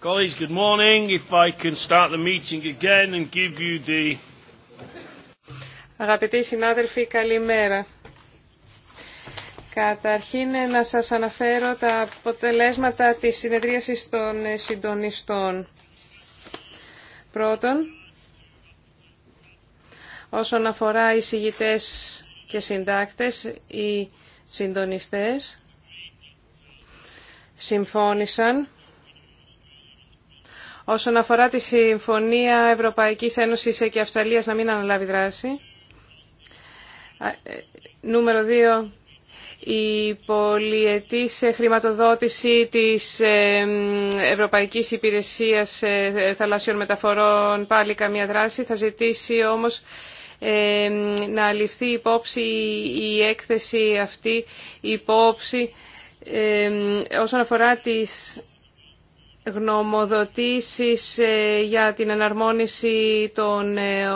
good I can start meeting again and give you the... Αγαπητοί συνάδελφοι, καλημέρα. Καταρχήν να σας αναφέρω τα αποτελέσματα της συνεδρίασης των συντονιστών. Πρώτον, όσον αφορά οι συγητές και συντάκτες, οι συντονιστές συμφώνησαν όσον αφορά τη Συμφωνία Ευρωπαϊκής Ένωσης και Αυστραλίας να μην αναλάβει δράση. Ε, νούμερο 2. Η πολιετής χρηματοδότηση της ε, Ευρωπαϊκής Υπηρεσίας ε, Θαλασσιών Μεταφορών πάλι καμία δράση. Θα ζητήσει όμως να ληφθεί υπόψη η έκθεση αυτή, η υπόψη όσον αφορά τις γνωμοδοτήσεις ε, για την εναρμόνιση των ε,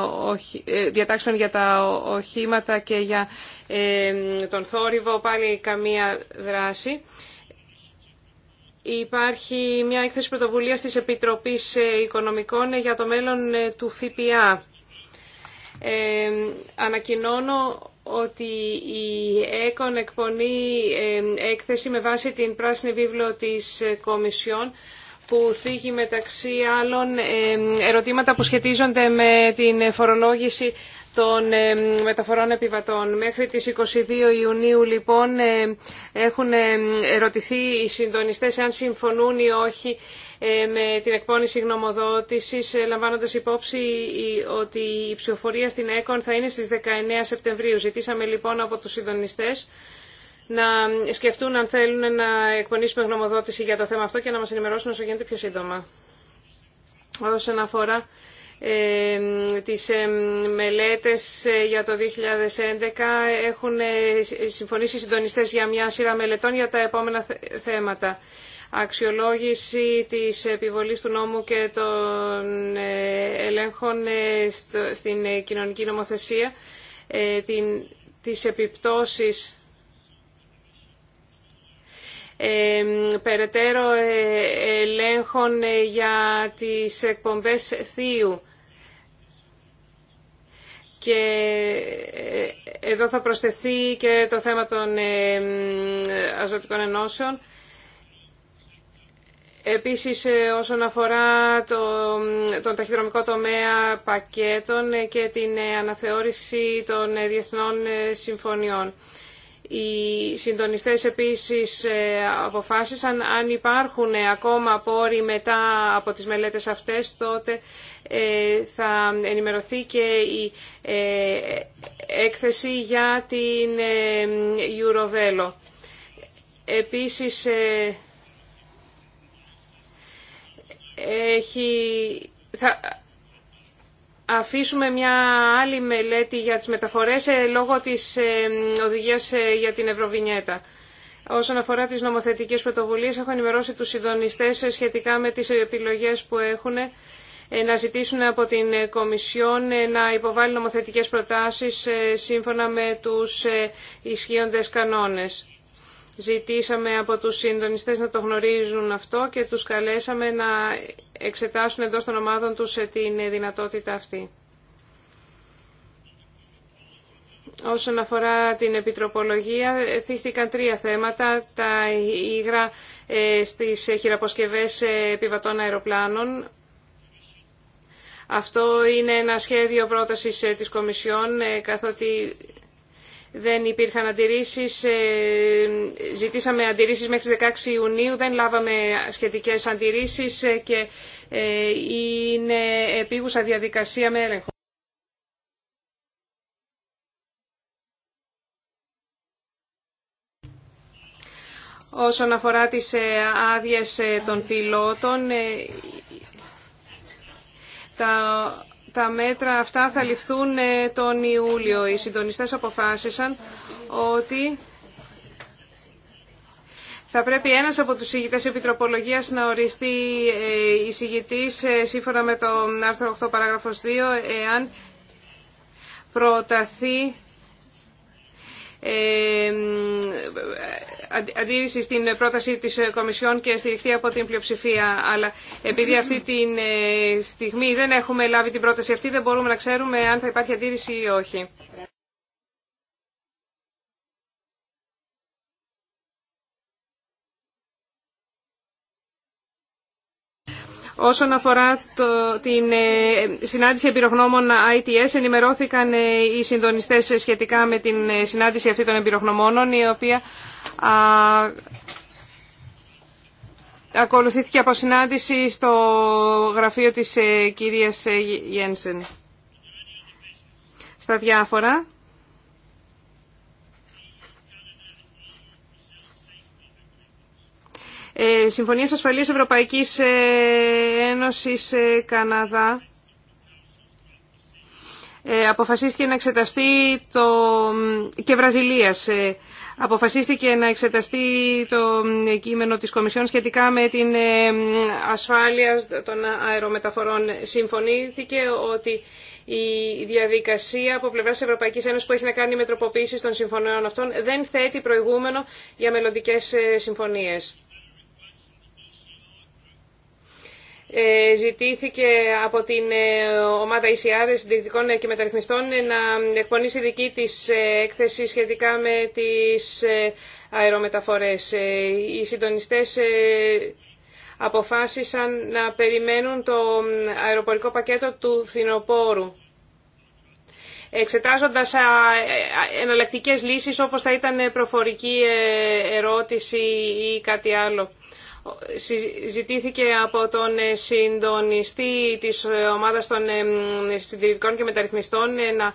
ε, διατάξεων για τα οχήματα και για τον θόρυβο, πάλι καμία δράση. Υπάρχει μια έκθεση πρωτοβουλίας της Επιτροπής Οικονομικών για το μέλλον του ΦΠΑ. Ε, ανακοινώνω ότι η ΕΚΟΝ εκπονεί έκθεση με βάση την πράσινη βίβλο της Κομισιόν που θίγει μεταξύ άλλων ερωτήματα που σχετίζονται με την φορολόγηση των μεταφορών επιβατών. Μέχρι τις 22 Ιουνίου λοιπόν έχουν ερωτηθεί οι συντονιστές αν συμφωνούν ή όχι με την εκπόνηση γνωμοδότησης ε, λαμβάνοντας υπόψη ότι η ψηφοφορία στην ΕΚΟΝ θα είναι στις 19 Σεπτεμβρίου. Ζητήσαμε λοιπόν από τους συντονιστές να σκεφτούν αν θέλουν να εκπονήσουμε γνωμοδότηση για το θέμα αυτό και να μας ενημερώσουν όσο γίνεται πιο σύντομα. Όσον αφορά ε, τις ε, μελέτες ε, για το 2011 έχουν συμφωνήσει οι συντονιστές για μια σειρά μελετών για τα επόμενα θέματα. Αξιολόγηση της επιβολής του νόμου και των ελέγχων στην κοινωνική νομοθεσία, τις επιπτώσεις περαιτέρω ε, ελέγχων ε, για τις εκπομπές θείου. Και ε, εδώ θα προσθεθεί και το θέμα των αζωτικών ενώσεων. Επίσης, όσον αφορά το, τον ταχυδρομικό τομέα πακέτων και την αναθεώρηση των διεθνών συμφωνιών. Οι συντονιστές επίσης ε, αποφάσισαν αν υπάρχουν ε, ακόμα πόροι μετά από τις μελέτες αυτές, τότε ε, θα ενημερωθεί και η έκθεση για την Eurovelo. Επίσης έχει... Θα αφήσουμε μια άλλη μελέτη για τις μεταφορές ε, λόγω της ε, οδηγίας ε, για την Ευρωβινιέτα. Όσον αφορά τις νομοθετικές πρωτοβουλίες, έχω ενημερώσει τους συντονιστές σχετικά με τις επιλογές που έχουν να ζητήσουν από την Κομισιόν να υποβάλει νομοθετικές προτάσεις σύμφωνα με τους ισχύοντες κανόνες. Ζητήσαμε από τους συντονιστές να το γνωρίζουν αυτό και τους καλέσαμε να εξετάσουν εντός των ομάδων τους ε, την δυνατότητα αυτή. Όσον αφορά την επιτροπολογία, θύχθηκαν τρία θέματα. Τα υγρά ε, στις χειραποσκευές ε, επιβατών αεροπλάνων. Αυτό είναι ένα σχέδιο πρότασης της Κομισιόν, καθότι δεν υπήρχαν αντιρρήσεις, ε, ζητήσαμε αντιρρήσεις μέχρι τι 16 Ιουνίου, δεν λάβαμε σχετικές αντιρρήσεις ε, και ε, είναι επίγουσα διαδικασία με έλεγχο. Όσον αφορά τις άδειες των πιλότων, τα τα μέτρα αυτά θα ληφθούν ε, τον Ιούλιο. Οι συντονιστές αποφάσισαν ότι θα πρέπει ένας από τους ηγητές επιτροπολογίας να οριστεί ε, εισηγητής ε, σύμφωνα με το άρθρο 8 παράγραφος 2 εάν προταθεί αντίρρηση στην πρόταση της Κομισιόν και στηριχθεί από την πλειοψηφία. Αλλά επειδή αυτή τη ε, στιγμή δεν έχουμε λάβει την πρόταση αυτή, δεν μπορούμε να ξέρουμε αν θα υπάρχει αντίρρηση ή όχι. Όσον αφορά την ε, συνάντηση εμπειρογνώμων ITS, ενημερώθηκαν ε, οι συντονιστές σχετικά με την ε, συνάντηση αυτή των εμπειρογνωμόνων, η οποία ακολουθήθηκε από συνάντηση στο γραφείο της κυρίας Γένσεν. Στα διάφορα. Ε, συμφωνίες Ασφαλείας Ευρωπαϊκής ε, Ένωσης ε, Καναδά αποφασίστηκε να εξεταστεί το... και Βραζιλίας αποφασίστηκε να εξεταστεί το κείμενο της Κομισιόν σχετικά με την ασφάλεια των αερομεταφορών. Συμφωνήθηκε ότι η διαδικασία από πλευρά Ευρωπαϊκής Ένωσης που έχει να κάνει με τροποποίηση των συμφωνιών αυτών δεν θέτει προηγούμενο για μελλοντικέ συμφωνίε. Ε, ζητήθηκε από την ε, ομάδα ECR συντηρητικών και μεταρρυθμιστών ε, να εκπονήσει δική της έκθεση σχετικά με τις αερομεταφορές. Οι συντονιστές αποφάσισαν να περιμένουν το αεροπορικό πακέτο του φθινοπόρου εξετάζοντας εναλλακτικέ λύσεις όπως θα ήταν προφορική ερώτηση ή κάτι άλλο συζητήθηκε από τον ε, συντονιστή της ομάδα των ε, συντηρητικών και μεταρρυθμιστών ε, να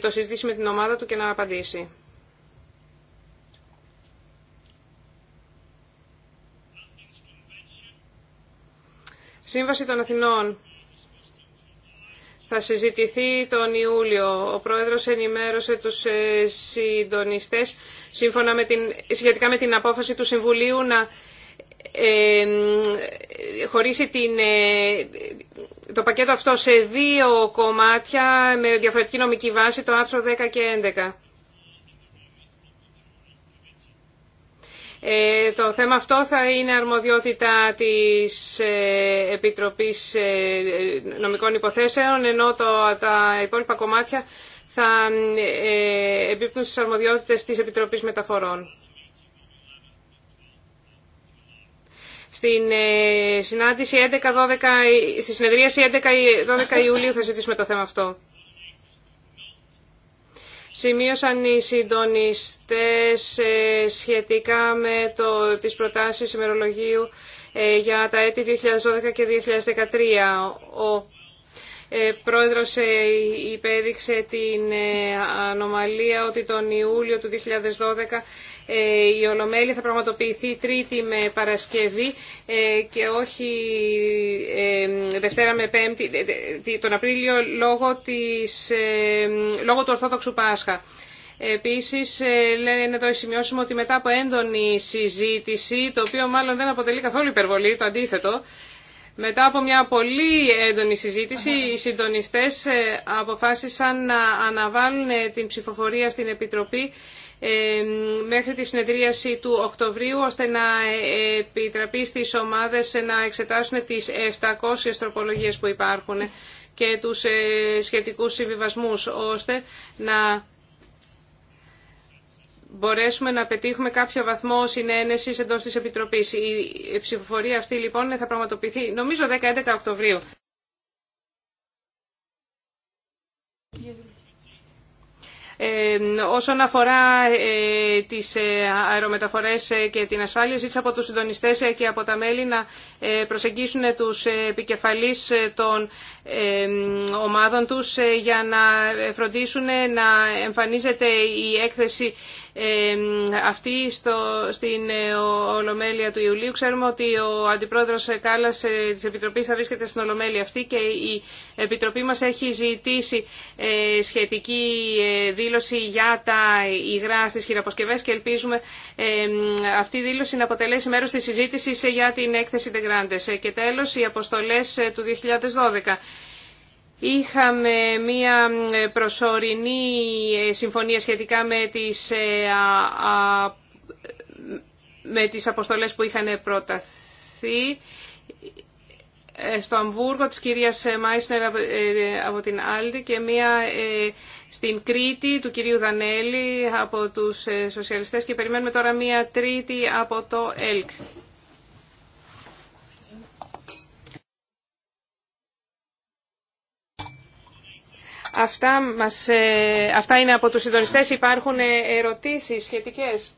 το συζητήσει με την ομάδα του και να απαντήσει. Σύμβαση των Αθηνών. Θα συζητηθεί τον Ιούλιο. Ο Πρόεδρος ενημέρωσε τους συντονιστές σύμφωνα με την, σχετικά με την απόφαση του Συμβουλίου να χωρίσει την, ε, το πακέτο αυτό σε δύο κομμάτια με διαφορετική νομική βάση, το άρθρο 10 και 11. Ε, το θέμα αυτό θα είναι αρμοδιότητα της ε, Επιτροπής Νομικών Υποθέσεων, ενώ τα υπόλοιπα κομμάτια θα εμπίπτουν στις αρμοδιότητες της Επιτροπής Μεταφορών. Στην ε, συνάντηση 11, 12, στη συνεδρίαση 11, 12 Ιουλίου θα συζητήσουμε το θέμα αυτό. Σημείωσαν οι συντονιστές ε, σχετικά με το, τις προτάσεις ημερολογίου ε, για τα έτη 2012 και 2013. Ο πρόεδρος υπέδειξε την ανομαλία ότι τον Ιούλιο του 2012 ε, η Ολομέλη θα πραγματοποιηθεί Τρίτη με Παρασκευή ε, και όχι ε, Δευτέρα με Πέμπτη, τον Απρίλιο λόγω, της, λόγω του Ορθόδοξου Πάσχα. Επίσης, λένε το οι σημειώσιμο ότι μετά από έντονη συζήτηση, το οποίο μάλλον δεν αποτελεί καθόλου υπερβολή, το αντίθετο, μετά από μια πολύ έντονη συζήτηση, οι συντονιστές αποφάσισαν να αναβάλουν την ψηφοφορία στην Επιτροπή μέχρι τη συνεδρίαση του Οκτωβρίου ώστε να ε, επιτραπεί στις ομάδες να εξετάσουν τις 700 τροπολογίες που υπάρχουν και τους ε, σχετικούς συμβιβασμούς ώστε να μπορέσουμε να πετύχουμε κάποιο βαθμό συνένεση εντό τη επιτροπή. Η ψηφοφορία αυτή λοιπόν θα πραγματοποιηθεί νομίζω 10-11 Οκτωβρίου όσον αφορά ε, τις ε, αερομεταφορές ε, και την ασφάλεια, ζήτησα από τους συντονιστές και από τα μέλη να προσεγγίσουν τους επικεφαλείς των ομάδων τους για να φροντίσουν να εμφανίζεται η έκθεση αυτή στο, στην ε, Ολομέλεια του Ιουλίου. Ξέρουμε ότι ο Αντιπρόεδρος Κάλλας ε, της Επιτροπής θα βρίσκεται στην Ολομέλεια αυτή και η Επιτροπή μας έχει ζητήσει ε, σχετική δήλωση για τα υγρά στις χειραποσκευές και ελπίζουμε αυτή η δήλωση να αποτελέσει μέρος της συζήτησης για την έκθεση Grandes. Και τέλος, οι αποστολές του 2012. Είχαμε μία προσωρινή ε, συμφωνία σχετικά με τις, ε, με τις αποστολές που είχαν προταθεί ε, στο Αμβούργο της κυρίας Μάισνερ από την Άλντι και μία στην Κρήτη του κυρίου Δανέλη από τους σοσιαλιστές και περιμένουμε τώρα μία τρίτη από το ΕΛΚ. Αυτά, μας, ε, αυτά είναι από τους συντονιστές. Υπάρχουν ε, ερωτήσεις σχετικές.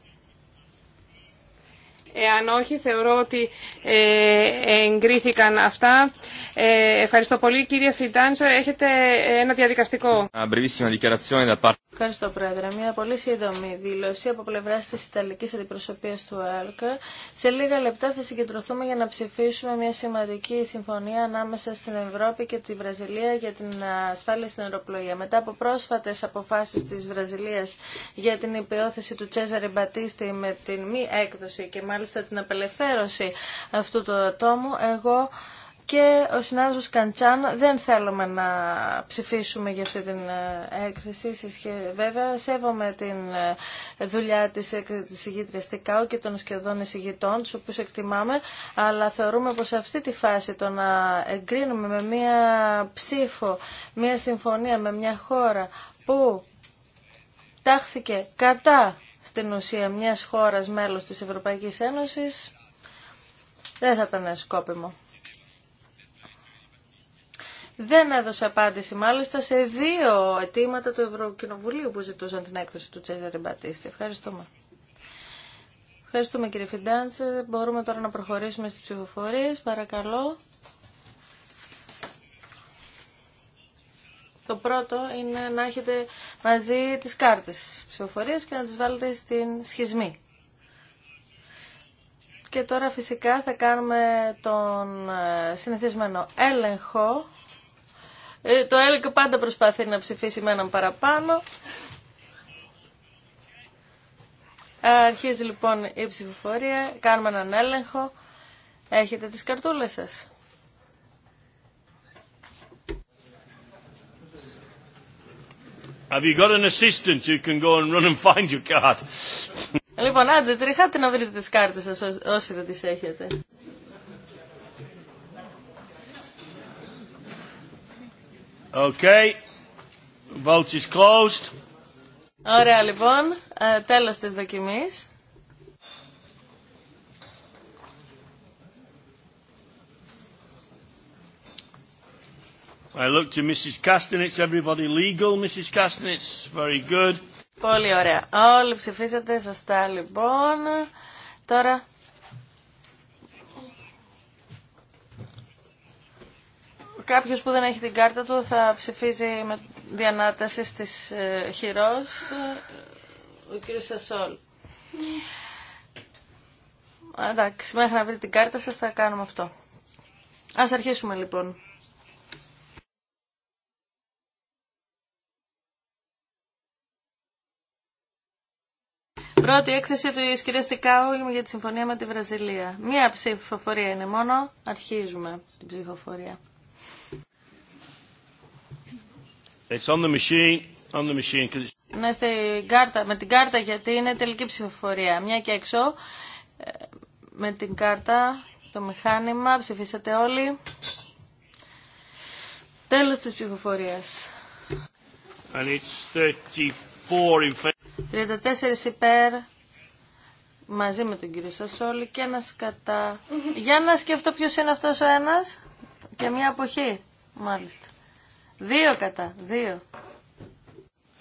Εάν όχι, θεωρώ ότι ε, εγκρίθηκαν αυτά. Ε, ευχαριστώ πολύ. Κύριε Φιντάντσο, έχετε ένα διαδικαστικό. Ευχαριστώ, Πρόεδρε. Μια πολύ σύντομη δήλωση από πλευρά τη Ιταλική Αντιπροσωπεία του ΕΛΚ. Σε λίγα λεπτά θα συγκεντρωθούμε για να ψηφίσουμε μια σημαντική συμφωνία ανάμεσα στην Ευρώπη και τη Βραζιλία για την ασφάλεια στην αεροπλοεία. Μετά από πρόσφατε αποφάσει τη Βραζιλία για την υπεώθηση του Τσέζαρη Μπατίστη με την μη έκδοση και μάλιστα μάλιστα την απελευθέρωση αυτού του ατόμου, εγώ και ο συνάδελφος Καντσάν δεν θέλουμε να ψηφίσουμε για αυτή την ε, έκθεση. Βέβαια, σέβομαι την ε, δουλειά της, της και των σχεδόν εισηγητών, τους οποίου εκτιμάμε, αλλά θεωρούμε πως σε αυτή τη φάση το να εγκρίνουμε με μία ψήφο, μία συμφωνία με μια χώρα που τάχθηκε κατά στην ουσία μιας χώρας μέλος της Ευρωπαϊκής Ένωσης δεν θα ήταν σκόπιμο. Δεν έδωσε απάντηση μάλιστα σε δύο αιτήματα του Ευρωκοινοβουλίου που ζητούσαν την έκδοση του Τσέζαρη Μπατίστη. Ευχαριστούμε. Ευχαριστούμε κύριε Φιντάντσε. Μπορούμε τώρα να προχωρήσουμε στις ψηφοφορίες. Παρακαλώ. Το πρώτο είναι να έχετε μαζί τις κάρτες ψηφοφορίας και να τις βάλετε στην σχισμή. Και τώρα φυσικά θα κάνουμε τον ε, συνηθισμένο έλεγχο. Ε, το έλεγχο πάντα προσπαθεί να ψηφίσει με έναν παραπάνω. Αρχίζει λοιπόν η ψηφοφορία, κάνουμε έναν έλεγχο. Έχετε τις καρτούλες σας. Have you got an assistant who can go and run and find your card? Λοιπόν, άντε, τριχάτε να βρείτε τις κάρτες σας όσοι δεν τις έχετε. Okay. Vote is closed. Ωραία, λοιπόν. Ε, τέλος της δοκιμής. I look to Mrs. Everybody legal, Mrs. Very good. Πολύ ωραία. Όλοι ψηφίσατε σωστά λοιπόν. Τώρα... Κάποιος που δεν έχει την κάρτα του θα ψηφίζει με διανάταση στις ε, χειρός ε, ο κύριος Σασόλ. Εντάξει, μέχρι να βρει την κάρτα σας θα κάνουμε αυτό. Ας αρχίσουμε λοιπόν. Πρώτη έκθεση του κυρία Τικάου για τη συμφωνία με τη Βραζιλία. Μία ψηφοφορία είναι μόνο. Αρχίζουμε την ψηφοφορία. It's on κάρτα, με την κάρτα γιατί είναι τελική ψηφοφορία. Μια και έξω. Ε, με την κάρτα, το μηχάνημα, ψηφίσατε όλοι. Τέλος της ψηφοφορίας. And it's 34 υπέρ μαζί με τον κύριο Σασόλη και ένας κατά. Για να σκεφτώ ποιος είναι αυτός ο ένας και μια αποχή μάλιστα. Δύο κατά, δύο.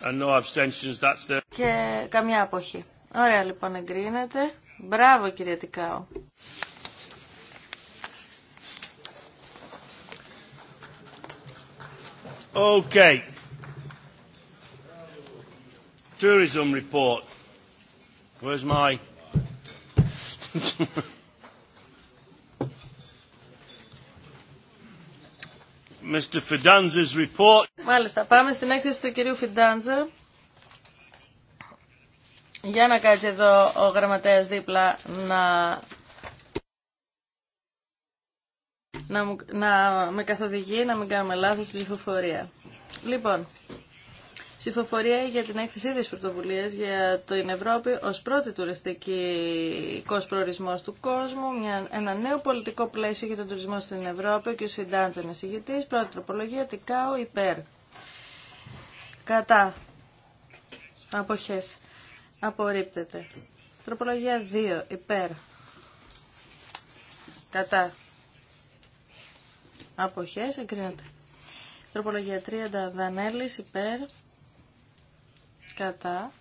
And no abstentions, that's the... Και καμιά αποχή. Ωραία λοιπόν εγκρίνεται. Μπράβο κύριε Τικάου. Okay tourism report. Where's my... Mr. Fidanza's report. Μάλιστα, πάμε στην έκθεση του κυρίου Φιντάνζα. Για να κάτσει εδώ ο γραμματέας δίπλα να, να, μου... να με καθοδηγεί, να μην κάνουμε λάθος ψηφοφορία. Λοιπόν, ψηφοφορία για την έκθεση ίδιες πρωτοβουλίας για την Ευρώπη ως πρώτη τουριστική προορισμός του κόσμου, μια, ένα νέο πολιτικό πλαίσιο για τον τουρισμό στην Ευρώπη και ο Σφιντάντζα είναι πρώτη τροπολογία, Τικάου, υπέρ. Κατά. Αποχές. Απορρίπτεται. Τροπολογία 2. Υπέρ. Κατά. Αποχές. Εγκρίνεται. Τροπολογία 3. Δανέλης. Υπέρ κατά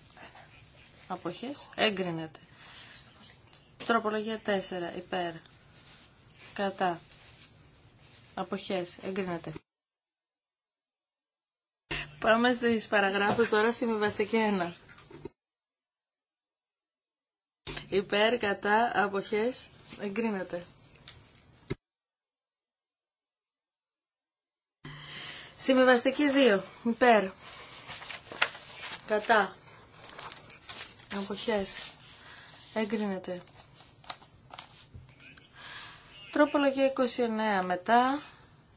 αποχές εγκρίνεται. Τροπολογία 4 υπέρ κατά αποχές εγκρίνεται. Πάμε στις παραγράφους τώρα συμβιβαστική 1. Υπέρ, κατά, αποχές, εγκρίνεται. Συμβιβαστική 2. Υπέρ, κατά αποχές εγκρίνεται. Τρόπολογία 29 μετά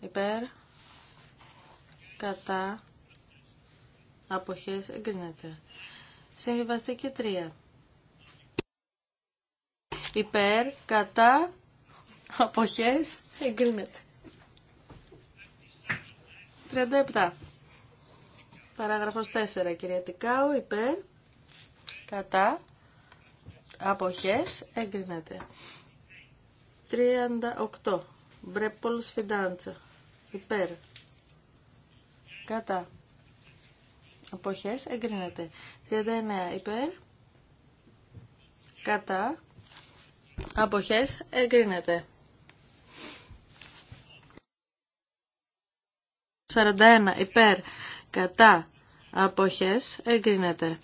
υπέρ κατά αποχές εγκρίνεται. Συμβιβαστική 3. Υπέρ, κατά, αποχές, εγκρίνεται. 37. Παράγραφος 4. Κυρία Τικάου, υπέρ, κατά, αποχές, εγκρίνεται. 38. Μπρέπολ Σφιντάντσα, υπέρ, κατά, αποχές, εγκρίνεται. 39. Υπέρ, κατά, αποχές, εγκρίνεται. 41. Υπέρ, κατά αποχές εγκρίνεται.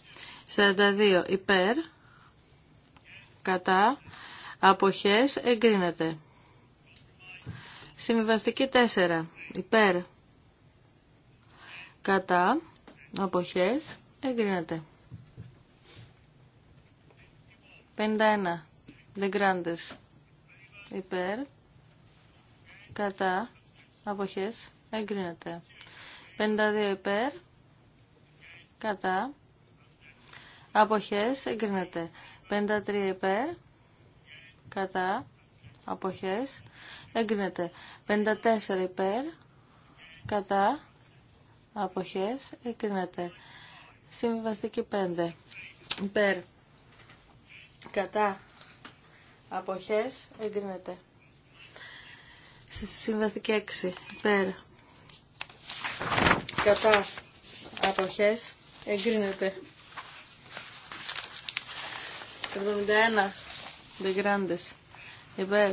42 υπέρ κατά αποχές εγκρίνεται. Συμβιβαστική 4 υπέρ κατά αποχές εγκρίνεται. 51 δεγκράντες υπέρ κατά αποχές εγκρίνεται. 52 υπέρ. Κατά. Αποχές εγκρίνεται. 53 υπέρ. Κατά. Αποχές εγκρίνεται. 54 υπέρ. Κατά. Αποχές εγκρίνεται. Συμβιβαστική 5. Υπέρ. Κατά. Αποχές εγκρίνεται. Συμβαστική 6. Υπέρ κατά αποχές εγκρίνεται. 71 γράντες υπέρ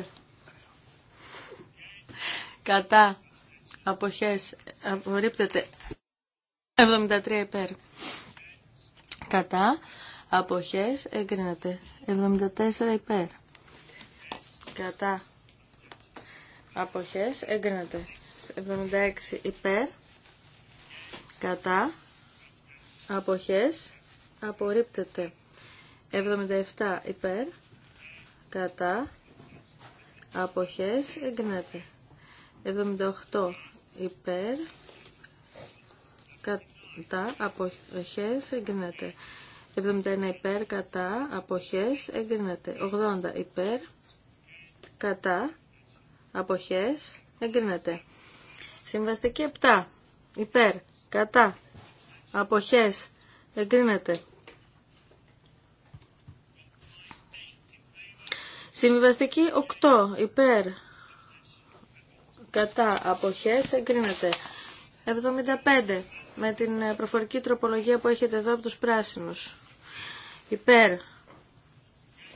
κατά αποχές απορρίπτεται 73 υπέρ κατά αποχές εγκρίνεται 74 υπέρ κατά αποχές εγκρίνεται 76 υπέρ κατά αποχές απορρίπτεται 77 υπέρ κατά αποχές εγκρίνεται 78 υπέρ κατά αποχές εγκρίνεται 71 υπέρ κατά αποχές εγκρίνεται 80 υπέρ κατά αποχές εγκρίνεται συμβαστική 7 υπέρ κατά, αποχές, εγκρίνεται. Συμβιβαστική 8 υπέρ, κατά, αποχές, εγκρίνεται. 75 με την ε, προφορική τροπολογία που έχετε εδώ από τους πράσινους. Υπέρ,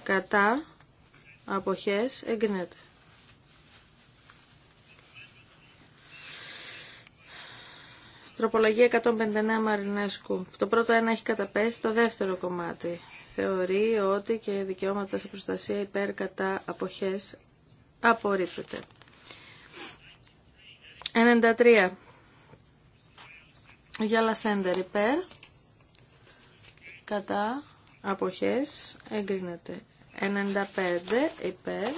κατά, αποχές, εγκρίνεται. Τροπολογία 159 Μαρινέσκου. Το πρώτο ένα έχει καταπέσει, το δεύτερο κομμάτι. Θεωρεί ότι και δικαιώματα σε προστασία υπέρ κατά αποχές απορρίπτεται. 93. για λασέντερ υπέρ κατά αποχές εγκρίνεται. 95 υπέρ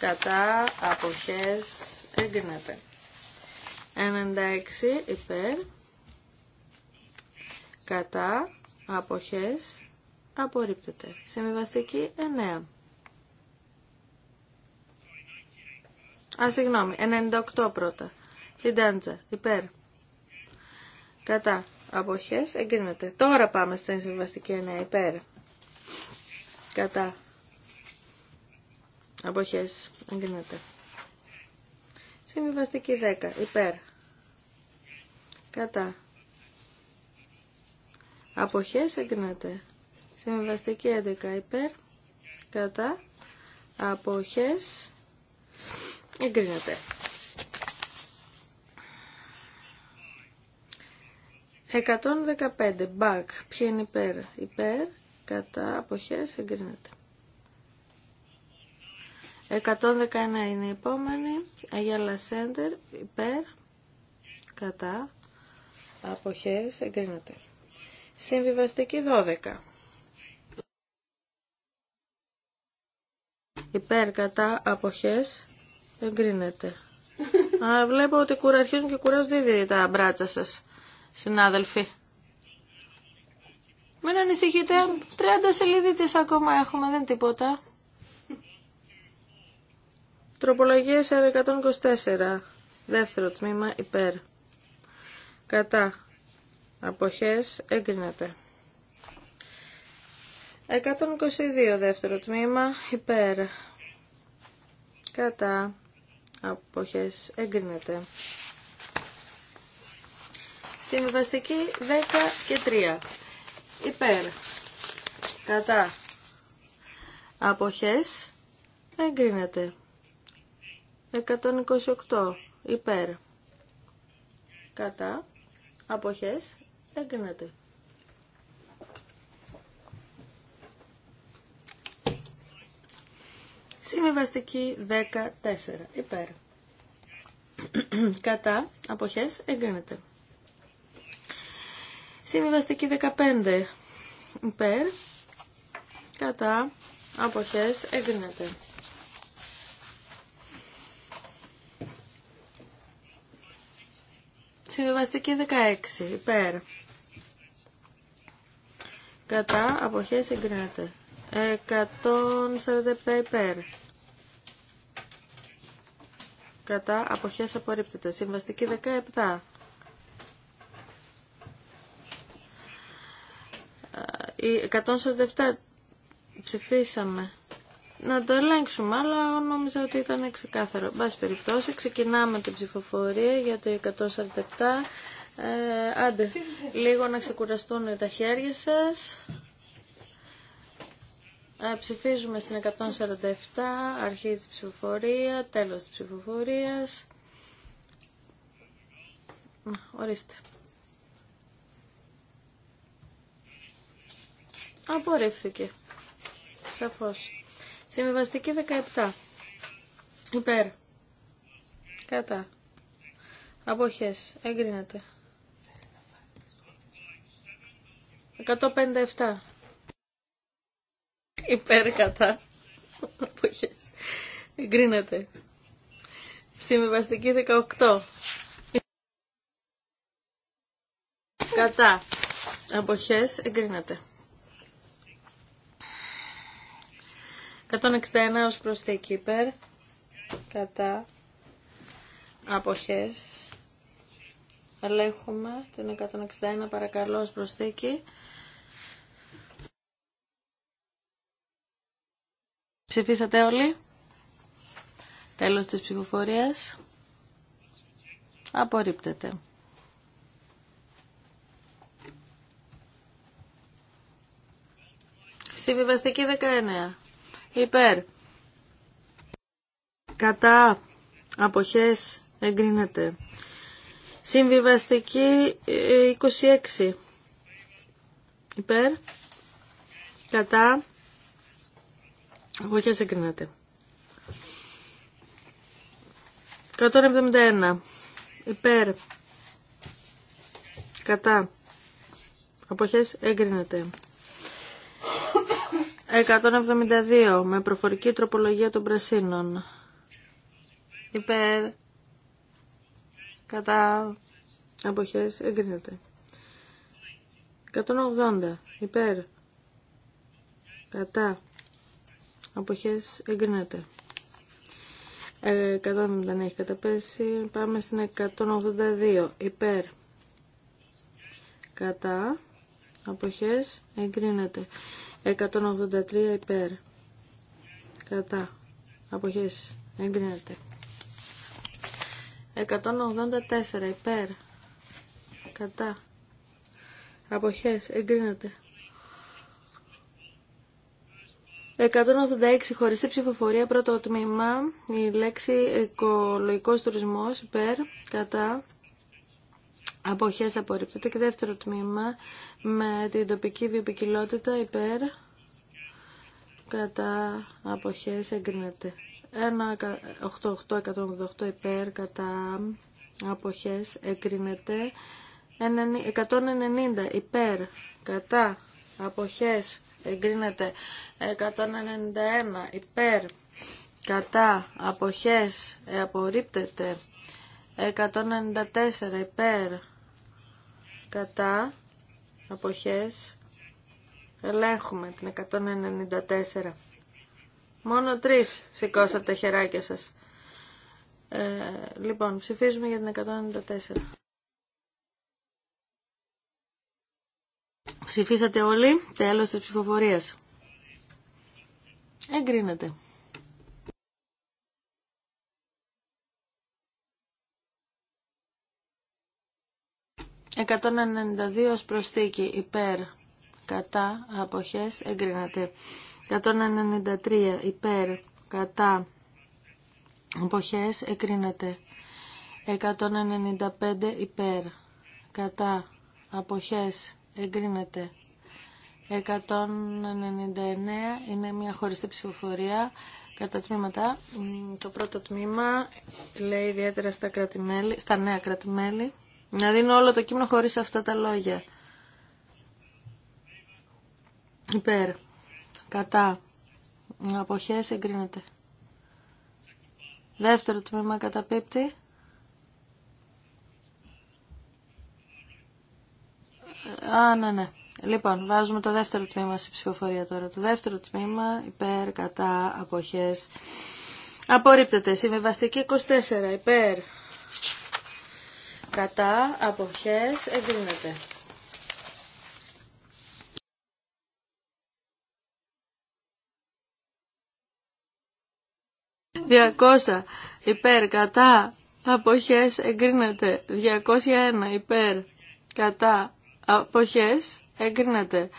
κατά αποχές εγκρίνεται. 96 υπέρ κατά αποχές απορρίπτεται. Συμβιβαστική 9. Α, συγγνώμη, 98 πρώτα. Φιντάντζα, υπέρ. Κατά. Αποχές, εγκρίνεται. Τώρα πάμε στην συμβιβαστική, 9, υπέρ. Κατά. Αποχές, εγκρίνεται. Συμβιβαστική 10. Υπέρ. Κατά. Αποχές εγκρίνεται. Συμβιβαστική 11. Υπέρ. Κατά. Αποχές εγκρίνεται. 115. Μπακ. Ποιο είναι υπέρ. Υπέρ. Κατά. Αποχές εγκρίνεται. 119 είναι η επόμενη. Αγιάλα Σέντερ, υπέρ, κατά, αποχές, εγκρίνεται. Συμβιβαστική 12. Υπέρ, κατά, αποχές, εγκρίνεται. Α, βλέπω ότι κουραρχίζουν και κουράζονται ήδη τα μπράτσα σας, συνάδελφοι. Μην ανησυχείτε, 30 σελίδιτες ακόμα έχουμε, δεν τίποτα. Τροπολογία 124. Δεύτερο τμήμα υπέρ. Κατά. Αποχές έγκρινεται. 122 δεύτερο τμήμα υπέρ. Κατά. Αποχές έγκρινεται. Συμβαστική 10 και 3. Υπέρ. Κατά. Αποχές εγκρίνεται. 128 υπέρ κατά αποχές έγκρινεται. Συμβιβαστική 14 υπέρ κατά αποχές έγκρινεται. Συμβιβαστική 15 υπέρ κατά αποχές έγκρινεται. Συμβαστική 16. Υπέρ. Κατά αποχέ εγκρίνεται. 147 υπέρ. Κατά αποχές απορρίπτεται. Συμβαστική 17. Ε, η 147 ψηφίσαμε να το ελέγξουμε, αλλά νόμιζα ότι ήταν ξεκάθαρο. Εν περιπτώσει, ξεκινάμε την ψηφοφορία για το 147. Ε, άντε, λίγο να ξεκουραστούν τα χέρια σας. Ε, ψηφίζουμε στην 147, αρχίζει η ψηφοφορία, τέλος της ψηφοφορίας. Ορίστε. Απορρίφθηκε. Σαφώς. Συμβιβαστική 17. Υπέρ. Κατά. Αποχές. Εγκρίνεται. 157. Υπέρ κατά. Αποχές. Εγκρίνεται. Συμβιβαστική 18. Κατά. Αποχές εγκρίνεται. 161 ως προσθήκη υπέρ κατά αποχές. Ελέγχουμε την 161 παρακαλώ ως προσθήκη. Ψηφίσατε όλοι. Τέλος της ψηφοφορίας. Απορρίπτεται. Συμβιβαστική 19 υπέρ. Κατά αποχές εγκρίνεται. Συμβιβαστική 26 ε, υπέρ. Κατά αποχές εγκρίνεται. 171 υπέρ. Κατά αποχές εγκρίνεται. 172 με προφορική τροπολογία των πρασίνων. Υπέρ. Κατά. Αποχές εγκρίνεται. 180. Υπέρ. Κατά. Αποχές εγκρίνεται. δεν έχει καταπέσει. Πάμε στην 182. Υπέρ. Κατά. Αποχές εγκρίνεται. 183 υπέρ. Κατά. Αποχές. Εγκρίνεται. 184 υπέρ. Κατά. Αποχές. Εγκρίνεται. 186 χωριστή ψηφοφορία πρώτο τμήμα η λέξη οικολογικός τουρισμός υπέρ κατά Αποχές απορρίπτεται και δεύτερο τμήμα με την τοπική βιοπικιλότητα υπέρ κατά αποχές εγκρίνεται. 1.88.188 υπέρ κατά αποχές εγκρίνεται. 190 υπέρ κατά αποχές εγκρίνεται. 191 υπέρ κατά αποχές απορρίπτεται. 194 υπέρ κατά αποχές ελέγχουμε την 194 μόνο τρεις σηκώσατε τα χεράκια σας ε, λοιπόν ψηφίζουμε για την 194 ψηφίσατε όλοι τέλος της ψηφοφορίας εγκρίνεται 192 ως προσθήκη υπέρ κατά αποχές εγκρίνεται. 193 υπέρ κατά αποχές εγκρίνεται. 195 υπέρ κατά αποχές εγκρίνεται. 199 είναι μια χωριστή ψηφοφορία κατά τμήματα. Το πρώτο τμήμα λέει ιδιαίτερα στα, στα νέα κρατημέλη να δίνω όλο το κείμενο χωρίς αυτά τα λόγια. Υπέρ. Κατά. Αποχές εγκρίνεται. Δεύτερο τμήμα καταπίπτει. Α, ναι, ναι. Λοιπόν, βάζουμε το δεύτερο τμήμα στη ψηφοφορία τώρα. Το δεύτερο τμήμα υπέρ, κατά, αποχές. Απορρίπτεται. Συμβιβαστική 24. Υπέρ, κατά αποχές εγκρίνεται. Διακόσα υπέρ κατά αποχές εγκρίνεται. 201 υπέρ κατά αποχές εγκρίνεται.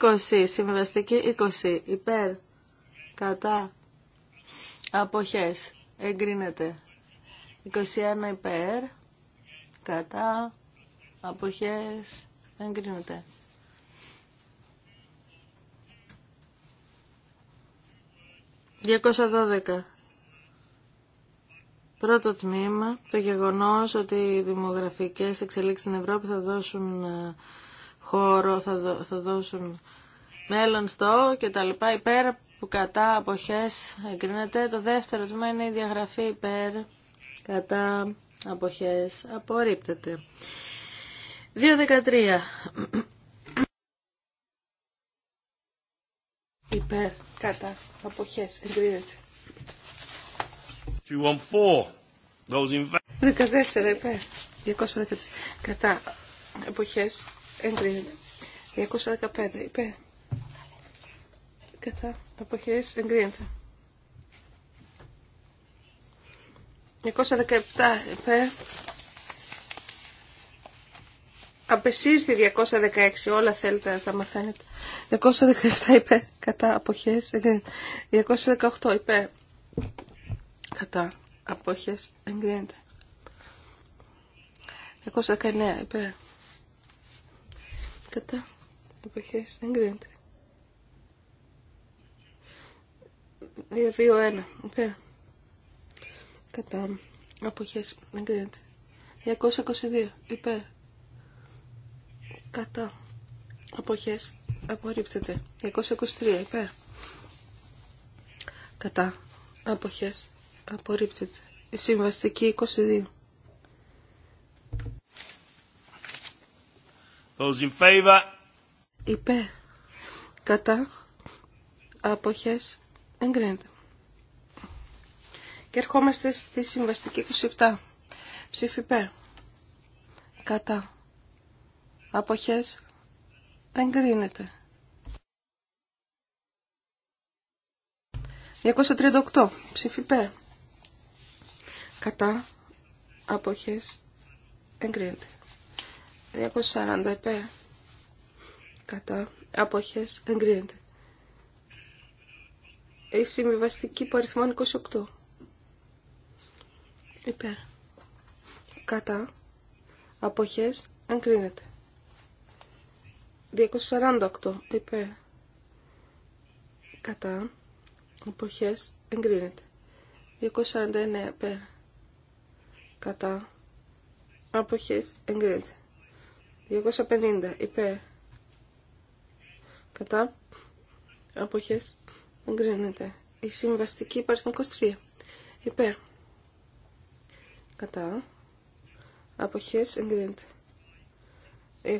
20 συμβαστική 20 υπέρ κατά αποχές εγκρίνεται. 21 υπέρ, κατά, αποχές, εγκρίνεται. «212. Πρώτο τμήμα, το γεγονός ότι οι δημογραφικές εξελίξεις στην Ευρώπη θα δώσουν ε, χώρο, θα, θα δώσουν μέλλον στο και τα λοιπά. Υπέρ που κατά αποχές εγκρίνεται. Το δεύτερο τμήμα είναι η διαγραφή υπέρ κατά αποχές απορρίπτεται. 2.13 Υπέρ, κατά, αποχές, εγκρίνεται. 14 υπέρ, 214 κατά, αποχές, εγκρίνεται. 215 υπέρ, κατά, αποχές, εγκρίνεται. 217 υπέρ. Απεσύρθη 216, όλα θέλετε να τα μαθαίνετε. 217 υπέρ, κατά αποχές, 218 είπε κατά αποχές, εγκρίνεται. 219 υπέρ, κατά αποχές, εγκρίνεται. 221 υπέρ κατά αποχές εγκρίνεται 222 υπέρ κατά αποχές απορρίπτεται 223 υπέρ κατά αποχές απορρίπτεται η συμβαστική 22 Those in favor. Υπέρ κατά αποχές εγκρίνεται και ερχόμαστε στη συμβαστική 27. Ψήφι υπέρ. Κατά. Αποχές. Εγκρίνεται. 238. Ψήφι υπέρ. Κατά. Αποχές. Εγκρίνεται. 240 υπέρ. Κατά. Αποχές. Εγκρίνεται. Η συμβιβαστική που 28 υπέρ κατά αποχές εγκρίνεται 248 υπέρ κατά αποχές εγκρίνεται 249 πέρ. κατά αποχές εγκρίνεται 250 υπέρ κατά αποχές εγκρίνεται η συμβαστική υπάρχει 23 υπέρ κατά αποχές εγκρίνεται 256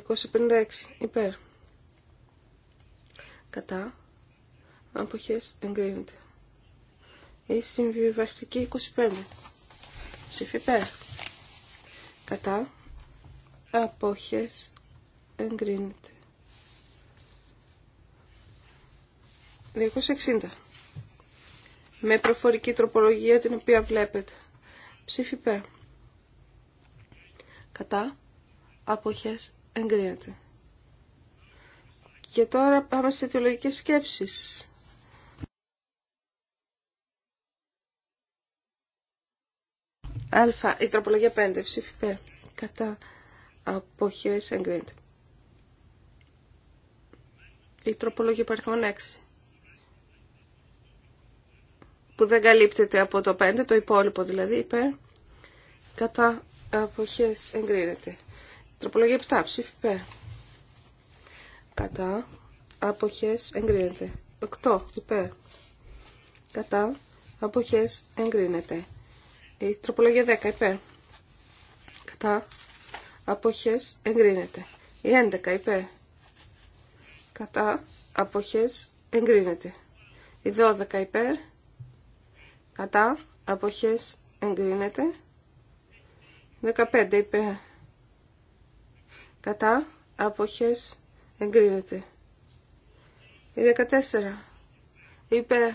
υπέρ κατά αποχές εγκρίνεται η συμβιβαστική 25 ψήφι υπέρ κατά αποχές εγκρίνεται 260 με προφορική τροπολογία την οποία βλέπετε Ψήφι Π Κατά. Αποχές εγκρίνεται. Και τώρα πάμε σε αιτιολογικές σκέψεις. Α, η τροπολογία 5, ψήφι Π Κατά. Αποχές εγκρίνεται. Η τροπολογία παριθμών 6 που δεν καλύπτεται από το 5, το υπόλοιπο δηλαδή, υπέρ, κατά αποχές εγκρίνεται. Τροπολογία 7, ψήφι υπέρ, κατά αποχές εγκρίνεται. 8, υπέρ, κατά αποχές εγκρίνεται. Η τροπολογία 10, υπέρ, κατά αποχές εγκρίνεται. Η 11, υπέρ, κατά αποχές εγκρίνεται. Η 12, υπέρ, κατά αποχές εγκρίνεται 15 υπέρ κατά αποχές εγκρίνεται 14 υπέρ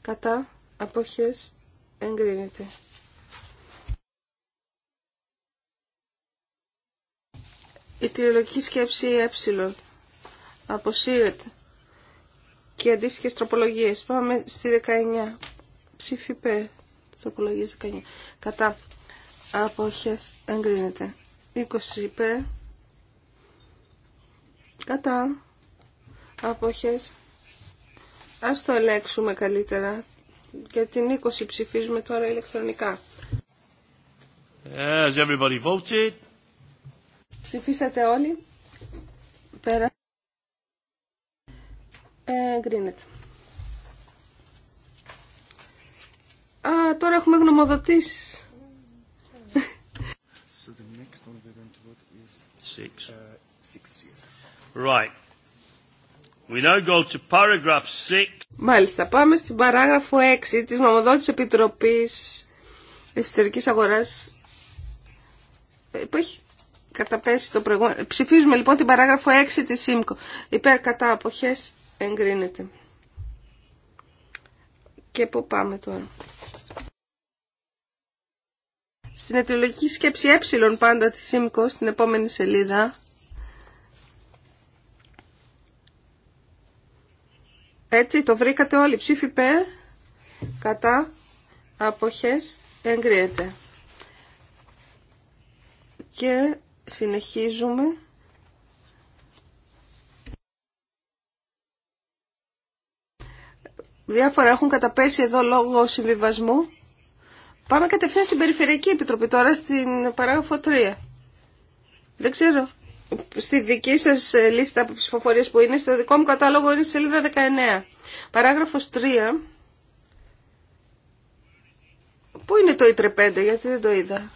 κατά αποχές εγκρίνεται η τριολογική σκέψη ε αποσύρεται και αντίστοιχε τροπολογίε. Πάμε στη 19. Ψήφι πε. Τροπολογίε 19. Κατά αποχέ εγκρίνεται. 20 πε. Κατά αποχέ. Α το ελέγξουμε καλύτερα. Και την 20 ψηφίζουμε τώρα ηλεκτρονικά. Has everybody voted. Ψηφίσατε όλοι. Πέρα. Α, τώρα έχουμε γνωμοδοτήσεις. Μάλιστα, πάμε στην παράγραφο 6 της νομοδότης Επιτροπής Εσωτερικής Αγοράς ε, που έχει καταπέσει το προηγούμενο. Ψηφίζουμε λοιπόν την παράγραφο 6 της ΣΥΜΚΟ. Υπέρ κατά αποχές εγκρίνεται. Και πού πάμε τώρα. Στην αιτιολογική σκέψη ε πάντα τη ΣΥΜΚΟ στην επόμενη σελίδα Έτσι το βρήκατε όλοι ψήφι κατά αποχές εγκρίνεται. Και συνεχίζουμε Διάφορα έχουν καταπέσει εδώ λόγω συμβιβασμού. Πάμε κατευθείαν στην Περιφερειακή Επιτροπή τώρα στην παράγραφο 3. Δεν ξέρω. Στη δική σα ε, λίστα από ψηφοφορίες που είναι, στο δικό μου κατάλογο είναι σελίδα 19. Παράγραφος 3. Πού είναι το ΙΤΡΕ 5, γιατί δεν το είδα.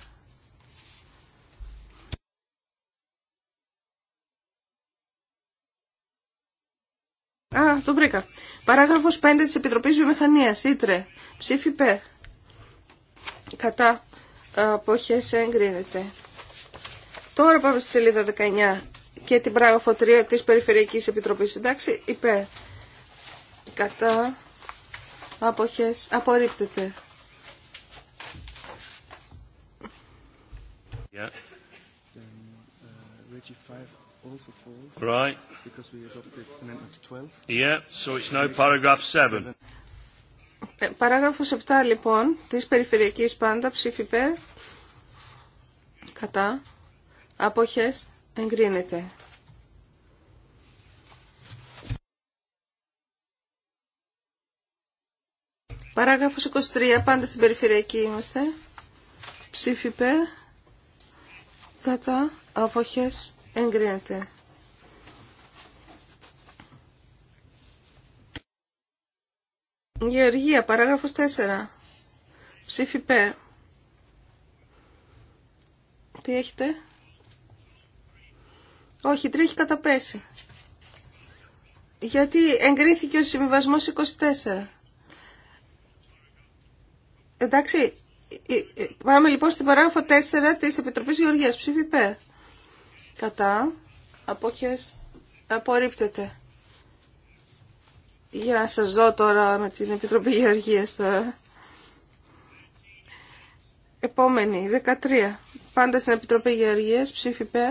Α, το βρήκα. Παράγραφος 5 τη Επιτροπή Βιομηχανία, Ήτρε, ψήφι υπέρ. Κατά αποχές εγκρίνεται. Τώρα πάμε στη σελίδα 19 και την παράγραφο 3 της Περιφερειακής Επιτροπής, εντάξει, υπέρ. Κατά αποχές απορρίπτεται. Yeah. Then, uh, also falls. Right. Because we adopted amendment 12. Yeah, so it's now paragraph 7. Ε, παράγραφος 7 λοιπόν της περιφερειακής πάντα ψήφι υπέρ κατά αποχές εγκρίνεται. Παράγραφος 23 πάντα στην περιφερειακή είμαστε ψήφι υπέρ κατά αποχές Εγκρίνεται. Γεωργία, παράγραφος 4. Ψήφι Π. Τι έχετε? Όχι, έχει καταπέσει. Γιατί εγκρίθηκε ο συμβιβασμό 24. Εντάξει, ε, ε, πάμε λοιπόν στην παράγραφο 4 της Επιτροπής Γεωργίας. Ψήφι κατά αποχές απορρίπτεται. Για να σας δω τώρα με την Επιτροπή Γεωργίας τώρα. Επόμενη, 13. Πάντα στην Επιτροπή Γεωργίας, ψήφι πέ,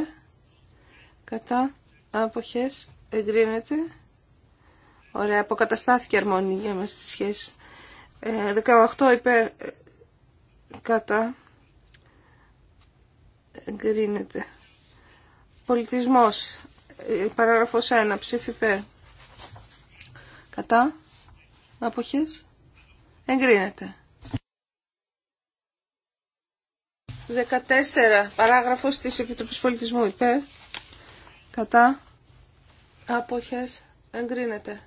κατά, αποχές, εγκρίνεται. Ωραία, αποκαταστάθηκε η αρμονία μας στη σχέση. 18 ε, υπέρ, ε, κατά, εγκρίνεται. Πολιτισμός. Ε, παράγραφος 1. Ψήφι υπέρ. Κατά. Αποχές. Εγκρίνεται. 14. Παράγραφος της Επιτροπής Πολιτισμού υπέρ. Κατά. Αποχές. Εγκρίνεται.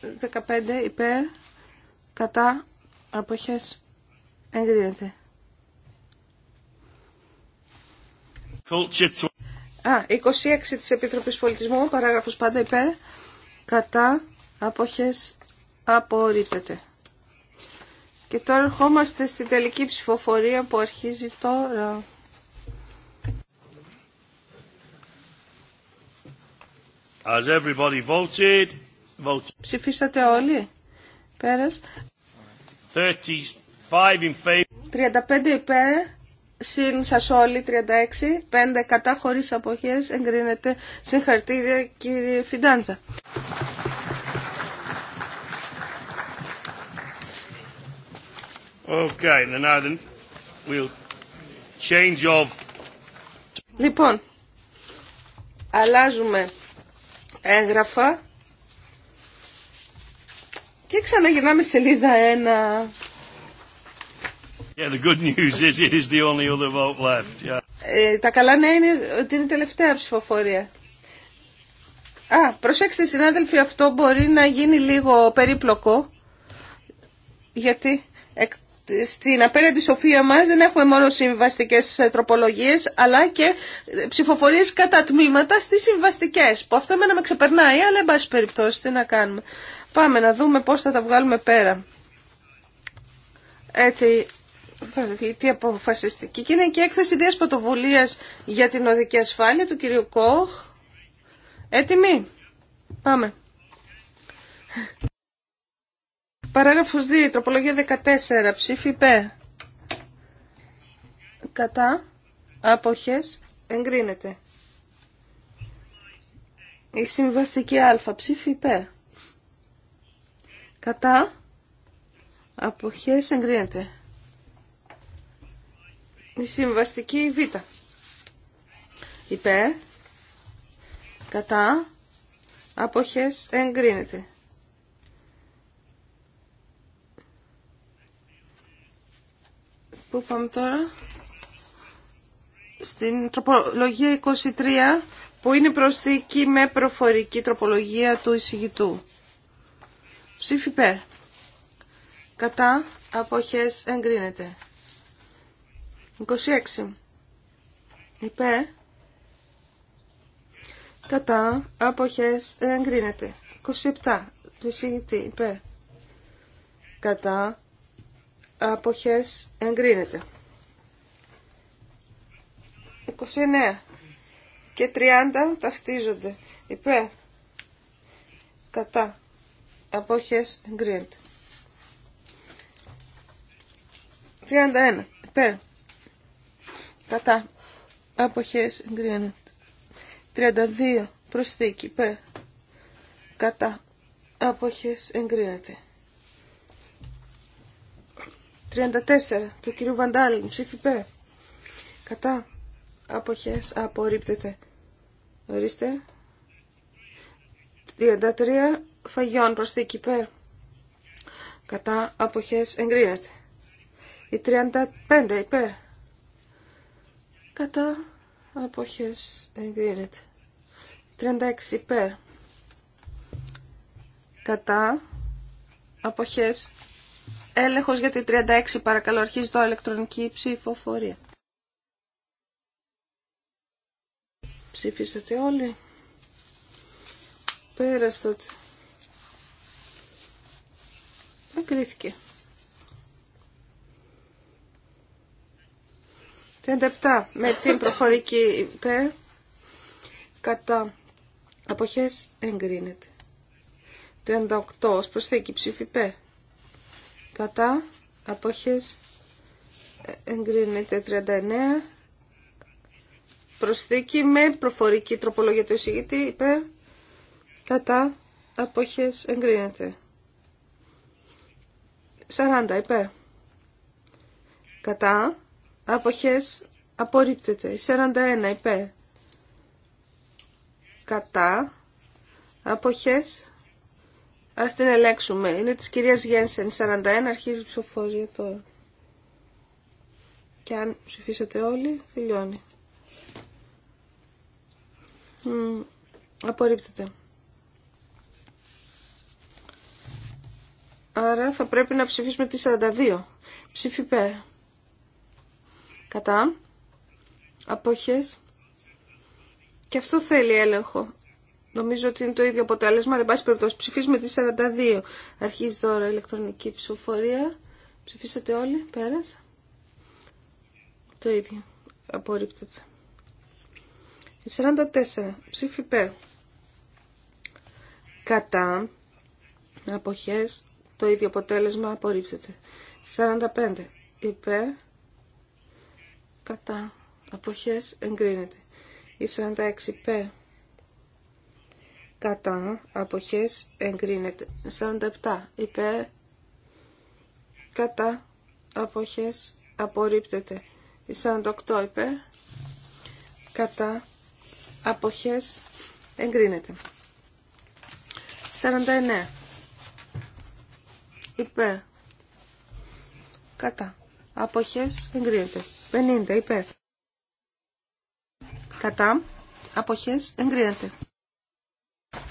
15 υπέρ. Κατά. Αποχές. Εγκρίνεται. Α, 26 της Επιτροπής Πολιτισμού, παράγραφος πάντα υπέρ, κατά, αποχές, απορρίπτεται. Και τώρα ερχόμαστε στην τελική ψηφοφορία που αρχίζει τώρα. As everybody voted, voted. Ψηφίσατε όλοι. Πέρας. 35 in υπέρ, συν όλοι 36, 5 κατά χωρίς αποχές εγκρίνεται συγχαρτήρια κύριε Φιντάντζα. Okay, now then we'll change of... Λοιπόν, αλλάζουμε έγγραφα και ξαναγυρνάμε σελίδα 1 τα καλά νέα είναι ότι είναι η τελευταία ψηφοφορία. Α, προσέξτε συνάδελφοι, αυτό μπορεί να γίνει λίγο περίπλοκο, γιατί στην απέναντι σοφία μας δεν έχουμε μόνο συμβαστικές ε, τροπολογίες, αλλά και ε, ψηφοφορίες κατά τμήματα στις συμβαστικές, που αυτό εμένα με ξεπερνάει, αλλά εν πάση περιπτώσει τι να κάνουμε. Πάμε να δούμε πώς θα τα βγάλουμε πέρα. Έτσι τι αποφασιστική. Και είναι και έκθεση ιδέας πρωτοβουλία για την οδική ασφάλεια του κυρίου Κόχ. Έτοιμοι. Πάμε. Παράγραφος 2, τροπολογία 14, ψήφι Π. Κατά, άποχες, εγκρίνεται. Η συμβαστική α, ψήφι Π. Κατά, αποχές, εγκρίνεται. Η συμβαστική Β. Υπέρ. Κατά. Αποχές εγκρίνεται. Πού πάμε τώρα. Στην τροπολογία 23 που είναι προσθήκη με προφορική τροπολογία του εισηγητού. Ψήφι Κατά. Αποχές εγκρίνεται. 26. υπέ, Κατά. Αποχές. Εγκρίνεται. 27. Του συγητή. Κατά. Αποχές. Εγκρίνεται. 29. Και 30 ταυτίζονται. υπέ, Κατά. Αποχές. Εγκρίνεται. 31. υπέ κατά αποχές εγκρίνεται 32 προσθήκη Π. κατά αποχές εγκρίνεται 34 του κυρίου Βαντάλη ψήφι Π. κατά αποχές απορρίπτεται ορίστε 33 φαγιών προσθήκη Π. κατά αποχές εγκρίνεται η 35 υπέρ κατά αποχές εγκρίνεται 36 υπέρ κατά αποχές έλεγχος για τη 36 παρακαλώ αρχίζει το ηλεκτρονική ψηφοφορία ψήφισατε όλοι πέρας τότε 37 με την προφορική υπέρ κατά αποχές εγκρίνεται. 38 ως προσθήκη ψήφι υπέρ κατά αποχές εγκρίνεται. 39 προσθήκη με προφορική τροπολογία του εισηγητή υπέρ κατά αποχές εγκρίνεται. 40 υπέρ κατά Αποχές απορρίπτεται. 41 Υπέ. Κατά. Αποχές. Ας την ελέξουμε. Είναι της κυρίας Γένσεν. 41 αρχίζει ψηφοφορία τώρα. Και αν ψηφίσετε όλοι, τελειώνει. Μ, απορρίπτεται. Άρα θα πρέπει να ψηφίσουμε τη 42. Ψήφι πέρα κατά αποχές και αυτό θέλει έλεγχο. Νομίζω ότι είναι το ίδιο αποτέλεσμα, Δεν πάει πάση περιπτώσει ψηφίζουμε τη 42. Αρχίζει τώρα η ηλεκτρονική ψηφοφορία. Ψηφίσατε όλοι, Πέρασα. Το ίδιο. Απορρίπτεται. 44. Ψήφι πέ Κατά. Αποχές. Το ίδιο αποτέλεσμα απορρίπτεται. 45. Υπέ κατά αποχές εγκρίνεται. Η 46 υπέρ κατά αποχές εγκρίνεται. 47 υπέρ κατά αποχές απορρίπτεται. Η 48 υπέρ κατά αποχές εγκρίνεται. 49 υπέρ κατά αποχές εγκρίνεται. 50 υπέρ. Κατά. Αποχές εγκρίνεται.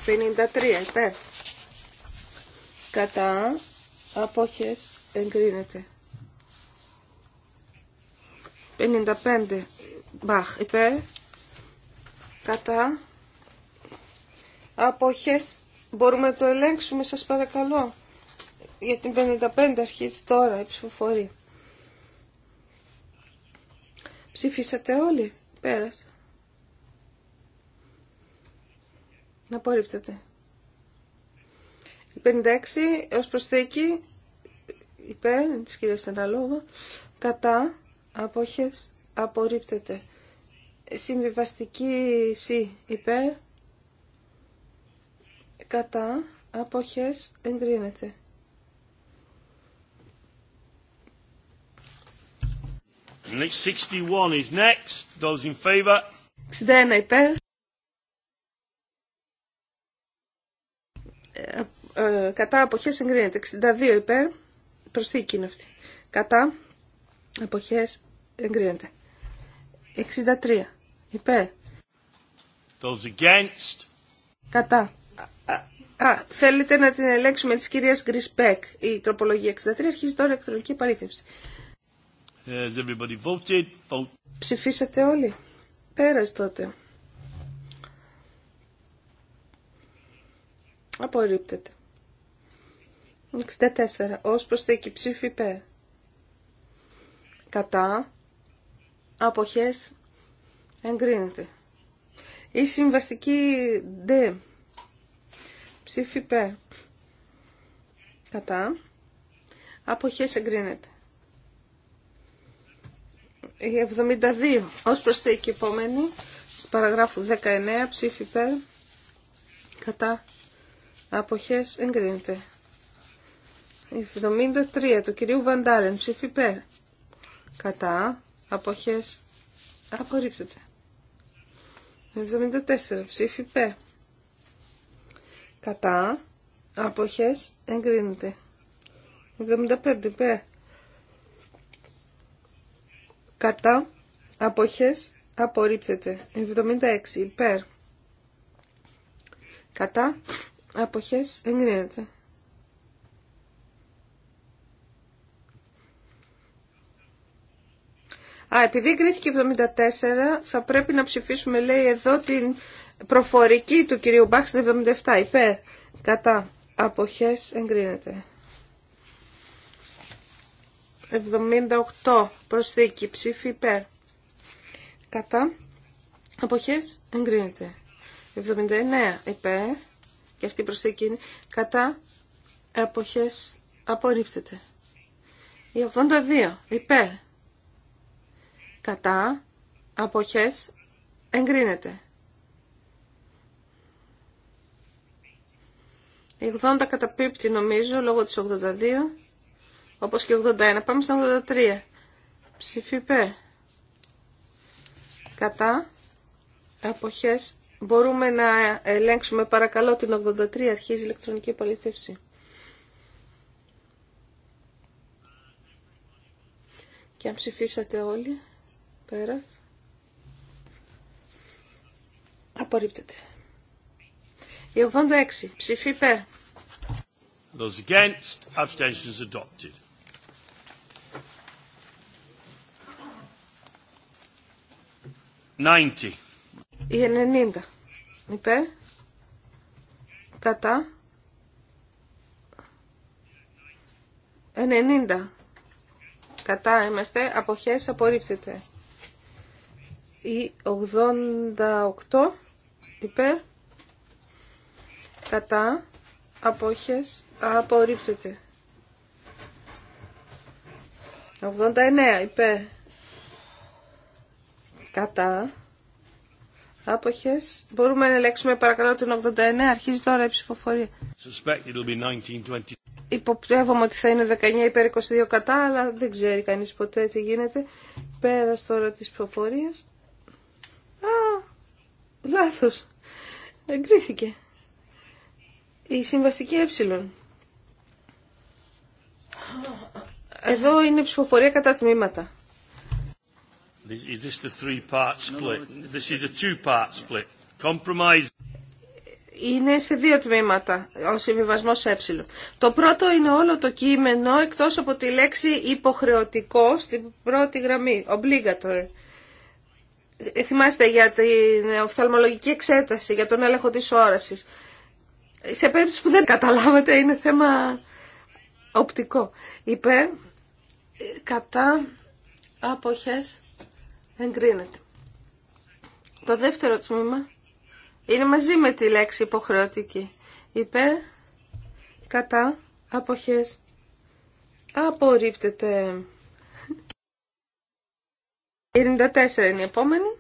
53 υπέρ. Κατά. Αποχές εγκρίνεται. 55 μπαχ υπέρ. Κατά. Αποχές. Μπορούμε να το ελέγξουμε σας παρακαλώ. Για την 55 αρχίζει τώρα η ψηφοφορία. Ψηφίσατε όλοι. Πέρασε. Να απορρίπτεται. 56 ως προσθήκη υπέρ της κυρίας αναλόγα κατά απόχες απορρίπτεται. Συμβιβαστική σύ, υπέρ κατά απόχες εγκρίνεται. 61 is next. υπέρ. Ε, ε, κατά αποχές εγκρίνεται. 62 υπέρ. Προσθήκη είναι αυτή. Κατά αποχές εγκρίνεται. 63 υπέρ. Those against. Κατά. Α, θέλετε να την ελέγξουμε τη κυρία Γκρισπέκ. Η τροπολογία 63 αρχίζει τώρα ηλεκτρονική παρήθευση. Ψηφίσατε όλοι. Πέρασε τότε. Απορρίπτεται. 64. Ως προσθήκη ψήφι πέ. Κατά. Αποχές. Εγκρίνεται. Η συμβαστική δε. Ψήφι πέ. Κατά. Αποχές εγκρίνεται. 72 ως τα επόμενη στις παραγράφου 19 ψήφι υπέρ κατά αποχές εγκρίνεται. 73 του κυρίου Βαντάλεν ψήφι υπέρ κατά αποχές απορρίπτεται. 74 ψήφι υπέρ κατά αποχές εγκρίνεται. 75 υπέρ κατά αποχές απορρίπτεται 76 υπέρ κατά αποχές εγκρίνεται Α, επειδή εγκρίθηκε 74, θα πρέπει να ψηφίσουμε, λέει, εδώ την προφορική του κυρίου Μπάξ 77, υπέρ, κατά, αποχές, εγκρίνεται. 78 προσθήκη ψήφι υπέρ. Κατά. Αποχές εγκρίνεται. 79 υπέρ. Και αυτή η προσθήκη είναι κατά. Αποχές απορρίπτεται. 82 υπέρ. Κατά. απόχέ, εγκρίνεται. 80 καταπίπτει νομίζω λόγω της 82 όπως και 81. Πάμε στα 83. Ψήφι Κατά. Αποχές. Μπορούμε να ελέγξουμε παρακαλώ την 83 αρχίζει ηλεκτρονική υποληθεύση. Και αν ψηφίσατε όλοι, πέρα. Απορρίπτεται. Η 86. Ψηφί Those against, abstentions adopted. 90. Η 90. Υπέρ. Κατά. 90. Κατά είμαστε. Αποχές απορρίπτεται. Η 88. Υπέρ. Κατά. Απόχες απορρίπτεται. 89. Υπέρ κατά άποχες. Μπορούμε να ελέγξουμε παρακαλώ τον 89, αρχίζει τώρα η ψηφοφορία. Υποπτεύομαι ότι θα είναι 19 υπέρ 22 κατά, αλλά δεν ξέρει κανείς ποτέ τι γίνεται. Πέρας τώρα της ψηφοφορίας. Α, λάθος. Εγκρίθηκε. Η συμβαστική ε. Εδώ είναι ψηφοφορία κατά τμήματα. Είναι σε δύο τμήματα ο συμβιβασμό ε. Το πρώτο είναι όλο το κείμενο εκτό από τη λέξη υποχρεωτικό στην πρώτη γραμμή, obligatory. Θυμάστε για την οφθαλμολογική εξέταση, για τον έλεγχο τη όραση. Σε περίπτωση που δεν καταλάβετε είναι θέμα οπτικό. Είπε κατά, αποχές, Εγκρίνεται. Το δεύτερο τμήμα είναι μαζί με τη λέξη υποχρεωτική. Υπέρ, κατά, αποχές. Απορρίπτεται. 94 είναι η επόμενη.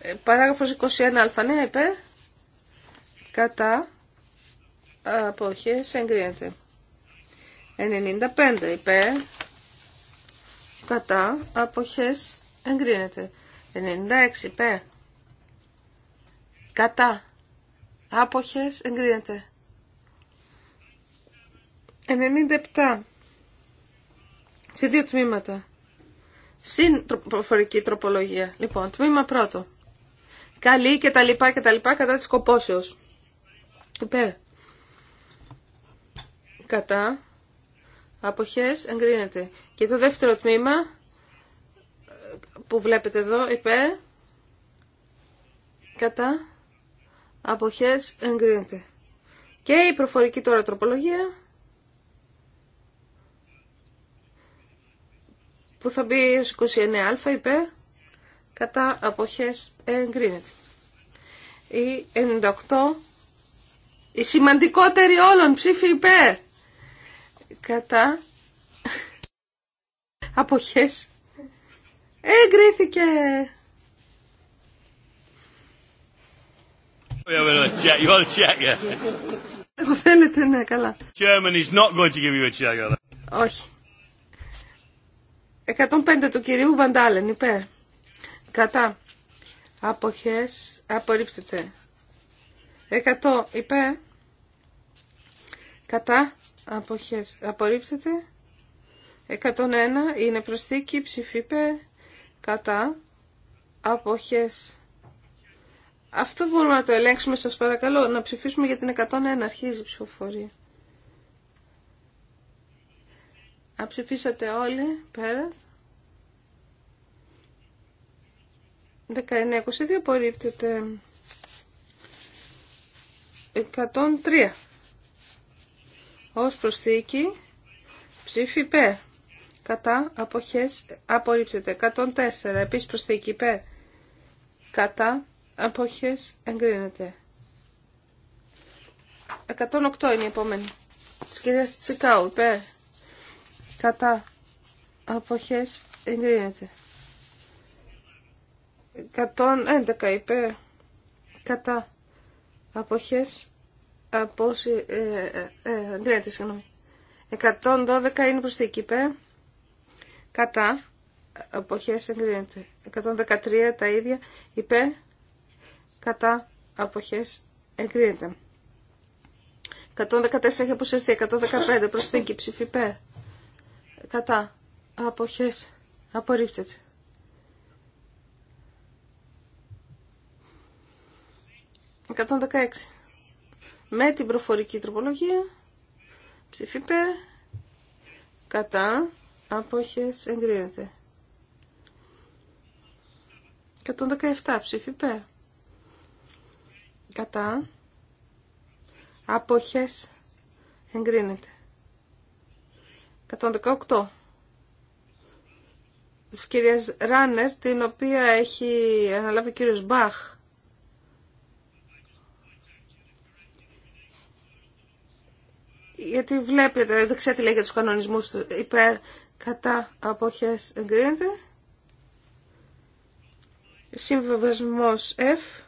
Ε, παράγραφος 21α, ναι, υπέρ, κατά, αποχές, εγκρίνεται. 95 υπέρ, κατά αποχές εγκρίνεται 96 πε κατά άποχες εγκρίνεται 97 σε δύο τμήματα συν προφορική τροπολογία λοιπόν τμήμα πρώτο καλή και τα λοιπά και τα λοιπά κατά της κοπόσεως υπέρ κατά αποχές εγκρίνεται. Και το δεύτερο τμήμα που βλέπετε εδώ υπέρ κατά αποχές εγκρίνεται. Και η προφορική τώρα τροπολογία που θα μπει 29α υπέρ κατά αποχές εγκρίνεται. Η 98 η σημαντικότερη όλων ψήφι υπέρ κατά αποχές εγκρίθηκε. Εγώ θέλετε, ναι, καλά. Germany's not going to give you a check, Όχι. 105 του κυρίου Βαντάλεν, υπέρ. Κατά. Αποχές, απορρίψετε. 100 υπέρ. Κατά. Αποχές. Απορρίπτεται. 101 είναι προσθήκη ψηφίπε κατά αποχές. Αυτό μπορούμε να το ελέγξουμε σας παρακαλώ. Να ψηφίσουμε για την 101. Αρχίζει η ψηφοφορία. Αψηφίσατε ολοι όλοι πέρα. απορρίπτεται. 103 ως προσθήκη ψήφι υπέρ. Κατά αποχές απορρίπτεται. 104 επίσης προσθήκη υπέρ. Κατά αποχές εγκρίνεται. 108 είναι η επόμενη. Της κυρίας Τσικάου υπέρ. Κατά αποχές εγκρίνεται. 111 υπέρ. Κατά αποχές Απόση... Ε, ε, ε, εγκρίνεται, συγγνώμη. 112 είναι προσθήκη υπέρ. Κατά. Αποχές εγκρίνεται. 113 τα ίδια Είπε Κατά. Αποχές εγκρίνεται. 114 έχει αποσυρθεί. 115 προσθήκη ψήφι υπέρ. Κατά. Αποχές απορρίπτεται. 116 με την προφορική τροπολογία. Ψηφίπε. Κατά. Απόχες εγκρίνεται. 117 ψηφίπε. Κατά. Απόχες εγκρίνεται. 118 της κυρίας Ράνερ, την οποία έχει αναλάβει ο κύριος Μπαχ. γιατί βλέπετε, δεν ξέρω τι λέει για τους κανονισμούς υπέρ κατά αποχές εγκρίνεται. Συμβεβασμός F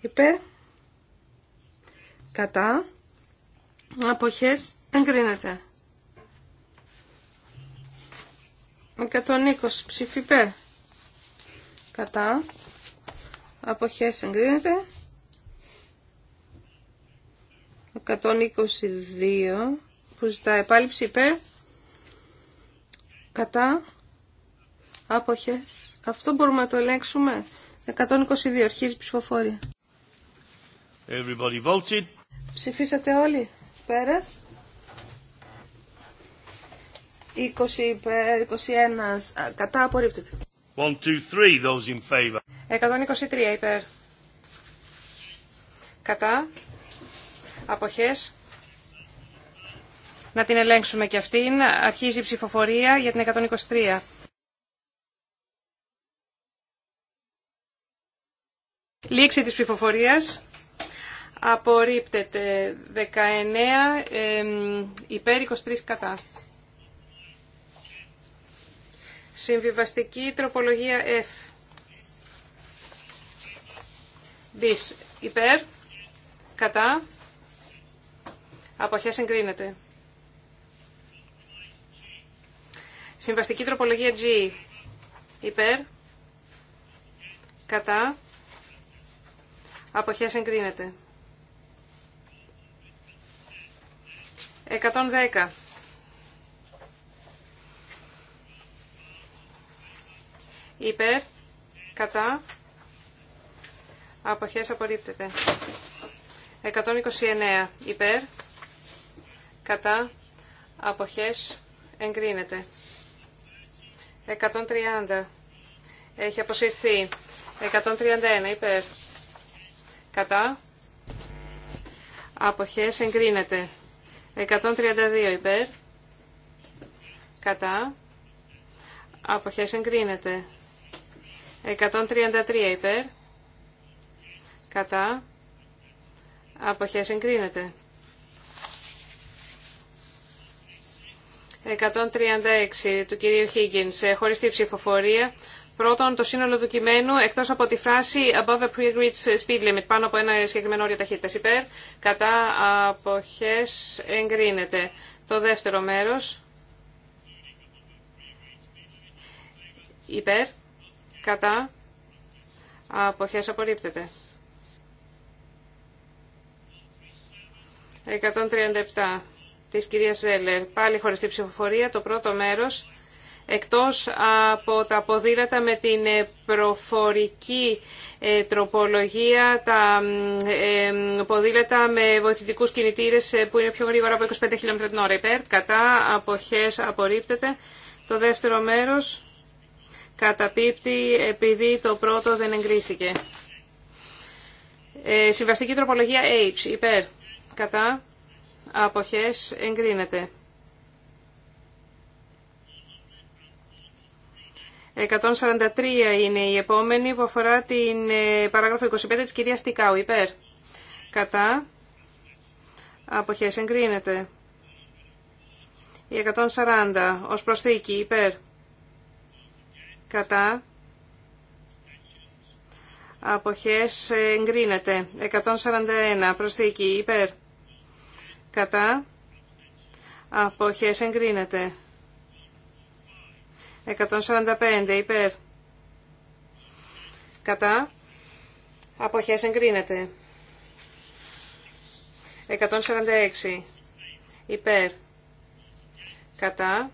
υπέρ κατά αποχές εγκρίνεται. 120 ψήφι υπέρ κατά αποχές εγκρίνεται. 122 που ζητά επάλυψη υπέρ κατά άποχες. Αυτό μπορούμε να το ελέγξουμε. 122 αρχίζει η Ψηφίσατε όλοι. Πέρας. 20 υπέρ, 21 κατά απορρίπτεται. 123 those in 123 υπέρ. Κατά αποχές. Να την ελέγξουμε και αυτήν. Αρχίζει η ψηφοφορία για την 123. Λήξη της ψηφοφορίας. Απορρίπτεται 19 ε, υπέρ 23 κατά. Συμβιβαστική τροπολογία F. Μπις υπέρ, κατά, Αποχές εγκρίνεται. Συμβαστική τροπολογία G. Υπέρ. Κατά. Αποχές εγκρίνεται. 110. Υπέρ. Κατά. Αποχές απορρίπτεται. 129. Υπέρ κατά αποχές εγκρίνεται. 130 έχει αποσυρθεί. 131 υπέρ κατά αποχές εγκρίνεται. 132 υπέρ κατά αποχές εγκρίνεται. 133 υπέρ κατά αποχές εγκρίνεται. 136 του κυρίου ε, χωρίς τη ψηφοφορία. Πρώτον, το σύνολο του κειμένου, εκτός από τη φράση above a pre-agreed speed limit, πάνω από ένα συγκεκριμένο όριο ταχύτητας υπέρ, κατά αποχές εγκρίνεται. Το δεύτερο μέρος, υπέρ, κατά, αποχές απορρίπτεται. 137 της κυρίας Ζέλερ. Πάλι χωριστή ψηφοφορία, το πρώτο μέρος, εκτός από τα ποδήλατα με την ε, προφορική ε, τροπολογία, τα ε, ποδήλατα με βοηθητικούς κινητήρες που είναι πιο γρήγορα από 25 χιλιόμετρα την ώρα υπέρ, κατά, αποχές, απορρίπτεται. Το δεύτερο μέρος καταπίπτει επειδή το πρώτο δεν εγκρίθηκε. Ε, συμβαστική τροπολογία H, υπέρ, κατά, αποχές εγκρίνεται. 143 είναι η επόμενη που αφορά την ε, παράγραφο 25 της κυρίας Τικάου. Υπέρ. Κατά. Αποχές εγκρίνεται. Η 140 ως προσθήκη. Υπέρ. Κατά. Αποχές εγκρίνεται. 141 προσθήκη. Υπέρ κατά Αποχέ εγκρίνεται. 145 υπέρ κατά Αποχέ εγκρίνεται. 146 υπέρ κατά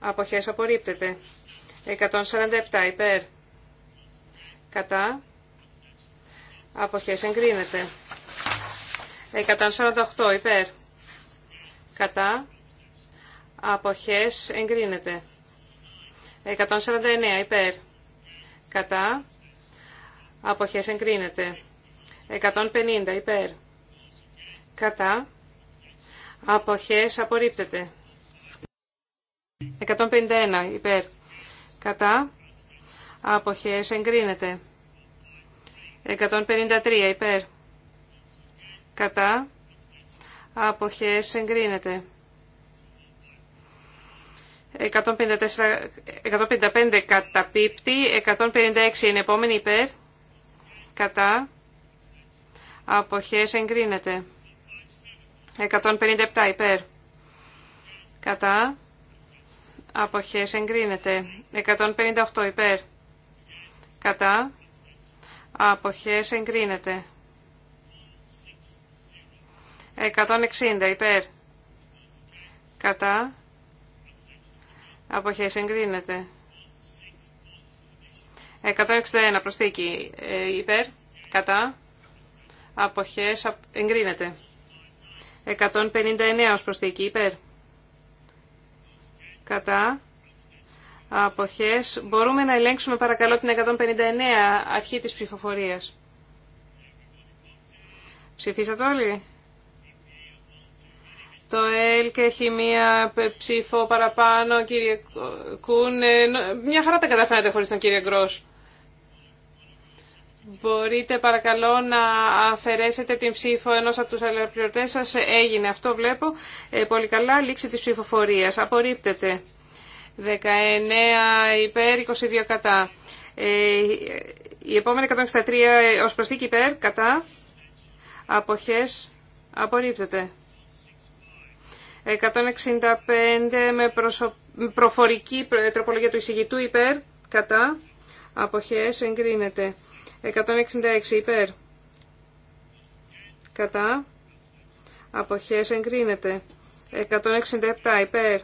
Αποχέ απορρίπτεται. 147 υπέρ κατά Αποχέ εγκρίνεται. 148 υπέρ. Κατά. Αποχές εγκρίνεται. 149 υπέρ. Κατά. Αποχές εγκρίνεται. 150 υπέρ. Κατά. Αποχές απορρίπτεται. 151 υπέρ. Κατά. Αποχές εγκρίνεται. 153 υπέρ κατά, αποχές εγκρίνεται. 154, 155 καταπίπτει, 156 είναι επόμενη υπέρ, κατά, αποχές εγκρίνεται. 157 υπέρ, κατά, αποχές εγκρίνεται. 158 υπέρ, κατά, αποχές εγκρίνεται. 160 υπέρ. Κατά. Αποχές εγκρίνεται. 161 προσθήκη ε, υπέρ. Κατά. Αποχές εγκρίνεται. 159 ως προσθήκη υπέρ. Κατά. Αποχές. Μπορούμε να ελέγξουμε παρακαλώ την 159 αρχή της ψηφοφορίας. Ψηφίσατε όλοι. Το ΕΛΚ έχει μία ψήφο παραπάνω, κύριε Κούν. Ε, μια χαρά τα καταφέρατε χωρίς τον κύριε Γκρός. Μπορείτε παρακαλώ να αφαιρέσετε την ψήφο ενός από τους αλληλεπληρωτές σας. Έγινε αυτό βλέπω. Ε, πολύ καλά. Λήξη της ψηφοφορίας. Απορρίπτεται. 19 υπέρ, 22 κατά. Ε, η επόμενη 163 ως προσθήκη υπέρ, κατά. Αποχές. Απορρίπτεται. 165 με προφορική τροπολογία του εισηγητού υπέρ, κατά, αποχές εγκρίνεται. 166 υπέρ, κατά, αποχές εγκρίνεται. 167 υπέρ,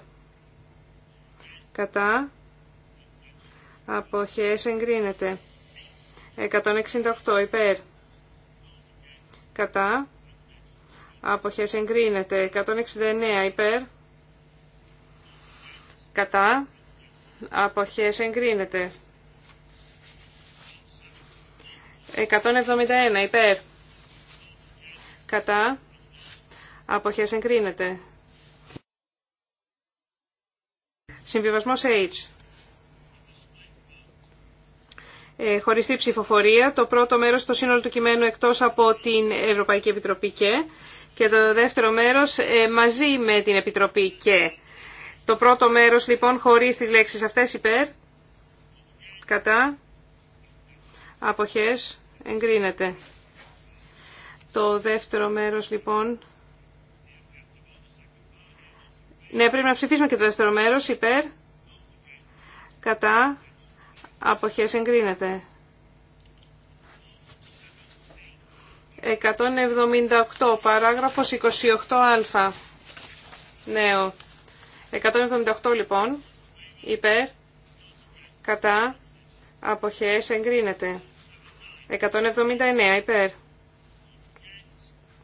κατά, αποχές εγκρίνεται. 168 υπέρ, κατά, αποχές εγκρίνεται 169 υπέρ κατά αποχές εγκρίνεται 171 υπέρ κατά αποχές εγκρίνεται Συμβιβασμός H ε, χωριστή ψηφοφορία, το πρώτο μέρος στο σύνολο του κειμένου εκτός από την Ευρωπαϊκή Επιτροπή και και το δεύτερο μέρος ε, μαζί με την Επιτροπή και. Το πρώτο μέρος λοιπόν χωρίς τις λέξεις αυτές υπέρ, κατά, αποχές, εγκρίνεται. Το δεύτερο μέρος λοιπόν... Ναι, πρέπει να ψηφίσουμε και το δεύτερο μέρος υπέρ, κατά, αποχές εγκρίνεται. 178, παράγραφος 28α, νέο. 178 λοιπόν, υπέρ, κατά, αποχές, εγκρίνεται. 179 υπέρ,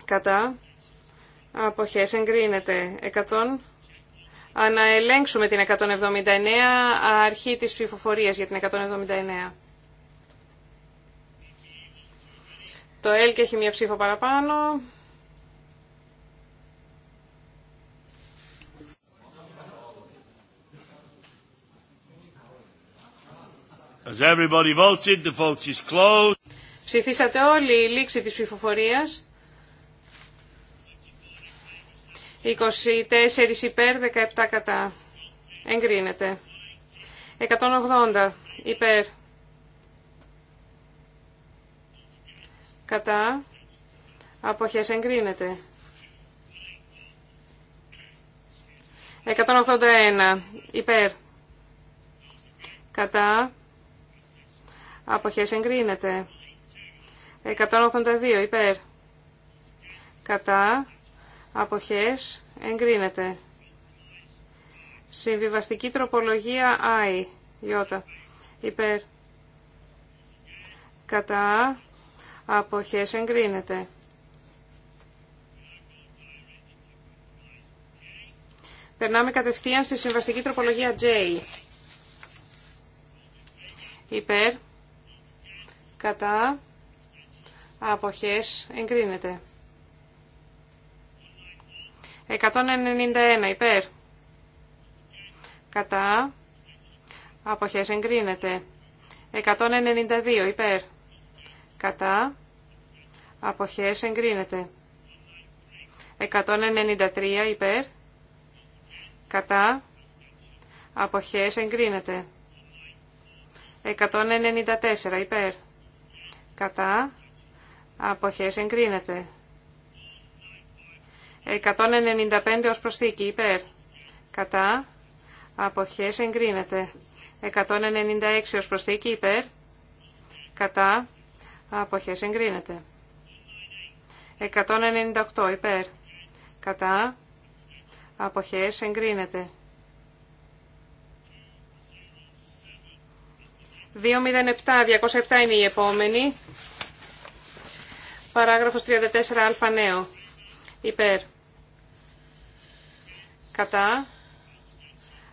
κατά, αποχές, εγκρίνεται. 100, αναελέγξουμε την 179, αρχή της ψηφοφορίας για την 179. Το ΕΛΚ έχει μία ψήφο παραπάνω. As everybody voted, the vote is closed. Ψηφίσατε όλοι η λήξη της ψηφοφορίας. 24 υπέρ, 17 κατά. Εγκρίνεται. 180 υπέρ. κατά αποχές εγκρίνεται. 181 υπέρ κατά αποχές εγκρίνεται. 182 υπέρ κατά αποχές εγκρίνεται. Συμβιβαστική τροπολογία I, Ι, υπέρ, κατά, αποχές εγκρίνεται. Περνάμε κατευθείαν στη συμβαστική τροπολογία J. Υπέρ, κατά, αποχές, εγκρίνεται. 191 υπέρ, κατά, αποχές, εγκρίνεται. 192 υπέρ, κατά, Αποχές εγκρίνεται. 193 υπέρ. Κατά. Αποχές εγκρίνεται. 194 υπέρ. Κατά. Αποχές εγκρίνεται. 195 ως προσθήκη υπέρ. Κατά. Αποχές εγκρίνεται. 196 ως προσθήκη υπέρ. Κατά. Αποχές εγκρίνεται. 198 υπέρ. Κατά. Αποχές εγκρίνεται. 207, 207 είναι η επόμενη. Παράγραφος 34α νέο. Υπέρ. Κατά.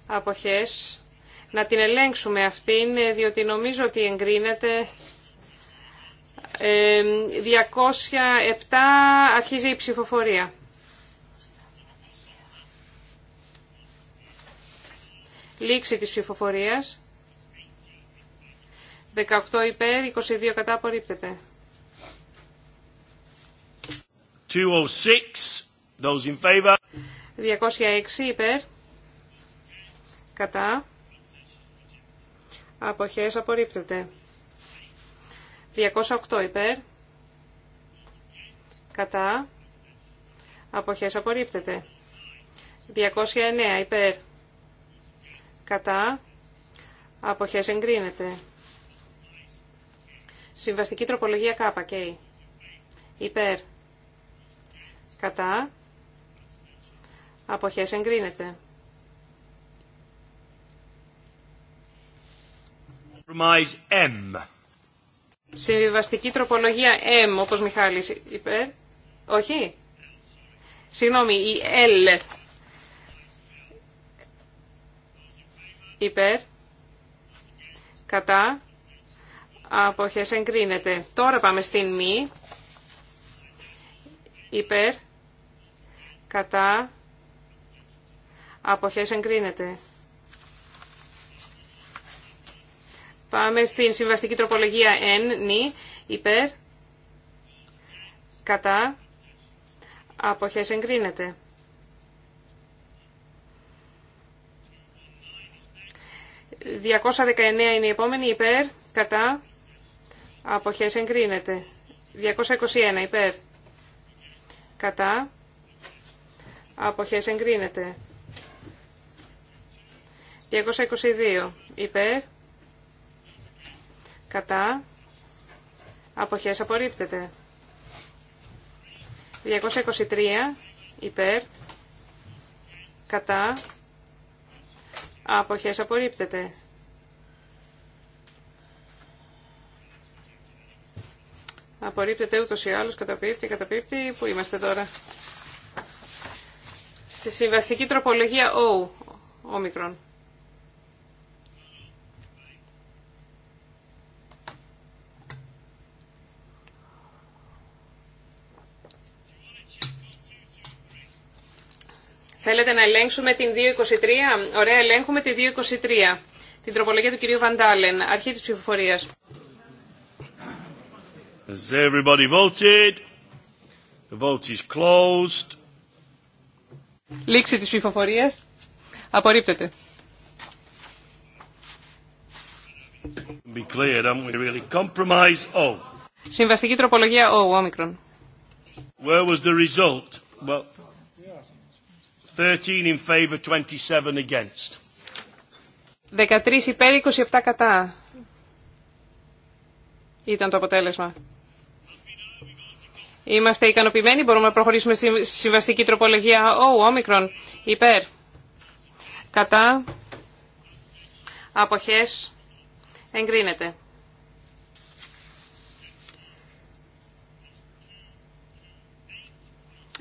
Αποχές. Να την ελέγξουμε αυτήν, διότι νομίζω ότι εγκρίνεται 207 αρχίζει η ψηφοφορία. Λήξη της ψηφοφορίας. 18 υπέρ, 22 κατά απορρίπτεται. 206, those in favor. 206 υπέρ, κατά, αποχές απορρίπτεται. 208 υπέρ. Κατά. Αποχές απορρίπτεται. 209 υπέρ. Κατά. Αποχές εγκρίνεται. Συμβαστική τροπολογία K. και Υπέρ. Κατά. Αποχές εγκρίνεται. M. Συμβιβαστική τροπολογία M, όπως Μιχάλης είπε. Όχι. Συγγνώμη, η L. Υπέρ. Κατά. Αποχές εγκρίνεται. Τώρα πάμε στην μη. Υπέρ. Κατά. Αποχές εγκρίνεται. Πάμε στην συμβαστική τροπολογία N, νη, υπέρ, κατά, αποχές εγκρίνεται. ...219 είναι η επόμενη υπέρ, κατά, αποχές εγκρίνεται. 221 υπέρ, κατά, αποχές εγκρίνεται. 222 υπέρ, κατά, αποχές απορρίπτεται. 223 υπέρ, κατά, αποχές απορρίπτεται. Απορρίπτεται ούτως ή άλλως, καταπίπτει, καταπίπτει, που είμαστε τώρα. Στη συμβαστική τροπολογία O, όμικρον. Θέλετε να ελέγξουμε την 223. Ωραία, ελέγχουμε την 223. Την τροπολογία του κυρίου Βαντάλεν. Αρχή της ψηφοφορίας. Has everybody voted? The vote is closed. Λήξη της ψηφοφορίας. Απορρίπτεται. Be clear, don't we really compromise? Oh. Συμβαστική τροπολογία O, όμικρον. Where was the result? Well, 13 in favor, 27 against. 13 υπέρ, 27 κατά. Ήταν το αποτέλεσμα. Είμαστε ικανοποιημένοι, μπορούμε να προχωρήσουμε στη συμβαστική τροπολογία. Ο, όμικρον, υπέρ. Κατά. Αποχές. Εγκρίνεται.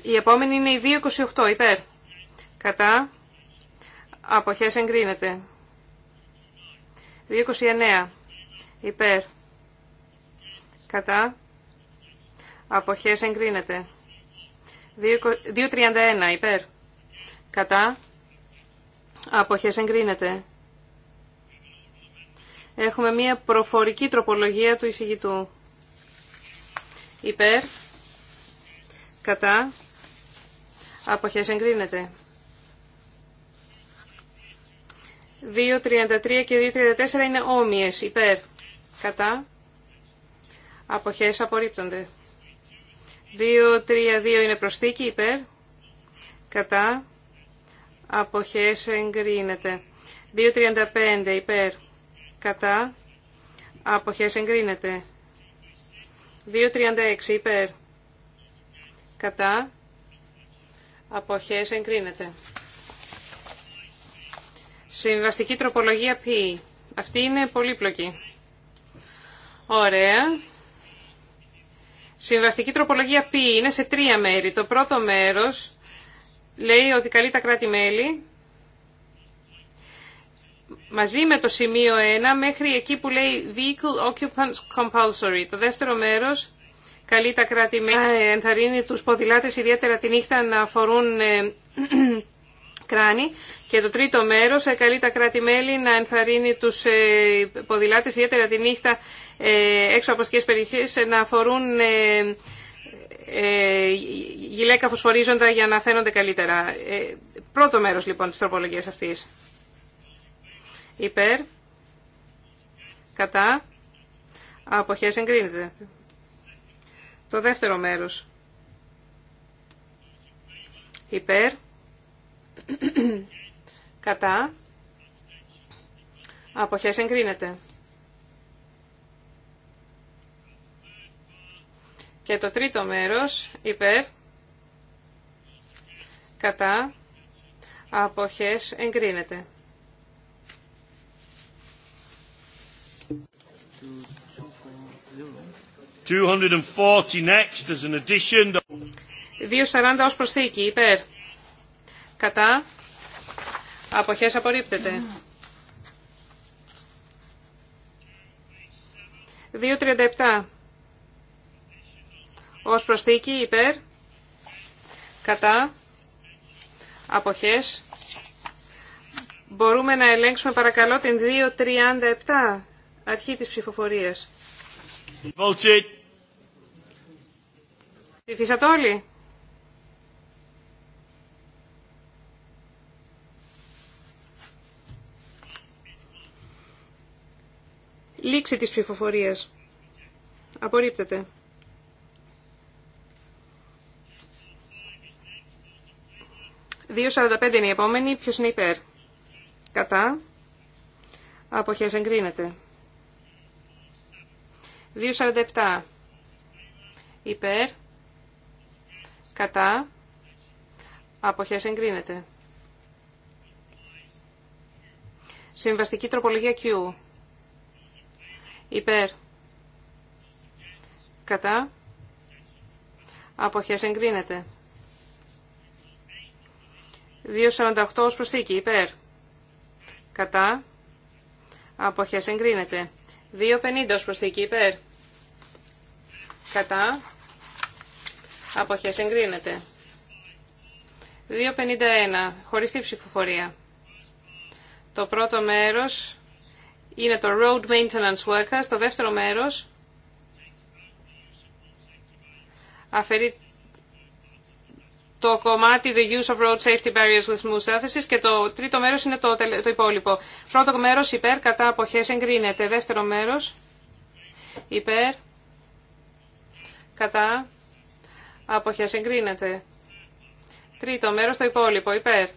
Η επόμενη είναι η 228, υπέρ. Κατά. Αποχές εγκρίνεται. 229. Υπέρ. Κατά. Αποχές εγκρίνεται. 231. Υπέρ. Κατά. Αποχές εγκρίνεται. Έχουμε μία προφορική τροπολογία του εισηγητού. Υπέρ. Κατά. Αποχές εγκρίνεται. 2.33 και 2.34 είναι όμοιες, υπέρ, κατά, αποχές απορρίπτονται. 2.32 είναι προσθήκη, υπέρ, κατά, αποχές εγκρίνεται. 2.35 υπέρ, κατά, αποχές εγκρίνεται. 2.36 υπέρ, κατά, αποχές εγκρίνεται. Συμβαστική τροπολογία π. Αυτή είναι πολύπλοκη. Ωραία. Συμβαστική τροπολογία π. είναι σε τρία μέρη. Το πρώτο μέρος λέει ότι καλεί τα κράτη-μέλη μαζί με το σημείο 1 μέχρι εκεί που λέει Vehicle Occupants Compulsory. Το δεύτερο μέρος καλεί τα κράτη-μέλη να ενθαρρύνει τους ποδηλάτες ιδιαίτερα τη νύχτα να φορούν ε, ε, κράνη. Και το τρίτο μέρος ε, καλεί τα κράτη-μέλη να ενθαρρύνει τους ε, ποδηλάτες, ιδιαίτερα τη νύχτα ε, έξω από αστικές περιοχές, να φορούν γυλαίκα φωσφορίζοντα για να φαίνονται καλύτερα. Πρώτο μέρος λοιπόν της τροπολογίας αυτής. Υπέρ. Κατά. Αποχές εγκρίνεται. Το δεύτερο μέρος. Υπέρ. Κατά. Αποχές εγκρίνεται. Και το τρίτο μέρος, υπέρ, κατά, αποχές εγκρίνεται. 240 next as an addition. 240 ως προσθήκη, υπέρ κατά, αποχές απορρίπτεται. 2.37 ως προσθήκη υπέρ, κατά, αποχές. Μπορούμε να ελέγξουμε παρακαλώ την 2.37 αρχή της ψηφοφορίας. Τη Ψηφίσατε όλοι. Λήξη της ψηφοφορίας. Απορρίπτεται. 2.45 είναι η επόμενη. Ποιος είναι υπέρ. Κατά. Αποχές εγκρίνεται. 2.47 υπέρ, κατά, αποχές εγκρίνεται. Συμβαστική τροπολογία Q υπέρ, κατά, αποχές εγκρίνεται. 2.48 ως προσθήκη, υπέρ, κατά, αποχές εγκρίνεται. 2.50 ως προσθήκη, υπέρ, κατά, αποχές εγκρίνεται. 2.51, χωριστή ψηφοφορία. Το πρώτο μέρος είναι το Road Maintenance Workers. Το δεύτερο μέρος αφαιρεί το κομμάτι The Use of Road Safety Barriers with Smooth Surfaces και το τρίτο μέρος είναι το, το υπόλοιπο. Πρώτο μέρος υπέρ, κατά αποχές εγκρίνεται. Δεύτερο μέρος υπέρ, κατά αποχές εγκρίνεται. Τρίτο μέρος το υπόλοιπο υπέρ,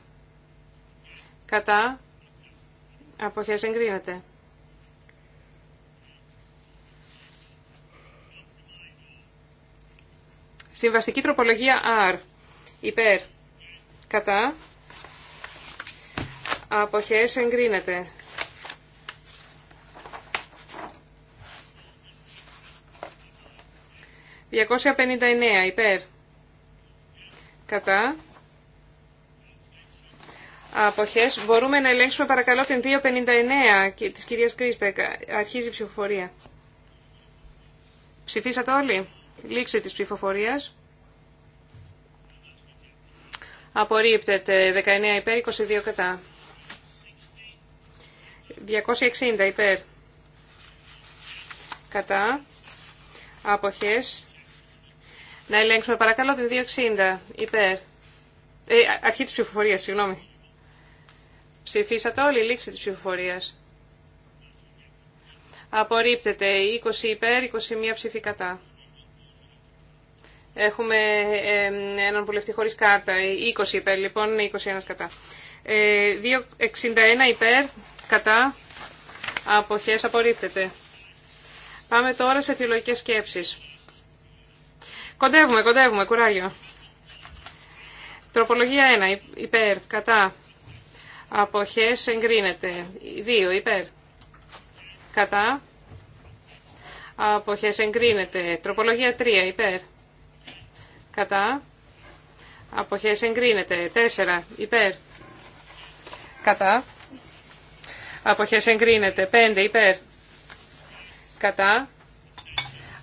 κατά αποχές εγκρίνεται. Συμβαστική τροπολογία R. Υπέρ. Κατά. Αποχές εγκρίνεται. 259 υπέρ. Κατά. Αποχές. Μπορούμε να ελέγξουμε παρακαλώ την 259 της κυρίας Κρίσπεκ. Αρχίζει η ψηφοφορία. Ψηφίσατε όλοι. Λήξη της ψηφοφορίας. Απορρίπτεται 19 υπέρ, 22 κατά. 260 υπέρ. Κατά. Αποχές. Να ελέγξουμε παρακαλώ την 260 υπέρ. Ε, αρχή της ψηφοφορίας, συγγνώμη. Ψηφίσατε όλοι, λήξη της ψηφοφορίας. Απορρίπτεται 20 υπέρ, 21 ψηφί κατά. Έχουμε έναν βουλευτή χωρίς κάρτα. 20 υπέρ λοιπόν, 21 κατά. 261 ε, υπέρ, κατά. Αποχές απορρίπτεται. Πάμε τώρα σε θεολογικές σκέψεις. Κοντεύουμε, κοντεύουμε, κουράγιο. Τροπολογία 1, υπέρ, κατά. Αποχές εγκρίνεται. 2, υπέρ. Κατά. Αποχές εγκρίνεται. Τροπολογία 3, υπέρ. Κατά. Αποχές εγκρίνεται. 4. Υπέρ. Κατά. Αποχές εγκρίνεται. 5. Υπέρ. Κατά.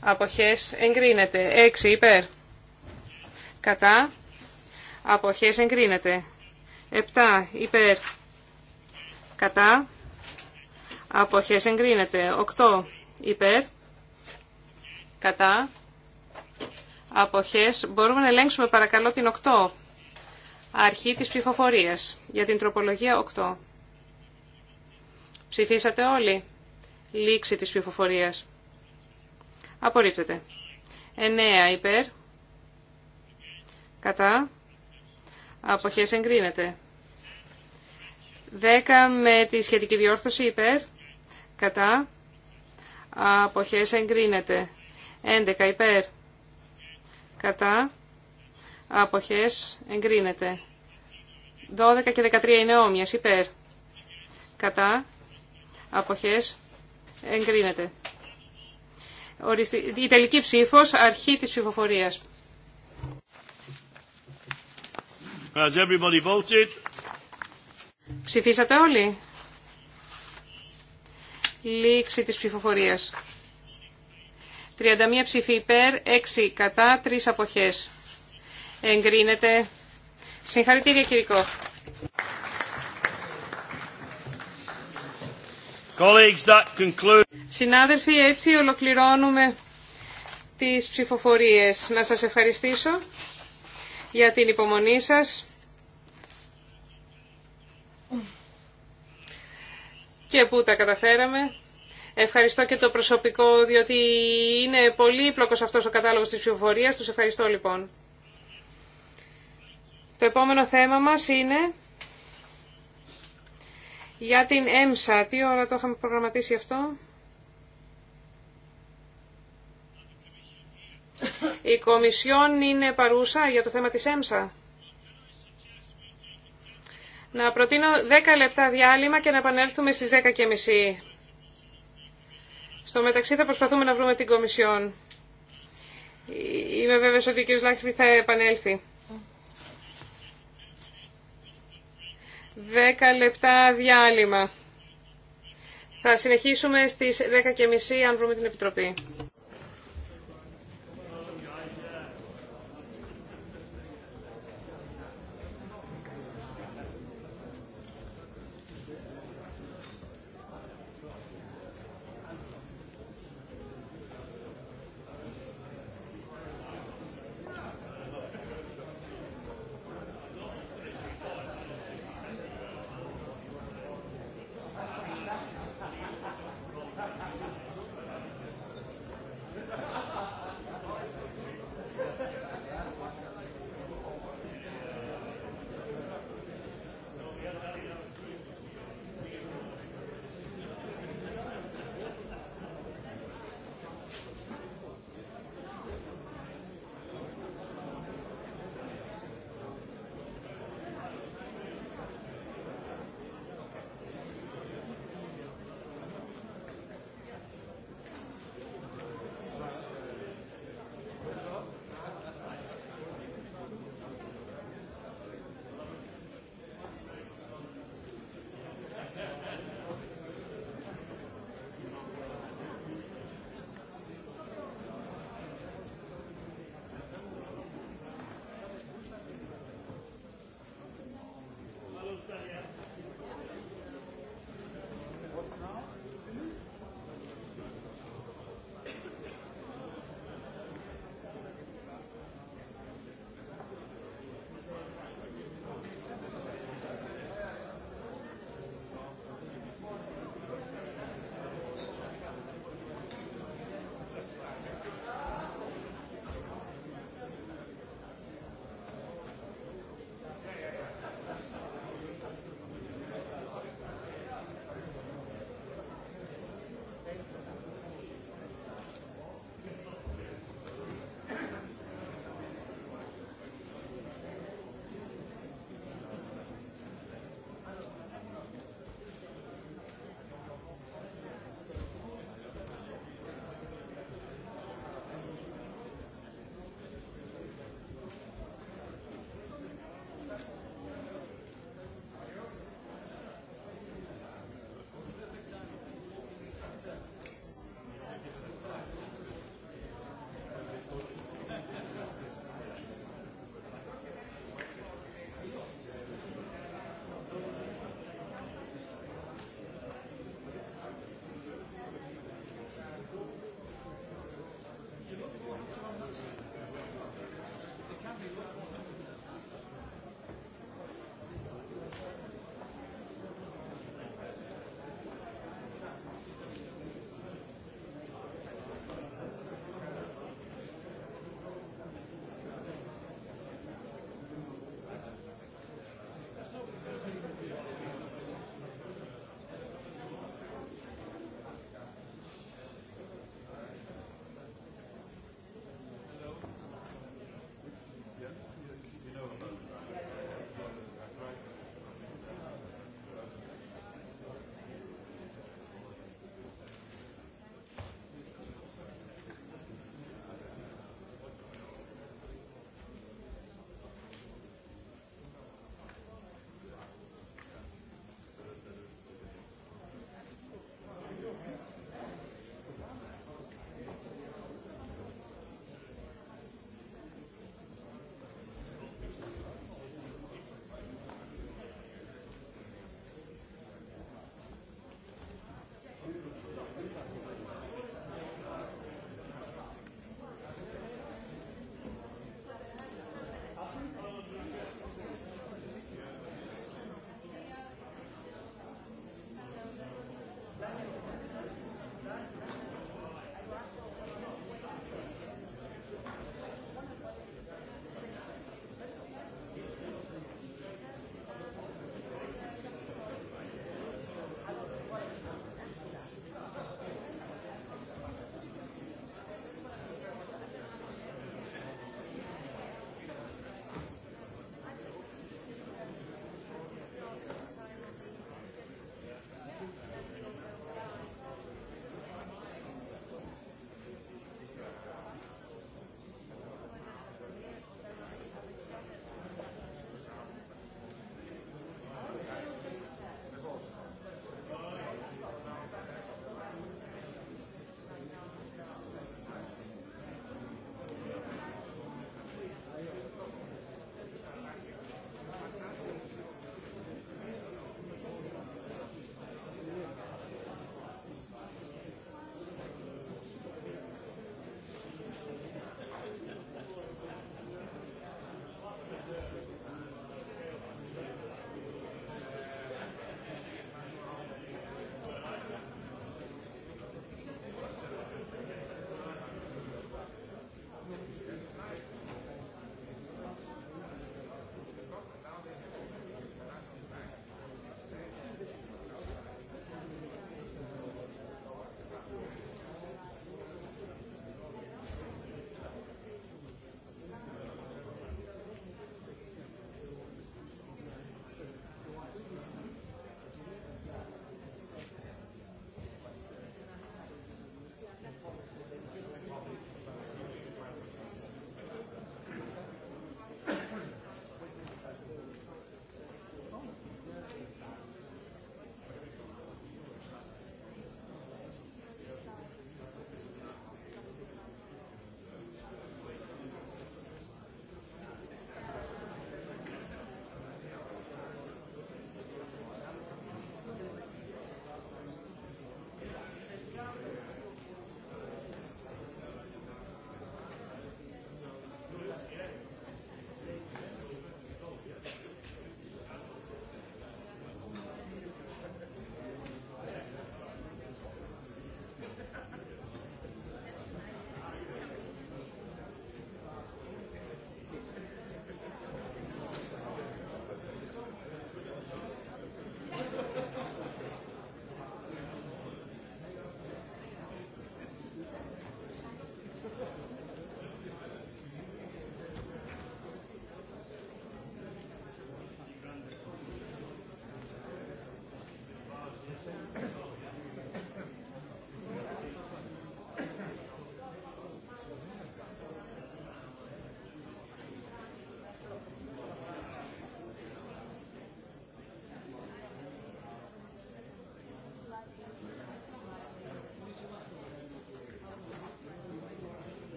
Αποχές εγκρίνεται. 6. Υπέρ. Κατά. Αποχές εγκρίνεται. 7. Υπέρ. Κατά. Αποχές εγκρίνεται. 8. Υπέρ. Κατά αποχές. Μπορούμε να ελέγξουμε παρακαλώ την 8. Αρχή της ψηφοφορίας για την τροπολογία 8. Ψηφίσατε όλοι. Λήξη της ψηφοφορίας. Απορρίπτεται. 9 υπέρ. Κατά. Αποχές εγκρίνεται. 10 με τη σχετική διόρθωση υπέρ. Κατά. Αποχές εγκρίνεται. 11 υπέρ κατά αποχές εγκρίνεται. 12 και 13 είναι όμοιες υπέρ κατά αποχές εγκρίνεται. Η τελική ψήφος αρχή της ψηφοφορίας. Has everybody voted? Ψηφίσατε όλοι. Λήξη της ψηφοφορίας. 31 ψήφοι υπέρ, 6 κατά, 3 αποχές. Εγκρίνεται. Συγχαρητήρια Κυρικό. Συνάδελφοι, έτσι ολοκληρώνουμε τις ψηφοφορίες. Να σας ευχαριστήσω για την υπομονή σας και που τα καταφέραμε. Ευχαριστώ και το προσωπικό, διότι είναι πολύ πλοκος αυτός ο κατάλογος της ψηφοφορία. Τους ευχαριστώ λοιπόν. Το επόμενο θέμα μας είναι για την ΕΜΣΑ. Τι ώρα το είχαμε προγραμματίσει αυτό. Η Κομισιόν είναι παρούσα για το θέμα της ΕΜΣΑ. Να προτείνω 10 λεπτά διάλειμμα και να επανέλθουμε στις 10.30. Στο μεταξύ θα προσπαθούμε να βρούμε την Κομισιόν. Είμαι βέβαιος ότι ο κ. Λάχρη θα επανέλθει. Δέκα λεπτά διάλειμμα. Θα συνεχίσουμε στις μισή αν βρούμε την Επιτροπή.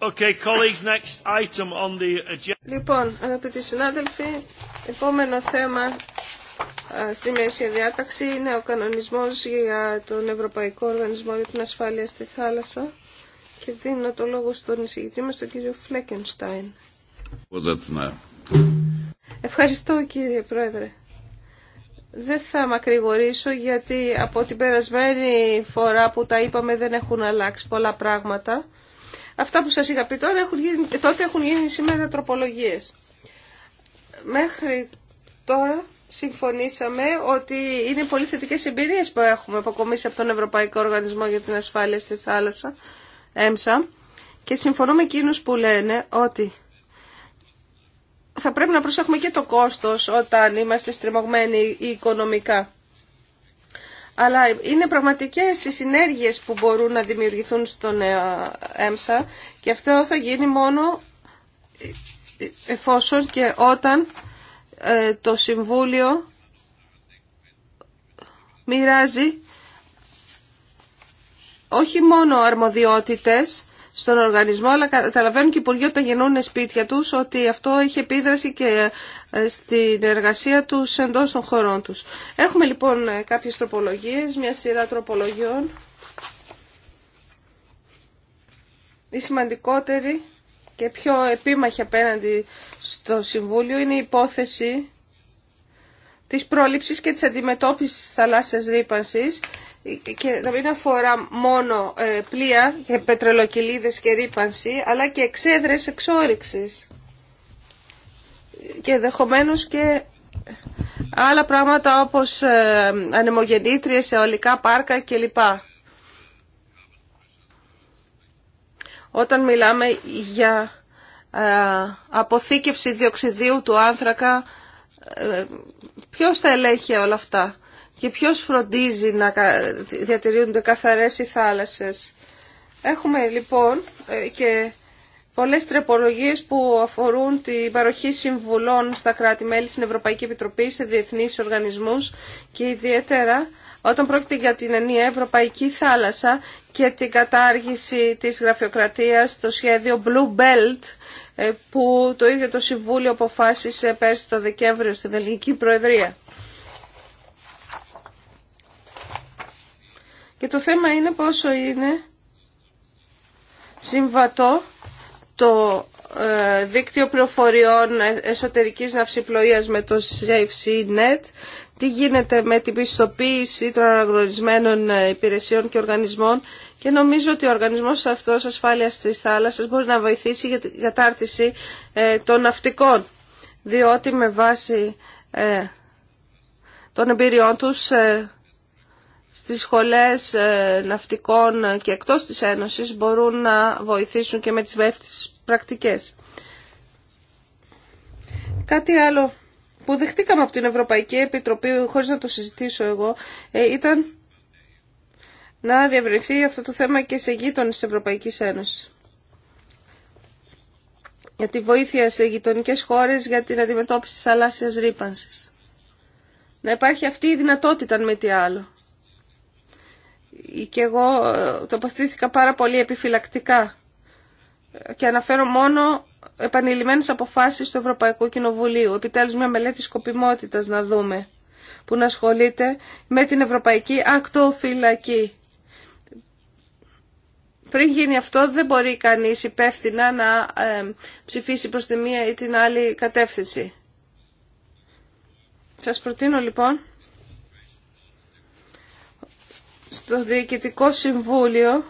Okay, colleagues, next Λοιπόν, αγαπητοί συνάδελφοι, επόμενο θέμα στη μέση διάταξη είναι ο κανονισμός για τον Ευρωπαϊκό Οργανισμό για την Ασφάλεια στη Θάλασσα και δίνω το λόγο στον εισηγητή μας, τον κύριο Φλέκενστάιν. Ευχαριστώ κύριε Πρόεδρε. Δεν θα μακρηγορήσω γιατί από την περασμένη φορά που τα είπαμε δεν έχουν αλλάξει πολλά πράγματα. Αυτά που σας είχα πει τώρα έχουν ε, τότε έχουν γίνει σήμερα τροπολογίες. Μέχρι τώρα συμφωνήσαμε ότι είναι πολύ θετικέ εμπειρίε που έχουμε αποκομίσει από τον Ευρωπαϊκό Οργανισμό για την Ασφάλεια στη Θάλασσα, ΕΜΣΑ, και συμφωνώ με που λένε ότι θα πρέπει να προσέχουμε και το κόστος όταν είμαστε στριμωγμένοι οικονομικά αλλά είναι πραγματικές οι συνέργειες που μπορούν να δημιουργηθούν στον ε, ΕΜΣΑ και αυτό θα γίνει μόνο εφόσον και όταν ε, το Συμβούλιο μοιράζει όχι μόνο αρμοδιότητες στον οργανισμό, αλλά καταλαβαίνουν και οι υπουργοί όταν γεννούν σπίτια τους ότι αυτό έχει επίδραση και στην εργασία τους εντός των χωρών τους. Έχουμε λοιπόν κάποιες τροπολογίες, μια σειρά τροπολογιών. Η σημαντικότερη και πιο επίμαχη απέναντι στο Συμβούλιο είναι η υπόθεση της πρόληψης και της αντιμετώπισης της θαλάσσιας ρήπανσης και να μην αφορά μόνο ε, πλοία και πετρελοκυλίδες και ρήπανση, αλλά και εξέδρες εξόριξης και ενδεχομένω και άλλα πράγματα όπως ε, ανεμογεννήτριες, ολικά πάρκα κλπ. Όταν μιλάμε για ε, αποθήκευση διοξιδίου του άνθρακα, ε, ποιος θα ελέγχει όλα αυτά και ποιος φροντίζει να διατηρούνται καθαρές οι θάλασσες. Έχουμε λοιπόν και πολλές τρεπολογίες που αφορούν την παροχή συμβουλών στα κράτη-μέλη στην Ευρωπαϊκή Επιτροπή, σε διεθνείς οργανισμούς και ιδιαίτερα όταν πρόκειται για την ενιαία Ευρωπαϊκή Θάλασσα και την κατάργηση της γραφειοκρατίας, το σχέδιο Blue Belt ε, που το ίδιο το Συμβούλιο αποφάσισε πέρσι το Δεκέμβριο στην Ελληνική Προεδρία. Και το θέμα είναι πόσο είναι συμβατό το ε, δίκτυο πληροφοριών εσωτερικής ναυσιπλοείας με το SafeSeaNet, τι γίνεται με την πιστοποίηση των αναγνωρισμένων ε, υπηρεσιών και οργανισμών και νομίζω ότι ο οργανισμός αυτός ασφάλειας της θάλασσας μπορεί να βοηθήσει για την κατάρτιση ε, των ναυτικών, διότι με βάση των εμπειριών τους στις σχολές ε, ναυτικών και εκτός της Ένωσης μπορούν να βοηθήσουν και με τις βεύτιες πρακτικές. Κάτι άλλο που δεχτήκαμε από την Ευρωπαϊκή Επιτροπή, χωρίς να το συζητήσω εγώ, ε, ήταν να διαβρεθεί αυτό το θέμα και σε γείτονε της Ευρωπαϊκής Ένωσης. Για τη βοήθεια σε γειτονικέ χώρες για την αντιμετώπιση της θαλάσσιας ρήπανσης. Να υπάρχει αυτή η δυνατότητα, με τι άλλο και εγώ τοποθετήθηκα πάρα πολύ επιφυλακτικά και αναφέρω μόνο επανειλημμένες αποφάσεις του Ευρωπαϊκού Κοινοβουλίου. Επιτέλους μια μελέτη σκοπιμότητας να δούμε που να ασχολείται με την Ευρωπαϊκή Ακτοφυλακή. Πριν γίνει αυτό δεν μπορεί κανείς υπεύθυνα να ψηφίσει προς τη μία ή την άλλη κατεύθυνση. Σας προτείνω λοιπόν στο Διοικητικό Συμβούλιο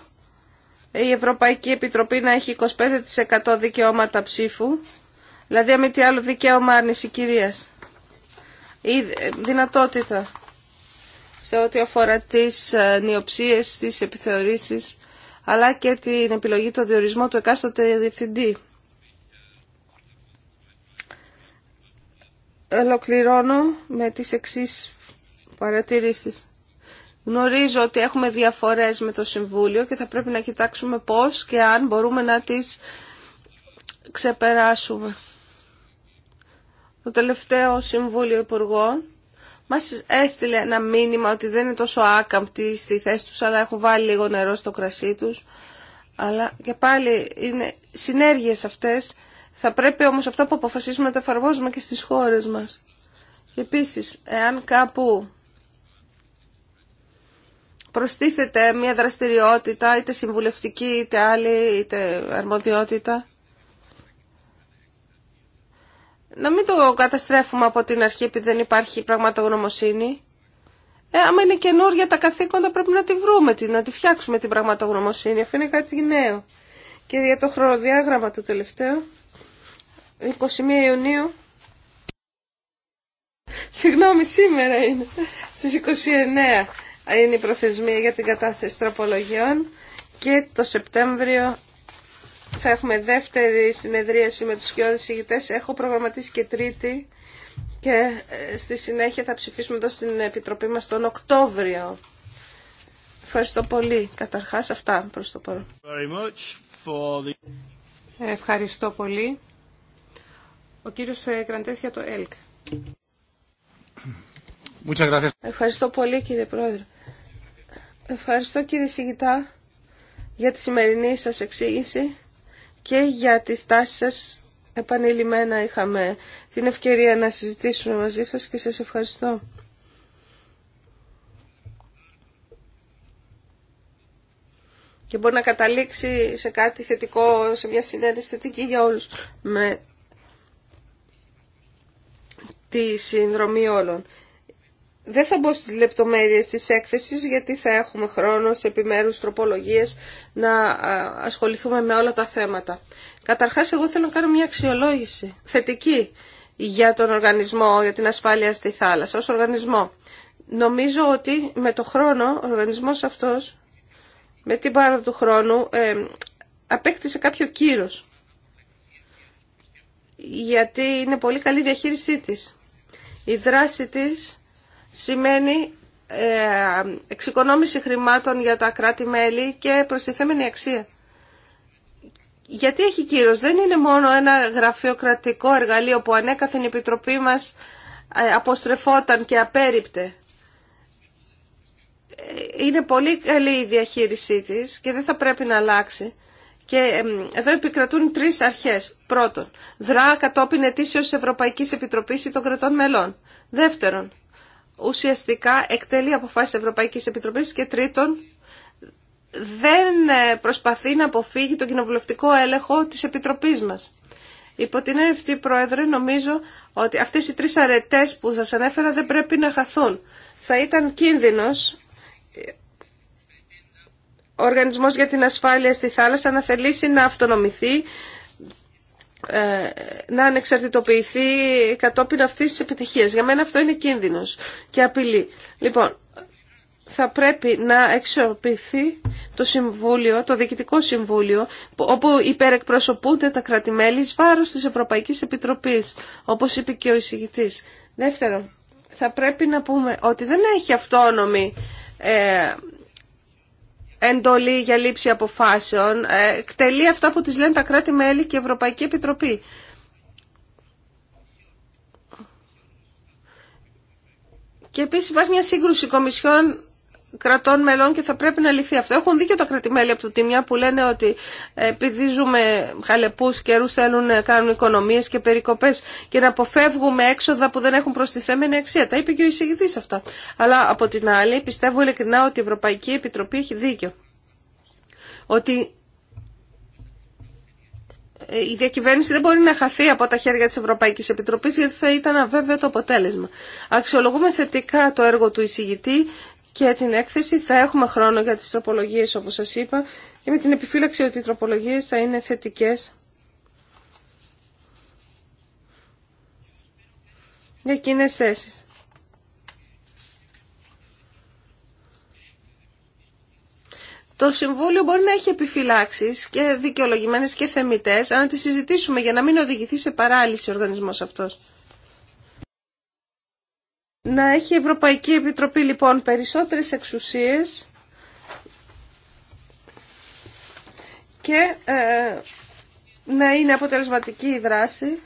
η Ευρωπαϊκή Επιτροπή να έχει 25% δικαιώματα ψήφου, δηλαδή με τι άλλο δικαίωμα άρνηση κυρίας ή δυνατότητα σε ό,τι αφορά τις ε, νιοψίες, τις επιθεωρήσεις, αλλά και την επιλογή του διορισμού του εκάστοτε διευθυντή. Ολοκληρώνω με τις εξής παρατηρήσεις. Γνωρίζω ότι έχουμε διαφορές με το Συμβούλιο και θα πρέπει να κοιτάξουμε πώς και αν μπορούμε να τις ξεπεράσουμε. Το τελευταίο Συμβούλιο Υπουργών μας έστειλε ένα μήνυμα ότι δεν είναι τόσο άκαμπτοι στη θέση τους, αλλά έχουν βάλει λίγο νερό στο κρασί τους. Αλλά και πάλι είναι συνέργειες αυτές. Θα πρέπει όμως αυτά που αποφασίσουμε να τα εφαρμόζουμε και στις χώρες μας. Επίσης, εάν κάπου προστίθεται μια δραστηριότητα, είτε συμβουλευτική, είτε άλλη, είτε αρμοδιότητα. Να μην το καταστρέφουμε από την αρχή επειδή δεν υπάρχει πραγματογνωμοσύνη. Ε, άμα είναι καινούργια τα καθήκοντα πρέπει να τη βρούμε, να τη φτιάξουμε την πραγματογνωμοσύνη, αφού είναι κάτι νέο. Και για το χρονοδιάγραμμα το τελευταίο, 21 Ιουνίου, συγγνώμη σήμερα είναι, στις 29 είναι η προθεσμία για την κατάθεση τροπολογιών και το Σεπτέμβριο θα έχουμε δεύτερη συνεδρίαση με τους σκιώδες ηγητές. Έχω προγραμματίσει και τρίτη και ε, στη συνέχεια θα ψηφίσουμε εδώ στην Επιτροπή μας τον Οκτώβριο. Ευχαριστώ πολύ. Καταρχάς αυτά προς το παρόν. Ευχαριστώ πολύ. Ο κύριος ε, Κραντές για το ΕΛΚ. Ευχαριστώ πολύ κύριε Πρόεδρε. Ευχαριστώ κύριε Σιγητά για τη σημερινή σας εξήγηση και για τη στάση σας. Επανειλημμένα είχαμε την ευκαιρία να συζητήσουμε μαζί σας και σας ευχαριστώ. Και μπορεί να καταλήξει σε κάτι θετικό, σε μια συνέντευξη θετική για όλους με τη συνδρομή όλων. Δεν θα μπω στις λεπτομέρειες της έκθεσης γιατί θα έχουμε χρόνο σε επιμέρους τροπολογίες να ασχοληθούμε με όλα τα θέματα. Καταρχάς εγώ θέλω να κάνω μια αξιολόγηση θετική για τον οργανισμό, για την ασφάλεια στη θάλασσα ως οργανισμό. Νομίζω ότι με το χρόνο ο οργανισμός αυτός, με την πάροδο του χρόνου, ε, απέκτησε κάποιο κύρος. Γιατί είναι πολύ καλή διαχείρισή της. Η δράση της σημαίνει ε, εξοικονόμηση χρημάτων για τα κράτη-μέλη και προστιθέμενη αξία. Γιατί έχει κύρος, δεν είναι μόνο ένα γραφειοκρατικό εργαλείο που ανέκαθεν η Επιτροπή μας ε, αποστρεφόταν και απέριπτε. Ε, είναι πολύ καλή η διαχείρισή της και δεν θα πρέπει να αλλάξει. Και εδώ επικρατούν τρεις αρχές. Πρώτον, δρά κατόπιν ετήσεως Ευρωπαϊκής Επιτροπής ή των κρατών μελών. Δεύτερον, ουσιαστικά εκτελεί αποφάσεις Ευρωπαϊκής Επιτροπής και τρίτον δεν προσπαθεί να αποφύγει τον κοινοβουλευτικό έλεγχο της Επιτροπής μας. Υπό την αυτή Πρόεδρε νομίζω ότι αυτές οι τρεις αρετές που σας ανέφερα δεν πρέπει να χαθούν. Θα ήταν κίνδυνος ο Οργανισμός για την Ασφάλεια στη Θάλασσα να θελήσει να αυτονομηθεί ε, να ανεξαρτητοποιηθεί κατόπιν αυτής της επιτυχίας. Για μένα αυτό είναι κίνδυνος και απειλή. Λοιπόν, θα πρέπει να εξορπηθεί το Συμβούλιο, το Διοικητικό Συμβούλιο, όπου υπερεκπροσωπούνται τα κρατημέλη βάρος της ευρωπαϊκή Επιτροπής, όπως είπε και ο εισηγητής. Δεύτερον, θα πρέπει να πούμε ότι δεν έχει αυτόνομη ε, εντολή για λήψη αποφάσεων, ε, εκτελεί αυτά που τις λένε τα κράτη-μέλη και η Ευρωπαϊκή Επιτροπή. Και επίσης υπάρχει μια σύγκρουση κομισιών κρατών μελών και θα πρέπει να λυθεί αυτό. Έχουν δίκιο τα κρατημέλη από το Τιμιά που λένε ότι επειδή ζούμε χαλεπούς καιρούς θέλουν να κάνουν οικονομίες και περικοπές και να αποφεύγουμε έξοδα που δεν έχουν προστιθέμενη αξία. Τα είπε και ο εισηγητής αυτά. Αλλά από την άλλη πιστεύω ειλικρινά ότι η Ευρωπαϊκή Επιτροπή έχει δίκιο. Ότι η διακυβέρνηση δεν μπορεί να χαθεί από τα χέρια της Ευρωπαϊκής Επιτροπής γιατί θα ήταν αβέβαιο το αποτέλεσμα. Αξιολογούμε θετικά το έργο του εισηγητή και την έκθεση. Θα έχουμε χρόνο για τις τροπολογίες όπως σας είπα και με την επιφύλαξη ότι οι τροπολογίες θα είναι θετικές. Για κοινέ θέσει. Το Συμβούλιο μπορεί να έχει επιφυλάξει και δικαιολογημένε και θεμητέ, αλλά να τις συζητήσουμε για να μην οδηγηθεί σε παράλυση ο οργανισμός αυτός. Να έχει η Ευρωπαϊκή Επιτροπή λοιπόν περισσότερες εξουσίες και ε, να είναι αποτελεσματική η δράση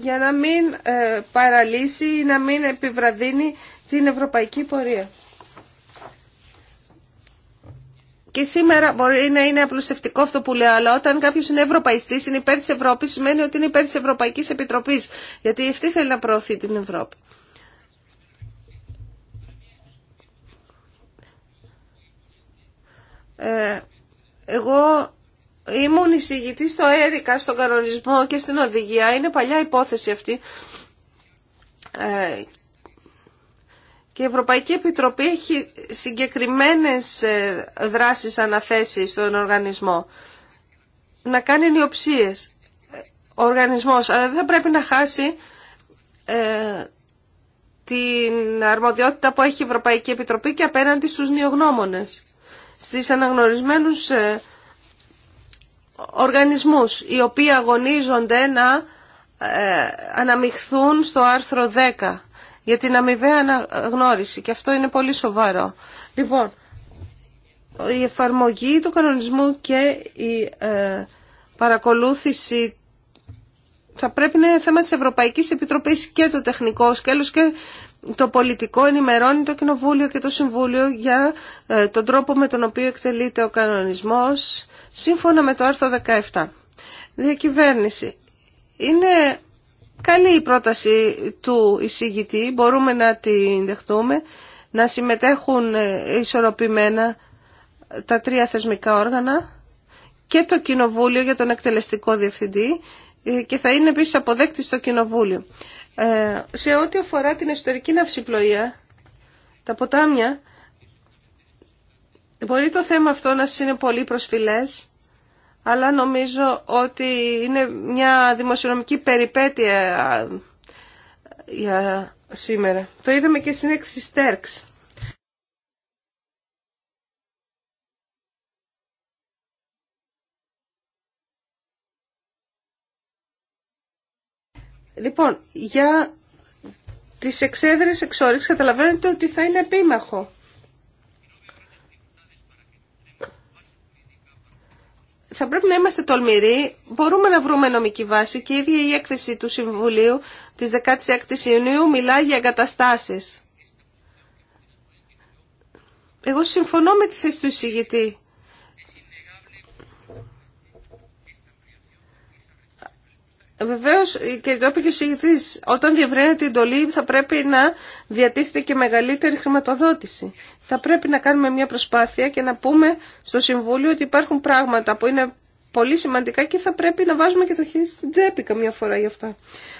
για να μην ε, παραλύσει ή να μην επιβραδύνει την ευρωπαϊκή πορεία. Και σήμερα μπορεί να είναι απλουστευτικό αυτό που λέω, αλλά όταν κάποιο είναι ευρωπαϊστή, είναι υπέρ τη Ευρώπη, σημαίνει ότι είναι υπέρ τη Ευρωπαϊκή Επιτροπή. Γιατί αυτή θέλει να προωθεί την Ευρώπη. Ε, εγώ ήμουν εισηγητή στο ΕΡΙΚΑ, στον κανονισμό και στην οδηγία. Είναι παλιά υπόθεση αυτή. Ε, και η Ευρωπαϊκή Επιτροπή έχει συγκεκριμένες ε, δράσεις αναθέσει στον οργανισμό. Να κάνει νιοψίες ο οργανισμός, αλλά δεν πρέπει να χάσει ε, την αρμοδιότητα που έχει η Ευρωπαϊκή Επιτροπή και απέναντι στους νιογνώμονες, στις αναγνωρισμένους ε, οργανισμούς, οι οποίοι αγωνίζονται να ε, αναμειχθούν στο άρθρο 10 για την αμοιβαία αναγνώριση και αυτό είναι πολύ σοβαρό. Λοιπόν, η εφαρμογή του κανονισμού και η ε, παρακολούθηση θα πρέπει να είναι θέμα της Ευρωπαϊκής Επιτροπής και το τεχνικό σκέλος και το πολιτικό ενημερώνει το Κοινοβούλιο και το Συμβούλιο για ε, τον τρόπο με τον οποίο εκτελείται ο κανονισμός σύμφωνα με το άρθρο 17. Διακυβέρνηση. Είναι Καλή η πρόταση του εισηγητή, μπορούμε να την δεχτούμε, να συμμετέχουν ε, ισορροπημένα τα τρία θεσμικά όργανα και το Κοινοβούλιο για τον εκτελεστικό διευθυντή ε, και θα είναι επίσης αποδέκτη στο Κοινοβούλιο. Ε, σε ό,τι αφορά την εσωτερική ναυσιπλοεία, τα ποτάμια, μπορεί το θέμα αυτό να είναι πολύ προσφυλές αλλά νομίζω ότι είναι μια δημοσιονομική περιπέτεια για σήμερα. Το είδαμε και στην έκθεση Στέρξ. Λοιπόν, για τις εξέδρες εξόριξης καταλαβαίνετε ότι θα είναι επίμαχο. θα πρέπει να είμαστε τολμηροί. Μπορούμε να βρούμε νομική βάση και η ίδια η έκθεση του Συμβουλίου της 16ης Ιουνίου μιλάει για εγκαταστάσεις. Εγώ συμφωνώ με τη θέση του εισηγητή. Βεβαίω και το είπε και ο συγητή, όταν διευρύνεται η εντολή θα πρέπει να διατίθεται και μεγαλύτερη χρηματοδότηση. Θα πρέπει να κάνουμε μια προσπάθεια και να πούμε στο Συμβούλιο ότι υπάρχουν πράγματα που είναι πολύ σημαντικά και θα πρέπει να βάζουμε και το χέρι στην τσέπη καμιά φορά γι' αυτά.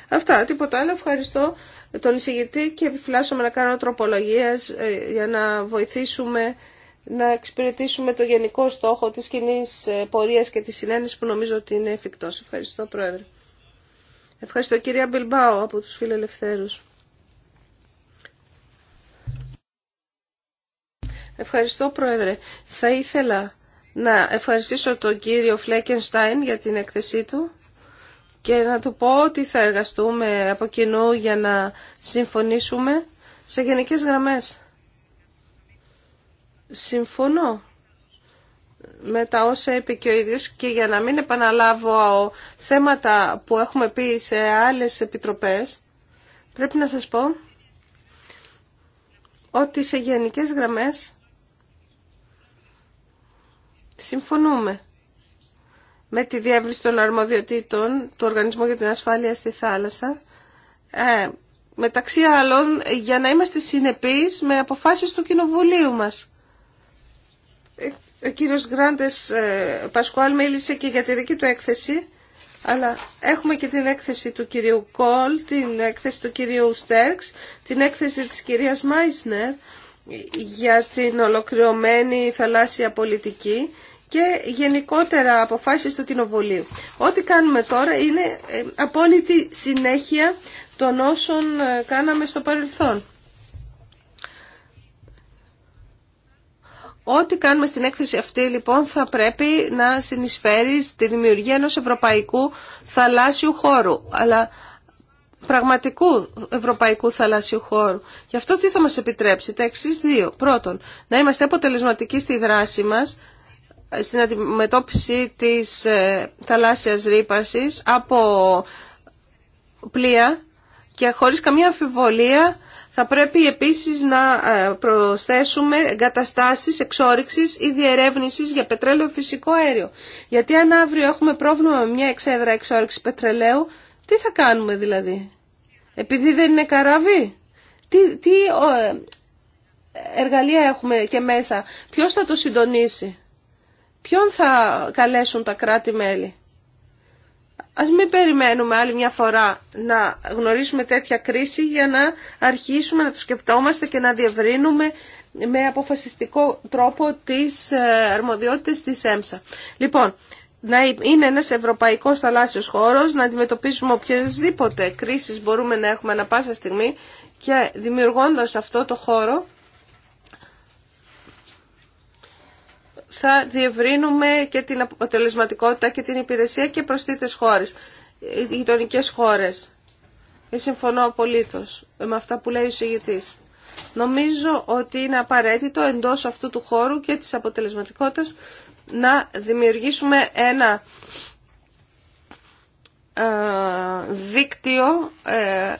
Αυτά, τίποτα άλλο. Ευχαριστώ τον εισηγητή και επιφυλάσσομαι να κάνω τροπολογίε ε, για να βοηθήσουμε να εξυπηρετήσουμε το γενικό στόχο της κοινή ε, πορείας και της συνένεσης που νομίζω ότι είναι εφικτός. Ευχαριστώ Πρόεδρε. Ευχαριστώ κυρία Μπιλμπάου από τους φιλελευθέρους. Ευχαριστώ Πρόεδρε. Θα ήθελα να ευχαριστήσω τον κύριο Φλέκενστάιν για την έκθεσή του και να του πω ότι θα εργαστούμε από κοινού για να συμφωνήσουμε σε γενικές γραμμές. Συμφωνώ με τα όσα είπε και ο ίδιος και για να μην επαναλάβω θέματα που έχουμε πει σε άλλες επιτροπές, πρέπει να σας πω ότι σε γενικές γραμμές συμφωνούμε με τη διεύρυνση των αρμοδιοτήτων του Οργανισμού για την Ασφάλεια στη Θάλασσα, ε, μεταξύ άλλων για να είμαστε συνεπείς με αποφάσεις του Κοινοβουλίου μας ε, ο κύριος Γκράντες ε, Πασκουάλ μίλησε και για τη δική του έκθεση, αλλά έχουμε και την έκθεση του κυρίου Κόλ, την έκθεση του κυρίου Στέρξ, την έκθεση της κυρίας Μάισνερ για την ολοκληρωμένη θαλάσσια πολιτική και γενικότερα αποφάσεις του Κοινοβουλίου. Ό,τι κάνουμε τώρα είναι ε, απόλυτη συνέχεια των όσων ε, κάναμε στο παρελθόν. Ό,τι κάνουμε στην έκθεση αυτή λοιπόν θα πρέπει να συνεισφέρει στη δημιουργία ενός ευρωπαϊκού θαλάσσιου χώρου, αλλά πραγματικού ευρωπαϊκού θαλάσσιου χώρου. Γι' αυτό τι θα μας επιτρέψει, τα εξής δύο. Πρώτον, να είμαστε αποτελεσματικοί στη δράση μας, στην αντιμετώπιση της ε, θαλάσσιας ρήπασης από πλοία και χωρίς καμία αμφιβολία θα πρέπει επίσης να ε, προσθέσουμε εγκαταστάσεις εξόριξης ή διερεύνησης για πετρέλαιο φυσικό αέριο. Γιατί αν αύριο έχουμε πρόβλημα με μια εξέδρα εξόριξη πετρελαίου, τι θα κάνουμε δηλαδή. Επειδή δεν είναι καράβι. Τι, τι ε, εργαλεία έχουμε και μέσα. Ποιος θα το συντονίσει. Ποιον θα καλέσουν τα κράτη-μέλη. Ας μην περιμένουμε άλλη μια φορά να γνωρίσουμε τέτοια κρίση για να αρχίσουμε να το σκεπτόμαστε και να διευρύνουμε με αποφασιστικό τρόπο τις ε, αρμοδιότητες της ΕΜΣΑ. Λοιπόν, να είναι ένας ευρωπαϊκός θαλάσσιος χώρος, να αντιμετωπίσουμε οποιασδήποτε κρίσεις μπορούμε να έχουμε ανα πάσα στιγμή και δημιουργώντας αυτό το χώρο θα διευρύνουμε και την αποτελεσματικότητα και την υπηρεσία και προς τίτες χώρες, γειτονικέ χώρες. Και ε, συμφωνώ απολύτως με αυτά που λέει ο συγητής. Νομίζω ότι είναι απαραίτητο εντός αυτού του χώρου και της αποτελεσματικότητας να δημιουργήσουμε ένα ε, δίκτυο ε,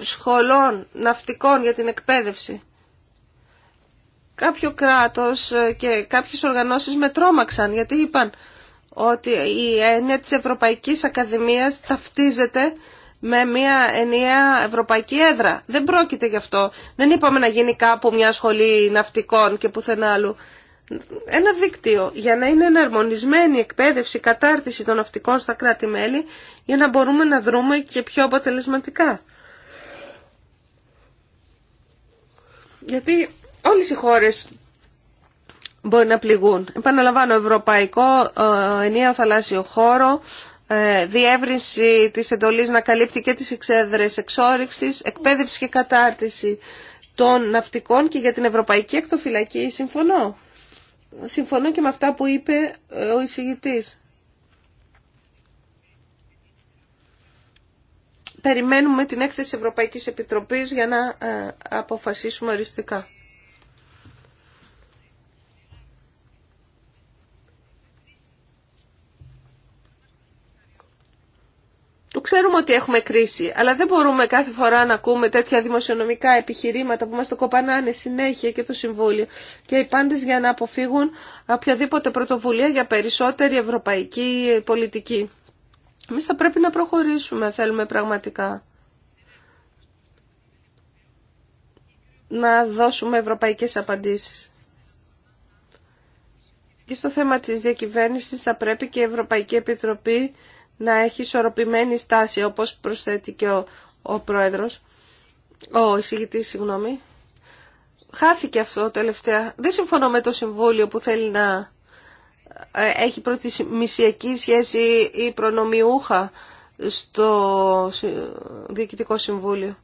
σχολών ναυτικών για την εκπαίδευση κάποιο κράτος ε, και κάποιες οργανώσεις με τρόμαξαν γιατί είπαν ότι η έννοια της Ευρωπαϊκής Ακαδημίας ταυτίζεται με μια ενιαία ευρωπαϊκή έδρα. Δεν πρόκειται γι' αυτό. Δεν είπαμε να γίνει κάπου μια σχολή ναυτικών και πουθενά άλλου. Ένα δίκτυο για να είναι εναρμονισμένη εκπαίδευση, κατάρτιση των ναυτικών στα κράτη-μέλη για να μπορούμε να δρούμε και πιο αποτελεσματικά. Γιατί Όλες οι χώρες μπορεί να πληγούν. Επαναλαμβάνω, ευρωπαϊκό ε, ενιαίο θαλάσσιο χώρο, ε, διεύρυνση της εντολής να καλύπτει και τις εξέδρες εξόριξης, εκπαίδευση και κατάρτιση των ναυτικών και για την ευρωπαϊκή εκτοφυλακή. Συμφωνώ. Συμφωνώ και με αυτά που είπε ε, ο εισηγητής. Περιμένουμε την έκθεση Ευρωπαϊκής Επιτροπής για να αποφασίσουμε οριστικά. Ξέρουμε ότι έχουμε κρίση, αλλά δεν μπορούμε κάθε φορά να ακούμε τέτοια δημοσιονομικά επιχειρήματα που μας το κοπανάνε συνέχεια και το Συμβούλιο και οι πάντες για να αποφύγουν οποιαδήποτε πρωτοβουλία για περισσότερη ευρωπαϊκή πολιτική. Εμεί θα πρέπει να προχωρήσουμε, θέλουμε πραγματικά. Να δώσουμε ευρωπαϊκές απαντήσεις. Και στο θέμα της διακυβέρνησης θα πρέπει και η Ευρωπαϊκή Επιτροπή να έχει ισορροπημένη στάση, όπως προσθέτει και ο, ο πρόεδρος, ο εισηγητής, συγγνώμη. Χάθηκε αυτό τελευταία. Δεν συμφωνώ με το Συμβούλιο που θέλει να ε, έχει μισιακή σχέση ή προνομιούχα στο Διοικητικό Συμβούλιο.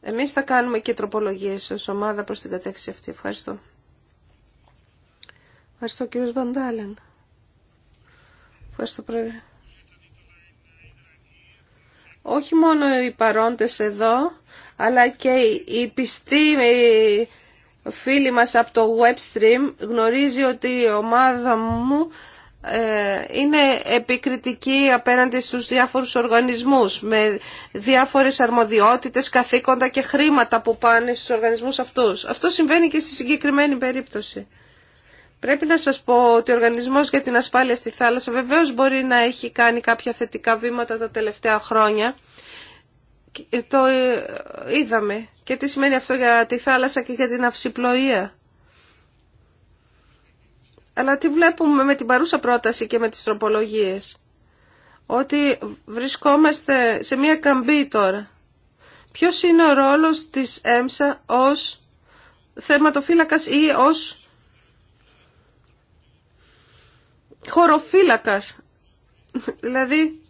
Εμείς θα κάνουμε και τροπολογίες ως ομάδα προς την κατεύθυνση αυτή. Ευχαριστώ. Ευχαριστώ κύριος Βαντάλεν. Ευχαριστώ πρόεδρε όχι μόνο οι παρόντες εδώ, αλλά και οι πιστή φίλοι μας από το webstream γνωρίζει ότι η ομάδα μου ε, είναι επικριτική απέναντι στους διάφορους οργανισμούς με διάφορες αρμοδιότητες, καθήκοντα και χρήματα που πάνε στους οργανισμούς αυτούς. Αυτό συμβαίνει και στη συγκεκριμένη περίπτωση. Πρέπει να σας πω ότι ο Οργανισμός για την Ασφάλεια στη Θάλασσα βεβαίως μπορεί να έχει κάνει κάποια θετικά βήματα τα τελευταία χρόνια. Το ε, είδαμε. Και τι σημαίνει αυτό για τη θάλασσα και για την αυσιπλοεία. Αλλά τι βλέπουμε με την παρούσα πρόταση και με τις τροπολογίες. Ότι βρισκόμαστε σε μια καμπή τώρα. Ποιος είναι ο ρόλος της ΕΜΣΑ ως θεματοφύλακας ή ως χωροφύλακας. δηλαδή,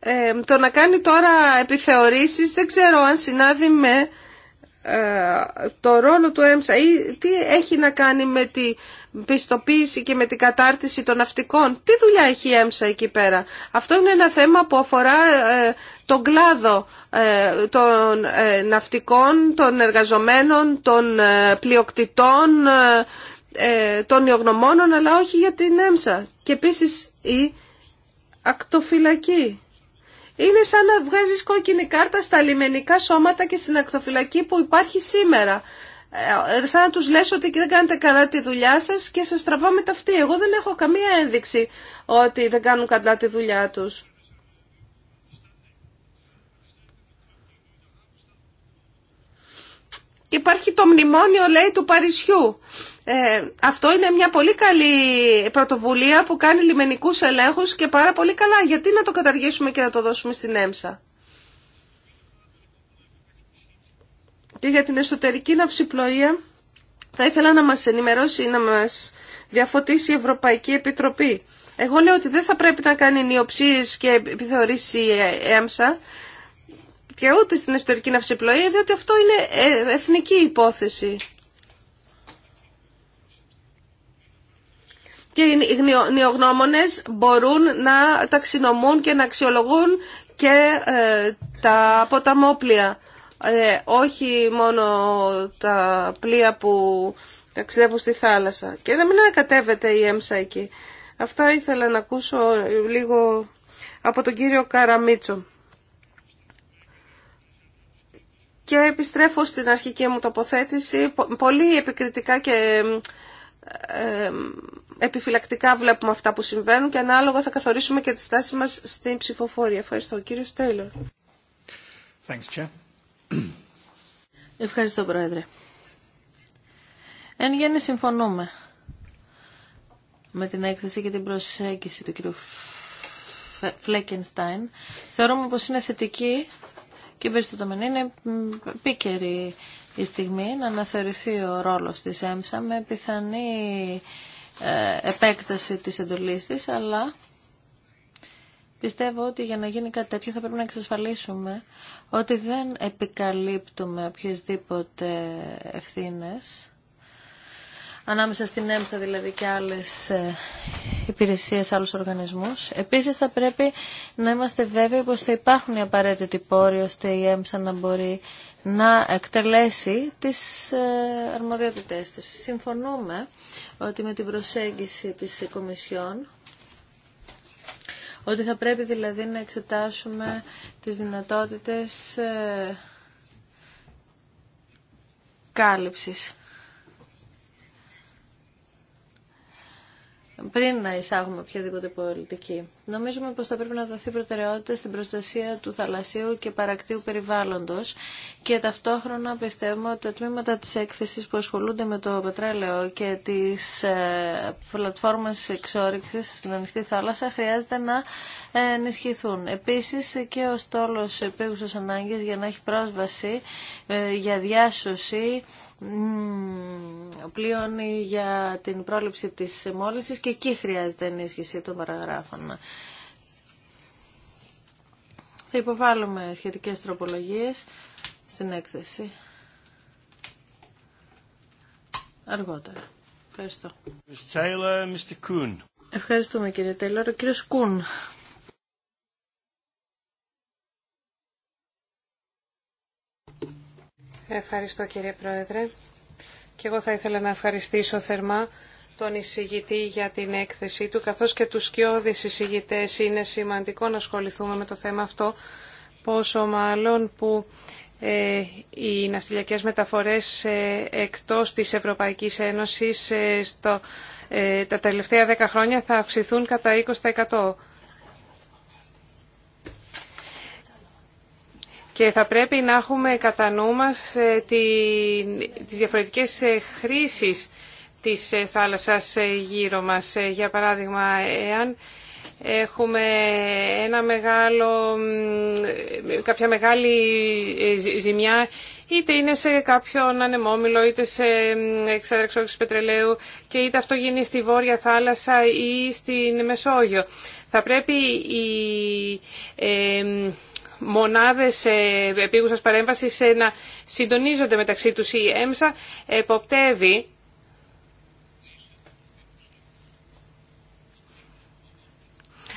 ε, το να κάνει τώρα επιθεωρήσεις δεν ξέρω αν συνάδει με ε, το ρόλο του ΕΜΣΑ ή τι έχει να κάνει με τη πιστοποίηση και με την κατάρτιση των ναυτικών. Τι δουλειά έχει η ΕΜΣΑ εκεί πέρα. Αυτό είναι ένα θέμα που αφορά ε, τον κλάδο ε, των ε, ναυτικών, των εργαζομένων, των πλειοκτητών, των ιογνωμόνων, αλλά όχι για την ΕΜΣΑ. Και επίσης η ακτοφυλακή. Είναι σαν να βγάζεις κόκκινη κάρτα στα λιμενικά σώματα και στην ακτοφυλακή που υπάρχει σήμερα. Ε, σαν να τους λες ότι δεν κάνετε καλά τη δουλειά σας και σας τραβάμε τα αυτή. Εγώ δεν έχω καμία ένδειξη ότι δεν κάνουν καλά τη δουλειά τους. Και υπάρχει το μνημόνιο, λέει, του Παρισιού. Ε, αυτό είναι μια πολύ καλή πρωτοβουλία που κάνει λιμενικούς ελέγχους και πάρα πολύ καλά. Γιατί να το καταργήσουμε και να το δώσουμε στην ΕΜΣΑ. και για την εσωτερική ναυσιπλοεία θα ήθελα να μας ενημερώσει ή να μας διαφωτίσει η Ευρωπαϊκή Επιτροπή. Εγώ λέω ότι δεν θα πρέπει να κάνει νιοψίες και επιθεωρήσει η ΕΜΣΑ και ούτε στην εσωτερική ναυσιπλοεία, διότι αυτό είναι ε, εθνική υπόθεση. Και οι νεογνώμονες μπορούν να ταξινομούν και να αξιολογούν και ε, τα ποταμόπλια. Ε, όχι μόνο τα πλοία που ταξιδεύουν στη θάλασσα. Και δεν μην ανακατεύεται η έμσα εκεί. Αυτά ήθελα να ακούσω λίγο από τον κύριο Καραμίτσο. Και επιστρέφω στην αρχική μου τοποθέτηση. Πολύ επικριτικά και ε, ε, επιφυλακτικά βλέπουμε αυτά που συμβαίνουν και ανάλογα θα καθορίσουμε και τη στάση μας στην ψηφοφόρια. Ευχαριστώ. Κύριο Στέιλορ. Thanks, Chair. Ευχαριστώ, Πρόεδρε. Εν γέννη συμφωνούμε με την έκθεση και την προσέγγιση του κ. Φλέκενστάιν. Θεωρούμε πως είναι θετική και περιστατωμένη. Είναι επίκαιρη η στιγμή να αναθεωρηθεί ο ρόλος της ΕΜΣΑ με πιθανή ε, επέκταση της εντολής της, αλλά Πιστεύω ότι για να γίνει κάτι τέτοιο θα πρέπει να εξασφαλίσουμε ότι δεν επικαλύπτουμε οποιασδήποτε ευθύνε, ανάμεσα στην ΕΜΣΑ δηλαδή και άλλες ε, υπηρεσίες, άλλους οργανισμούς. Επίσης θα πρέπει να είμαστε βέβαιοι πως θα υπάρχουν οι απαραίτητοι πόροι ώστε η ΕΜΣΑ να μπορεί να εκτελέσει τις ε, αρμοδιότητές της. Συμφωνούμε ότι με την προσέγγιση της Κομισιόν ότι θα πρέπει δηλαδή να εξετάσουμε τις δυνατότητες ε, κάλυψης. πριν να εισάγουμε οποιαδήποτε πολιτική. Νομίζουμε πως θα πρέπει να δοθεί προτεραιότητα στην προστασία του θαλασσίου και παρακτήου περιβάλλοντος και ταυτόχρονα πιστεύουμε ότι τα τμήματα της έκθεσης που ασχολούνται με το πετρέλαιο και τις ε, πλατφόρμες εξόρυξης στην ανοιχτή θάλασσα χρειάζεται να ενισχυθούν. Επίσης και ο στόλος επίγουσας ανάγκης για να έχει πρόσβαση ε, για διάσωση πλοίων για την πρόληψη της μόλυνσης και εκεί χρειάζεται ενίσχυση των παραγράφων. Θα υποβάλουμε σχετικές τροπολογίες στην έκθεση αργότερα. Ευχαριστώ. Ευχαριστούμε κύριε Τέιλορ. Ο κύριος Κούν. Ευχαριστώ κύριε Πρόεδρε. Και εγώ θα ήθελα να ευχαριστήσω θερμά τον εισηγητή για την έκθεσή του, καθώς και τους σκιώδεις εισηγητές. Είναι σημαντικό να ασχοληθούμε με το θέμα αυτό, πόσο μάλλον που ε, οι ναυτιλιακές μεταφορές ε, εκτός της Ευρωπαϊκής Ένωσης ε, στο, τα τελευταία δέκα χρόνια θα αυξηθούν κατά 20%. Και θα πρέπει να έχουμε κατά νου μας ε, τις διαφορετικές ε, χρήσεις της ε, θάλασσας γύρω μας. Για παράδειγμα, εάν έχουμε ένα μεγάλο, κάποια μεγάλη ζημιά, είτε είναι σε κάποιον ανεμόμυλο, είτε σε εξαδρεξόξης πετρελαίου και είτε αυτό γίνει στη Βόρεια Θάλασσα ή στην Μεσόγειο. Θα πρέπει η, μονάδες ε, επίγουσας παρέμβασης ε, να συντονίζονται μεταξύ του Η ΕΜΣΑ εποπτεύει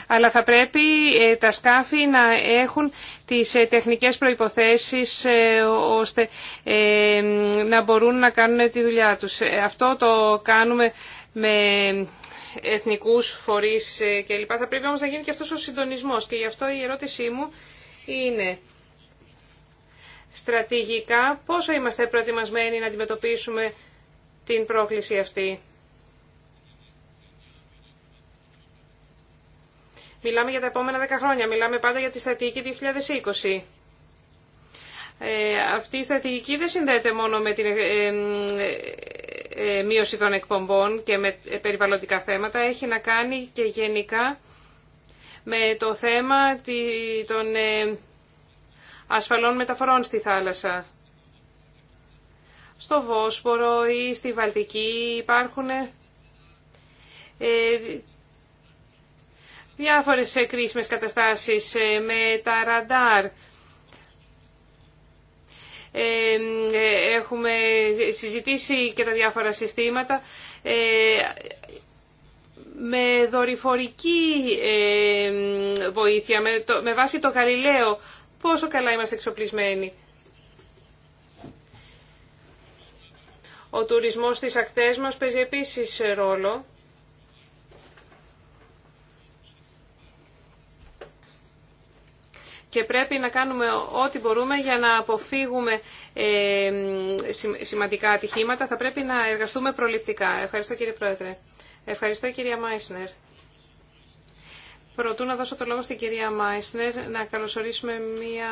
αλλά θα πρέπει ε, τα σκάφη να έχουν τις τεχνικές προϋποθέσεις ώστε να μπορούν να κάνουν τη δουλειά τους. Αυτό το κάνουμε με εθνικούς φορείς κλπ. Θα πρέπει όμως να γίνει και αυτός ο συντονισμός και γι' αυτό η ερώτησή μου είναι στρατηγικά πόσο είμαστε προετοιμασμένοι να αντιμετωπίσουμε την πρόκληση αυτή. Μιλάμε για τα επόμενα 10 χρόνια, μιλάμε πάντα για τη στρατηγική 2020. Ε, αυτή η στρατηγική δεν συνδέεται μόνο με την ε, ε, ε μείωση των εκπομπών και με ε, περιβαλλοντικά θέματα, έχει να κάνει και γενικά με το θέμα των ε, ασφαλών μεταφορών στη θάλασσα. Στο Βόσπορο ή στη Βαλτική υπάρχουν ε, διάφορες κρίσιμες καταστάσεις ε, με τα ραντάρ. Έχουμε συζητήσει και τα διάφορα συστήματα με δορυφορική ε, βοήθεια, με, βάση το Γαλιλαίο, πόσο καλά είμαστε εξοπλισμένοι. Ο τουρισμός στις ακτές μας παίζει επίσης ρόλο. Και πρέπει να κάνουμε ό,τι μπορούμε για να αποφύγουμε ε, σημαντικά ατυχήματα. Θα πρέπει να εργαστούμε προληπτικά. Ευχαριστώ κύριε Πρόεδρε. Ευχαριστώ κυρία Μάισνερ. Προτού να δώσω το λόγο στην κυρία Μάισνερ, να καλωσορίσουμε μια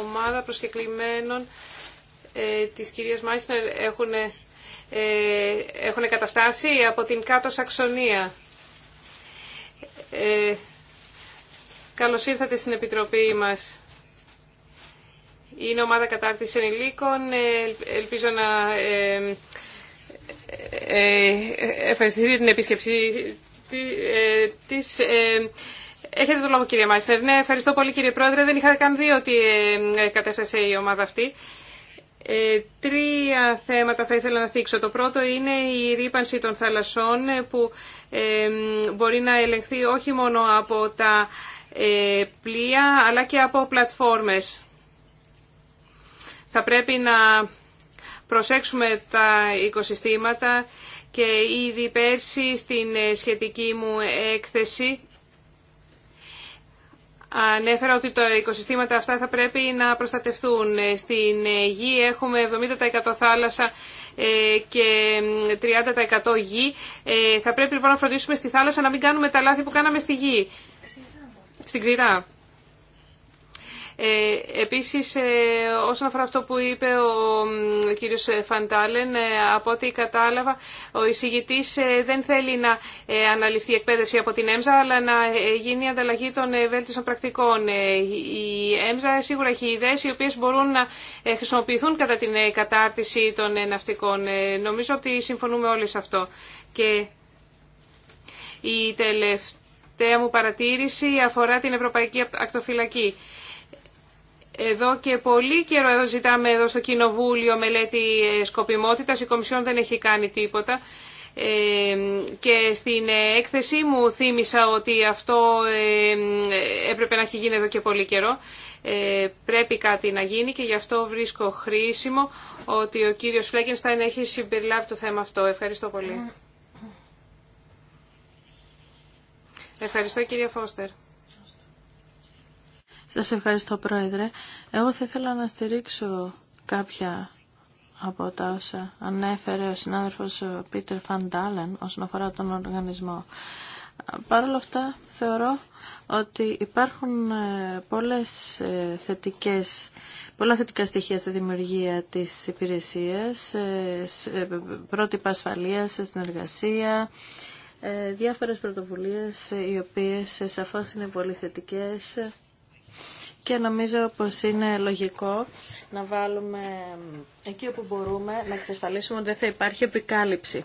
ομάδα προσκεκλημένων ε, της κυρίας Μάισνερ. Έχουν, ε, έχουν καταφτάσει από την κάτω Σαξονία. Ε, καλώς ήρθατε στην Επιτροπή μας. Είναι ομάδα κατάρτισης ενηλίκων. Ε, ελπίζω να ε, ε, ευχαριστηθείτε την επίσκεψη ε, της... Ε, έχετε το λόγο κύριε Μάστερ. Ναι, ευχαριστώ πολύ κύριε Πρόεδρε. Δεν είχα καν δει ότι κατέφτασε η ομάδα αυτή. τρία θέματα θα ήθελα να θίξω. Το πρώτο είναι η ρήπανση των θαλασσών που μπορεί να ελεγχθεί όχι μόνο από τα ε, πλοία αλλά και από πλατφόρμες. Θα πρέπει να προσέξουμε τα οικοσυστήματα και ήδη πέρσι στην ε, σχετική μου έκθεση ανέφερα ότι τα οικοσυστήματα αυτά θα πρέπει να προστατευτούν. Ε, στην ε, γη έχουμε 70% θάλασσα και 30% γη. Θα πρέπει λοιπόν να φροντίσουμε στη θάλασσα να μην κάνουμε τα λάθη που κάναμε στη γη. Στην ξηρά. Ε, επίσης, ε, όσον αφορά αυτό που είπε ο κύριος Φαντάλεν, ε, από ό,τι κατάλαβα, ο εισηγητής δεν θέλει να αναλυφθεί η εκπαίδευση από την ΕΜΖΑ, αλλά να γίνει η ανταλλαγή των βέλτιστων πρακτικών. Η ΕΜΖΑ σίγουρα έχει ιδέες οι οποίες μπορούν να χρησιμοποιηθούν κατά την κατάρτιση των ναυτικών. Νομίζω ότι συμφωνούμε όλοι σε αυτό. Και η τελευταία μου παρατήρηση αφορά την Ευρωπαϊκή Ακτοφυλακή. Εδώ και πολύ καιρό εδώ ζητάμε εδώ στο Κοινοβούλιο μελέτη ε, σκοπιμότητας. Η Κομισιόν δεν έχει κάνει τίποτα. Ε, και στην ε, έκθεσή μου θύμισα ότι αυτό έπρεπε να έχει γίνει εδώ και πολύ καιρό. πρέπει κάτι να γίνει και γι' αυτό βρίσκω χρήσιμο ότι ο κύριος Φλέγκενσταν έχει συμπεριλάβει το θέμα αυτό. Ευχαριστώ πολύ. Mm. Ευχαριστώ κύριε Φώστερ. Σας ευχαριστώ Πρόεδρε. Εγώ θα ήθελα να στηρίξω κάποια από τα όσα ανέφερε ο συνάδελφος Πίτερ Φαντάλεν όσον αφορά τον οργανισμό. Παρ' όλα αυτά θεωρώ ότι υπάρχουν ε, πολλές ε, θετικές, πολλά θετικά στοιχεία στη δημιουργία της υπηρεσίας, ε, πρότυπα ασφαλείας στην εργασία, διάφορες πρωτοβουλίες οι οποίες σαφώς είναι πολύ θετικές και νομίζω πως είναι λογικό να βάλουμε εκεί όπου μπορούμε να εξασφαλίσουμε ότι δεν θα υπάρχει επικάλυψη.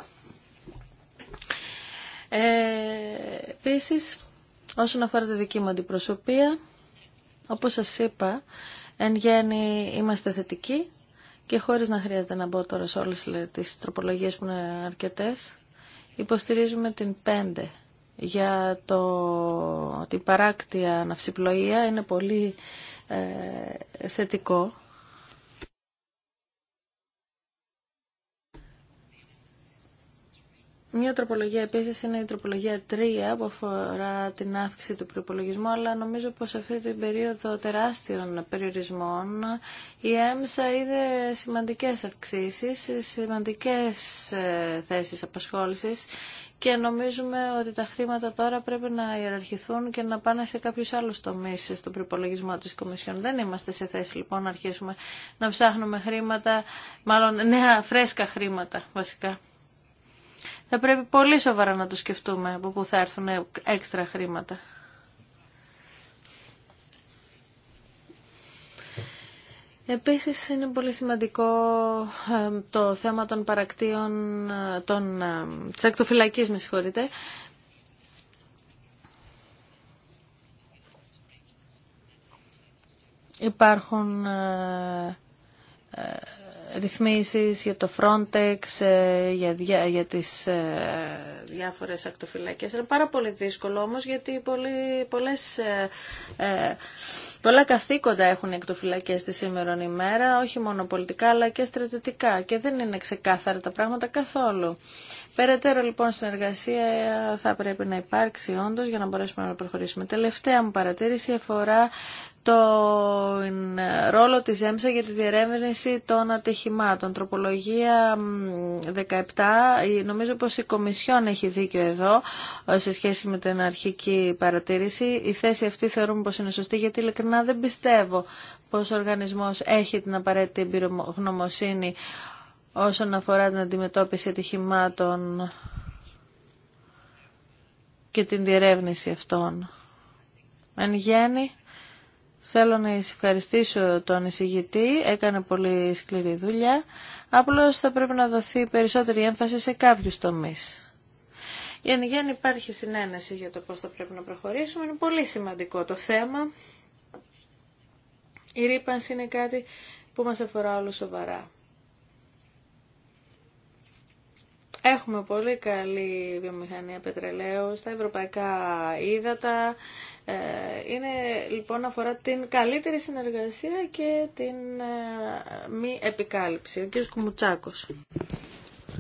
Ε, επίσης, όσον αφορά τη δική μου αντιπροσωπεία, όπως σας είπα, εν γέννη είμαστε θετικοί και χωρίς να χρειάζεται να μπω τώρα σε όλες τις τροπολογίες που είναι αρκετές, υποστηρίζουμε την 5 για το, την παράκτια ναυσιπλοεία είναι πολύ ε, θετικό. Μια τροπολογία επίση είναι η τροπολογία 3 που αφορά την αύξηση του προπολογισμού, αλλά νομίζω πως αυτή την περίοδο τεράστιων περιορισμών η ΕΜΣΑ είδε σημαντικές αυξήσει, σημαντικές ε, θέσεις απασχόλησης και νομίζουμε ότι τα χρήματα τώρα πρέπει να ιεραρχηθούν και να πάνε σε κάποιου άλλου τομείς στον προπολογισμό τη Κομισιόν. Δεν είμαστε σε θέση λοιπόν να αρχίσουμε να ψάχνουμε χρήματα, μάλλον νέα φρέσκα χρήματα βασικά. Θα πρέπει πολύ σοβαρά να το σκεφτούμε από πού θα έρθουν ε, έξτρα χρήματα. Επίσης είναι πολύ σημαντικό ε, το θέμα των παρακτήων, ε, των, ε, της ακτοφυλακής, με συγχωρείτε, Υπάρχουν ρυθμίσεις, για το Frontex, ε, για, για, για τις ε, διάφορες ακτοφυλακές. Είναι πάρα πολύ δύσκολο όμως γιατί πολλοί, πολλές, ε, πολλά καθήκοντα έχουν οι ακτοφυλακές τη σήμερα ημέρα, όχι μόνο πολιτικά αλλά και στρατιωτικά και δεν είναι ξεκάθαρα τα πράγματα καθόλου. Περαιτέρω λοιπόν συνεργασία θα πρέπει να υπάρξει όντω για να μπορέσουμε να προχωρήσουμε. Τελευταία μου παρατήρηση αφορά τον ρόλο της ΕΜΣΑ για τη διερεύνηση των ατυχημάτων. Τροπολογία 17, νομίζω πως η Κομισιόν έχει δίκιο εδώ ε, σε σχέση με την αρχική παρατήρηση. Η θέση αυτή θεωρούμε πως είναι σωστή γιατί ειλικρινά δεν πιστεύω πως ο οργανισμός έχει την απαραίτητη εμπειρογνωμοσύνη όσον αφορά την αντιμετώπιση ατυχημάτων και την διερεύνηση αυτών. Εν γέννη, Θέλω να ευχαριστήσω τον εισηγητή, έκανε πολύ σκληρή δουλειά. Απλώς θα πρέπει να δοθεί περισσότερη έμφαση σε κάποιους τομείς. Για γέννη υπάρχει συνένεση για το πώς θα πρέπει να προχωρήσουμε. Είναι πολύ σημαντικό το θέμα. Η ρήπανση είναι κάτι που μας αφορά όλους σοβαρά. Έχουμε πολύ καλή βιομηχανία πετρελαίου στα ευρωπαϊκά ύδατα. Ε, είναι λοιπόν αφορά την καλύτερη συνεργασία και την ε, μη επικάλυψη. Ο κ. Κουμουτσάκος.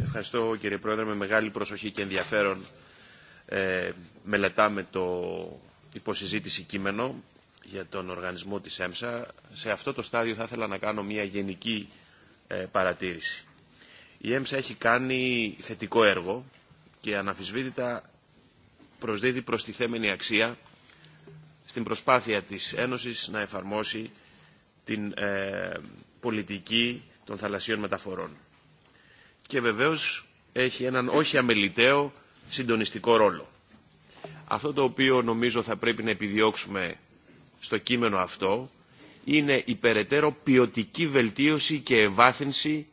Ευχαριστώ κύριε Πρόεδρε. Με μεγάλη προσοχή και ενδιαφέρον ε, μελετάμε το υποσυζήτηση κείμενο για τον οργανισμό της ΕΜΣΑ. Σε αυτό το στάδιο θα ήθελα να κάνω μια γενική παρατήρηση. Η ΕΜΣΑ έχει κάνει θετικό έργο και αναφυσβήτητα προσδίδει προστιθέμενη αξία στην προσπάθεια της Ένωσης να εφαρμόσει την ε, πολιτική των θαλασσίων μεταφορών. Και βεβαίως έχει έναν όχι αμεληταίο συντονιστικό ρόλο. Αυτό το οποίο νομίζω θα πρέπει να επιδιώξουμε στο κείμενο αυτό είναι η περαιτέρω ποιοτική βελτίωση και ευάθυνση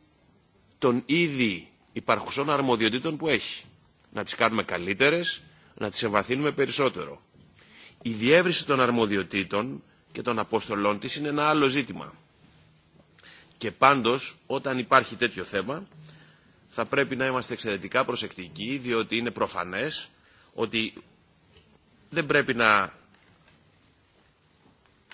των ήδη υπαρχουσών αρμοδιοτήτων που έχει. Να τις κάνουμε καλύτερες, να τις εμβαθύνουμε περισσότερο. Η διεύρυνση των αρμοδιοτήτων και των αποστολών της είναι ένα άλλο ζήτημα. Και πάντως, όταν υπάρχει τέτοιο θέμα, θα πρέπει να είμαστε εξαιρετικά προσεκτικοί, διότι είναι προφανές ότι δεν πρέπει να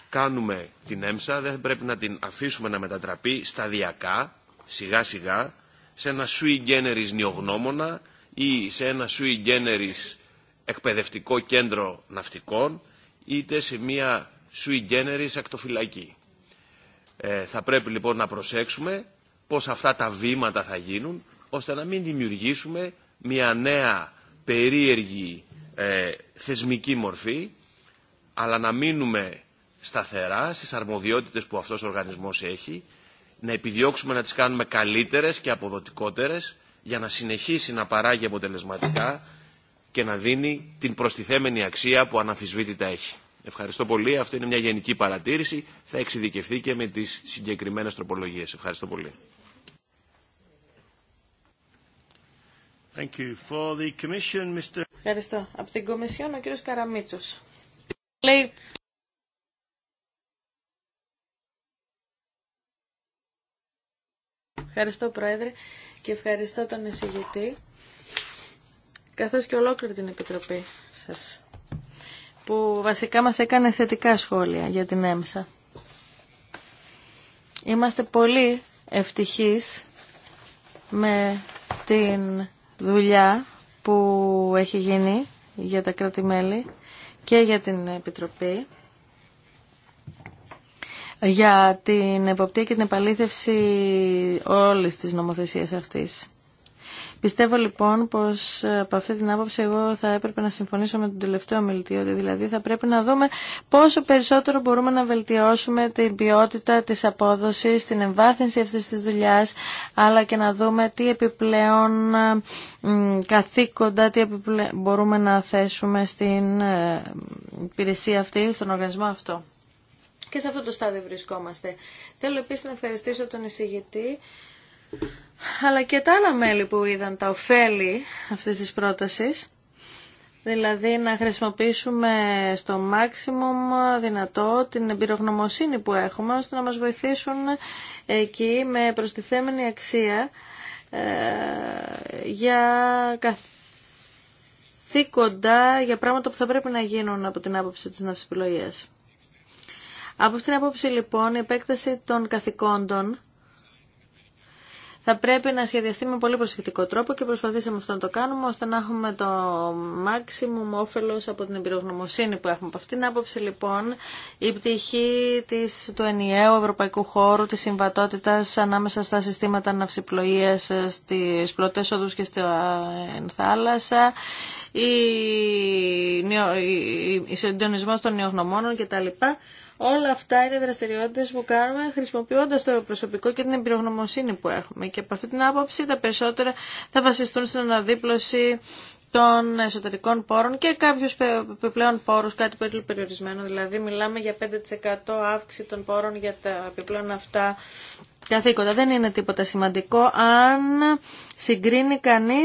κάνουμε την έμσα, δεν πρέπει να την αφήσουμε να μετατραπεί σταδιακά σιγά σιγά σε ένα sui generis νιογνώμονα ή σε ένα sui generis εκπαιδευτικό κέντρο ναυτικών είτε σε μια sui generis ακτοφυλακή. Ε, θα πρέπει λοιπόν να προσέξουμε πώς αυτά τα βήματα θα γίνουν ώστε να μην δημιουργήσουμε μια νέα περίεργη ε, θεσμική μορφή αλλά να μείνουμε σταθερά στις αρμοδιότητες που αυτός ο οργανισμός έχει να επιδιώξουμε να τις κάνουμε καλύτερες και αποδοτικότερες για να συνεχίσει να παράγει αποτελεσματικά και να δίνει την προστιθέμενη αξία που αναφυσβήτητα έχει. Ευχαριστώ πολύ. Αυτή είναι μια γενική παρατήρηση. Θα εξειδικευθεί και με τις συγκεκριμένες τροπολογίες. Ευχαριστώ πολύ. Thank you. For the commission, Mr. Ευχαριστώ. Από την Κομισιόν ο κύριος Καραμίτσος. Ευχαριστώ Πρόεδρε και ευχαριστώ τον εισηγητή καθώς και ολόκληρη την Επιτροπή σας που βασικά μας έκανε θετικά σχόλια για την έμσα. Είμαστε πολύ ευτυχείς με την δουλειά που έχει γίνει για τα κρατη και για την Επιτροπή για την εποπτεία και την επαλήθευση όλης της νομοθεσίας αυτής. Πιστεύω λοιπόν πως ε, από αυτή την άποψη εγώ θα έπρεπε να συμφωνήσω με τον τελευταίο μιλητή ότι δηλαδή θα πρέπει να δούμε πόσο περισσότερο μπορούμε να βελτιώσουμε την ποιότητα της απόδοσης, την εμβάθυνση αυτής της δουλειάς αλλά και να δούμε τι επιπλέον καθήκοντα τι μπορούμε να θέσουμε στην ε, υπηρεσία αυτή, στον οργανισμό αυτό. Και σε αυτό το στάδιο βρισκόμαστε. Θέλω επίσης να ευχαριστήσω τον εισηγητή αλλά και τα άλλα μέλη που είδαν τα ωφέλη αυτής της πρότασης. Δηλαδή να χρησιμοποιήσουμε στο maximum δυνατό την εμπειρογνωμοσύνη που έχουμε ώστε να μας βοηθήσουν εκεί με προστιθέμενη αξία ε, για καθήκοντα, για πράγματα που θα πρέπει να γίνουν από την άποψη της ναυσιπλοείας. Από αυτήν την άποψη λοιπόν η επέκταση των καθηκόντων θα πρέπει να σχεδιαστεί με πολύ προσεκτικό τρόπο και προσπαθήσαμε αυτό να το κάνουμε ώστε να έχουμε το maximum όφελος από την εμπειρογνωμοσύνη που έχουμε. Από αυτήν την άποψη λοιπόν η πτυχή της, του ενιαίου ευρωπαϊκού χώρου, της συμβατότητας ανάμεσα στα συστήματα ναυσιπλοείας, ε, στις πλωτές οδούς και στην ε, θάλασσα, η, η, η συντονισμός των νεογνωμόνων κτλ. Όλα αυτά είναι δραστηριότητες που κάνουμε χρησιμοποιώντας το προσωπικό και την εμπειρογνωμοσύνη που έχουμε. Και από αυτή την άποψη τα περισσότερα θα βασιστούν στην αναδίπλωση των εσωτερικών πόρων και κάποιου επιπλέον πόρου, κάτι πολύ περιορισμένο. Δηλαδή, μιλάμε για 5% αύξηση των πόρων για τα επιπλέον αυτά καθήκοντα. Δεν είναι τίποτα σημαντικό αν συγκρίνει κανεί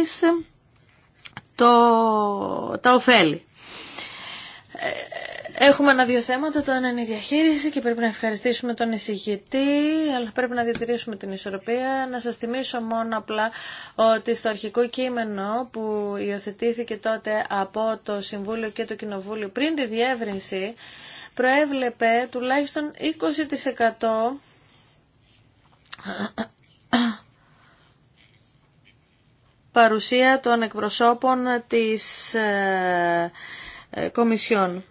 τα ωφέλη. Ε, Έχουμε ένα δύο θέματα. Το ένα είναι η διαχείριση και πρέπει να ευχαριστήσουμε τον εισηγητή, αλλά πρέπει να διατηρήσουμε την ισορροπία. Να σας θυμίσω μόνο απλά ότι στο αρχικό κείμενο που υιοθετήθηκε τότε από το Συμβούλιο και το Κοινοβούλιο πριν τη διεύρυνση, προέβλεπε τουλάχιστον 20% παρουσία των εκπροσώπων της ε, ε, Κομισιόν.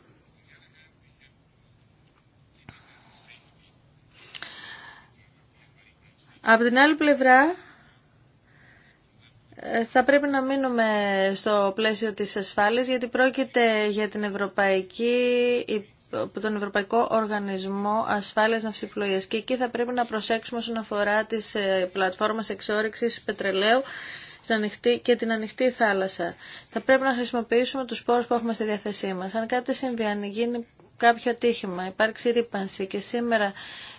Από την άλλη πλευρά, ε, θα πρέπει να μείνουμε στο πλαίσιο της ασφάλειας, γιατί πρόκειται για τον Ευρωπαϊκό Οργανισμό Ασφάλειας Ναυσιπλοίας και εκεί θα πρέπει να προσέξουμε όσον αφορά τις ε, πλατφόρμες εξόρυξης πετρελαίου και την ανοιχτή θάλασσα. Θα πρέπει να χρησιμοποιήσουμε τους πόρους που έχουμε στη διάθεσή μας. Αν κάτι συμβεί, αν γίνει κάποιο τύχημα, υπάρξει ρήπανση και σήμερα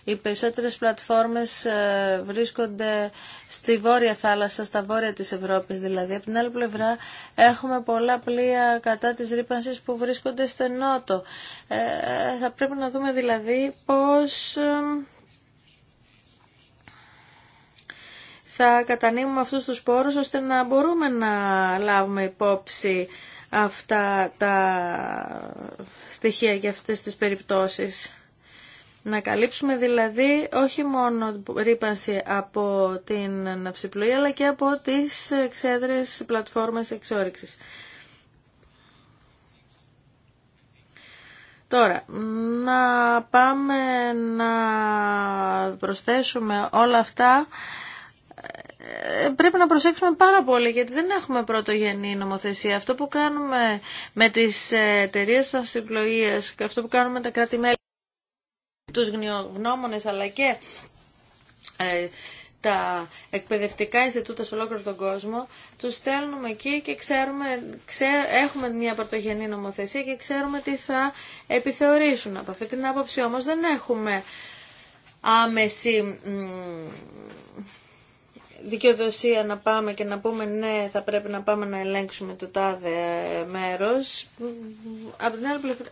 οι περισσότερες πλατφόρμες ε, βρίσκονται στη βόρεια θάλασσα, στα βόρεια της Ευρώπης δηλαδή. Από την άλλη πλευρά έχουμε πολλά πλοία κατά της ρήπανσης που βρίσκονται στο νότο. Ε, θα πρέπει να δούμε δηλαδή πώς... Ε, θα κατανείμουμε αυτούς τους πόρους ώστε να μπορούμε να λάβουμε υπόψη αυτά τα στοιχεία για αυτές τις περιπτώσεις. Να καλύψουμε δηλαδή όχι μόνο ρήπανση από την αναψυπλοή αλλά και από τις εξέδρες πλατφόρμες εξόριξης. Τώρα, να πάμε να προσθέσουμε όλα αυτά ε, πρέπει να προσέξουμε πάρα πολύ γιατί δεν έχουμε πρωτογενή νομοθεσία. Αυτό που κάνουμε με τις ε, εταιρείε αυσιπλοείας και αυτό που κάνουμε με τα κράτη-μέλη, τους γνώμονες αλλά και ε, τα εκπαιδευτικά Ινστιτούτα σε ολόκληρο τον κόσμο, τους στέλνουμε εκεί και ξέρουμε, έχουμε μια πρωτογενή νομοθεσία και ξέρουμε τι θα επιθεωρήσουν. Από αυτή την άποψη όμως δεν έχουμε άμεση δικαιοδοσία να πάμε και να πούμε ναι θα πρέπει να πάμε να ελέγξουμε το τάδε μέρος. Από την άλλη πλευρά,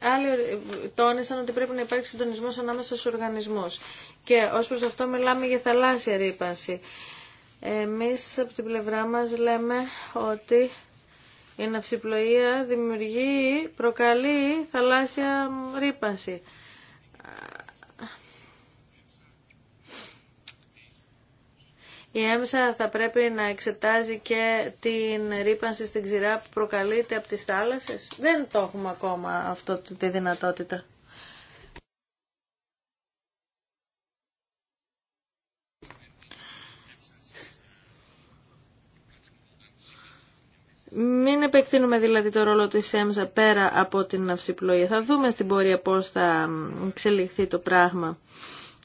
άλλοι τόνισαν ότι πρέπει να υπάρξει συντονισμό ανάμεσα στους οργανισμούς. Και ως προς αυτό μιλάμε για θαλάσσια ρήπανση. Εμείς από την πλευρά μας λέμε ότι η ναυσιπλοεία δημιουργεί, προκαλεί θαλάσσια ρήπανση. Η έμσα θα πρέπει να εξετάζει και την ρήπανση στην ξηρά που προκαλείται από τις θάλασσες. Δεν το έχουμε ακόμα αυτό τη δυνατότητα. Μην επεκτείνουμε δηλαδή το ρόλο της ΕΜΣΑ πέρα από την αυσιπλοεία. Θα δούμε στην πορεία πώς θα εξελιχθεί το πράγμα.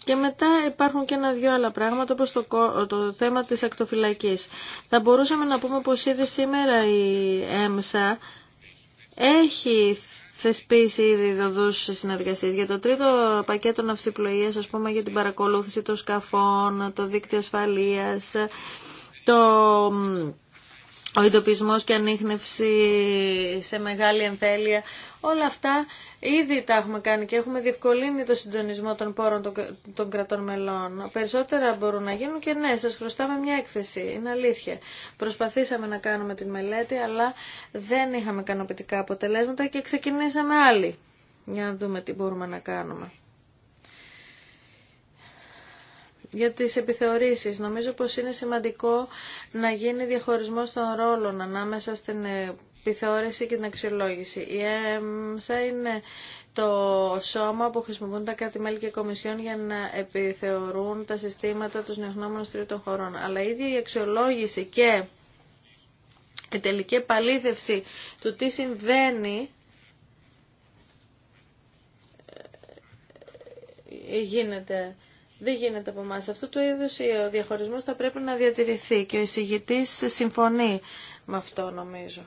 Και μετά υπάρχουν και ένα-δυο άλλα πράγματα, όπως το, το θέμα της ακτοφυλακής. Θα μπορούσαμε να πούμε πως ήδη σήμερα η ΕΜΣΑ έχει θεσπίσει ήδη δοδούς συνεργασίες. Για το τρίτο πακέτο ναυσιπλοείας, ας πούμε, για την παρακολούθηση των σκαφών, το δίκτυο ασφαλείας, το... Ο εντοπισμός και ανείχνευση σε μεγάλη εμφέλεια. Όλα αυτά ήδη τα έχουμε κάνει και έχουμε διευκολύνει το συντονισμό των πόρων των κρατών μελών. Περισσότερα μπορούν να γίνουν και ναι, σας χρωστάμε μια έκθεση, είναι αλήθεια. Προσπαθήσαμε να κάνουμε την μελέτη, αλλά δεν είχαμε ικανοποιητικά αποτελέσματα και ξεκινήσαμε άλλη για να δούμε τι μπορούμε να κάνουμε. για τις επιθεωρήσεις. Νομίζω πως είναι σημαντικό να γίνει διαχωρισμός των ρόλων ανάμεσα στην ε, επιθεώρηση και την αξιολόγηση. Η ΕΜΣΑ είναι το σώμα που χρησιμοποιούν τα κράτη-μέλη και κομισιόν για να επιθεωρούν τα συστήματα των συνεχνόμενων τρίτων χωρών. Αλλά η ίδια η αξιολόγηση και η τελική επαλήθευση του τι συμβαίνει ε, γίνεται. Δεν γίνεται από εμά. Αυτό του είδου ο διαχωρισμό θα πρέπει να διατηρηθεί και ο εισηγητή συμφωνεί με αυτό νομίζω.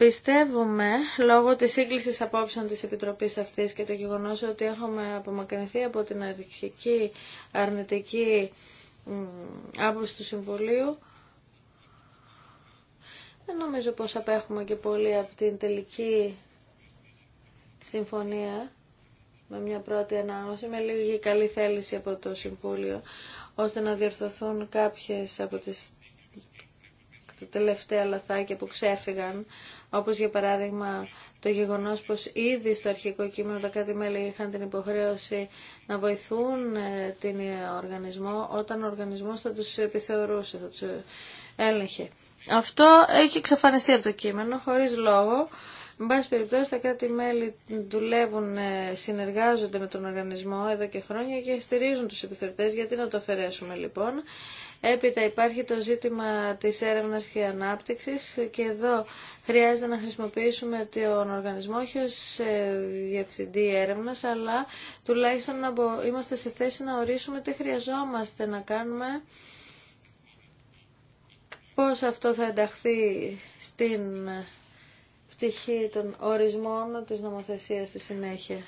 Πιστεύουμε, λόγω της σύγκλησης απόψεων της Επιτροπής αυτής και το γεγονός ότι έχουμε απομακρυνθεί από την αρχική αρνητική άποψη του Συμβουλίου, δεν νομίζω πως απέχουμε και πολύ από την τελική συμφωνία με μια πρώτη ανάγνωση, με λίγη καλή θέληση από το Συμβούλιο, ώστε να διορθωθούν κάποιες από τις τα τελευταία λαθάκια που ξέφυγαν, όπως για παράδειγμα το γεγονός πως ήδη στο αρχικό κείμενο τα κάτι μέλη είχαν την υποχρέωση να βοηθούν ε, την ε, οργανισμό όταν ο οργανισμός θα τους επιθεωρούσε, θα τους ε, έλεγχε. Αυτό έχει εξαφανιστεί από το κείμενο χωρίς λόγο με πάση περιπτώσει, τα κράτη-μέλη δουλεύουν, ε, συνεργάζονται με τον οργανισμό εδώ και χρόνια και στηρίζουν τους επιθεωρητές. Γιατί να το αφαιρέσουμε λοιπόν. Έπειτα υπάρχει το ζήτημα της έρευνας και ανάπτυξης και εδώ χρειάζεται να χρησιμοποιήσουμε τον οργανισμό όχι ως ε, διευθυντή έρευνας, αλλά τουλάχιστον να είμαστε σε θέση να ορίσουμε τι χρειαζόμαστε να κάνουμε πώς αυτό θα ενταχθεί στην πτυχή των ορισμών της νομοθεσίας στη συνέχεια.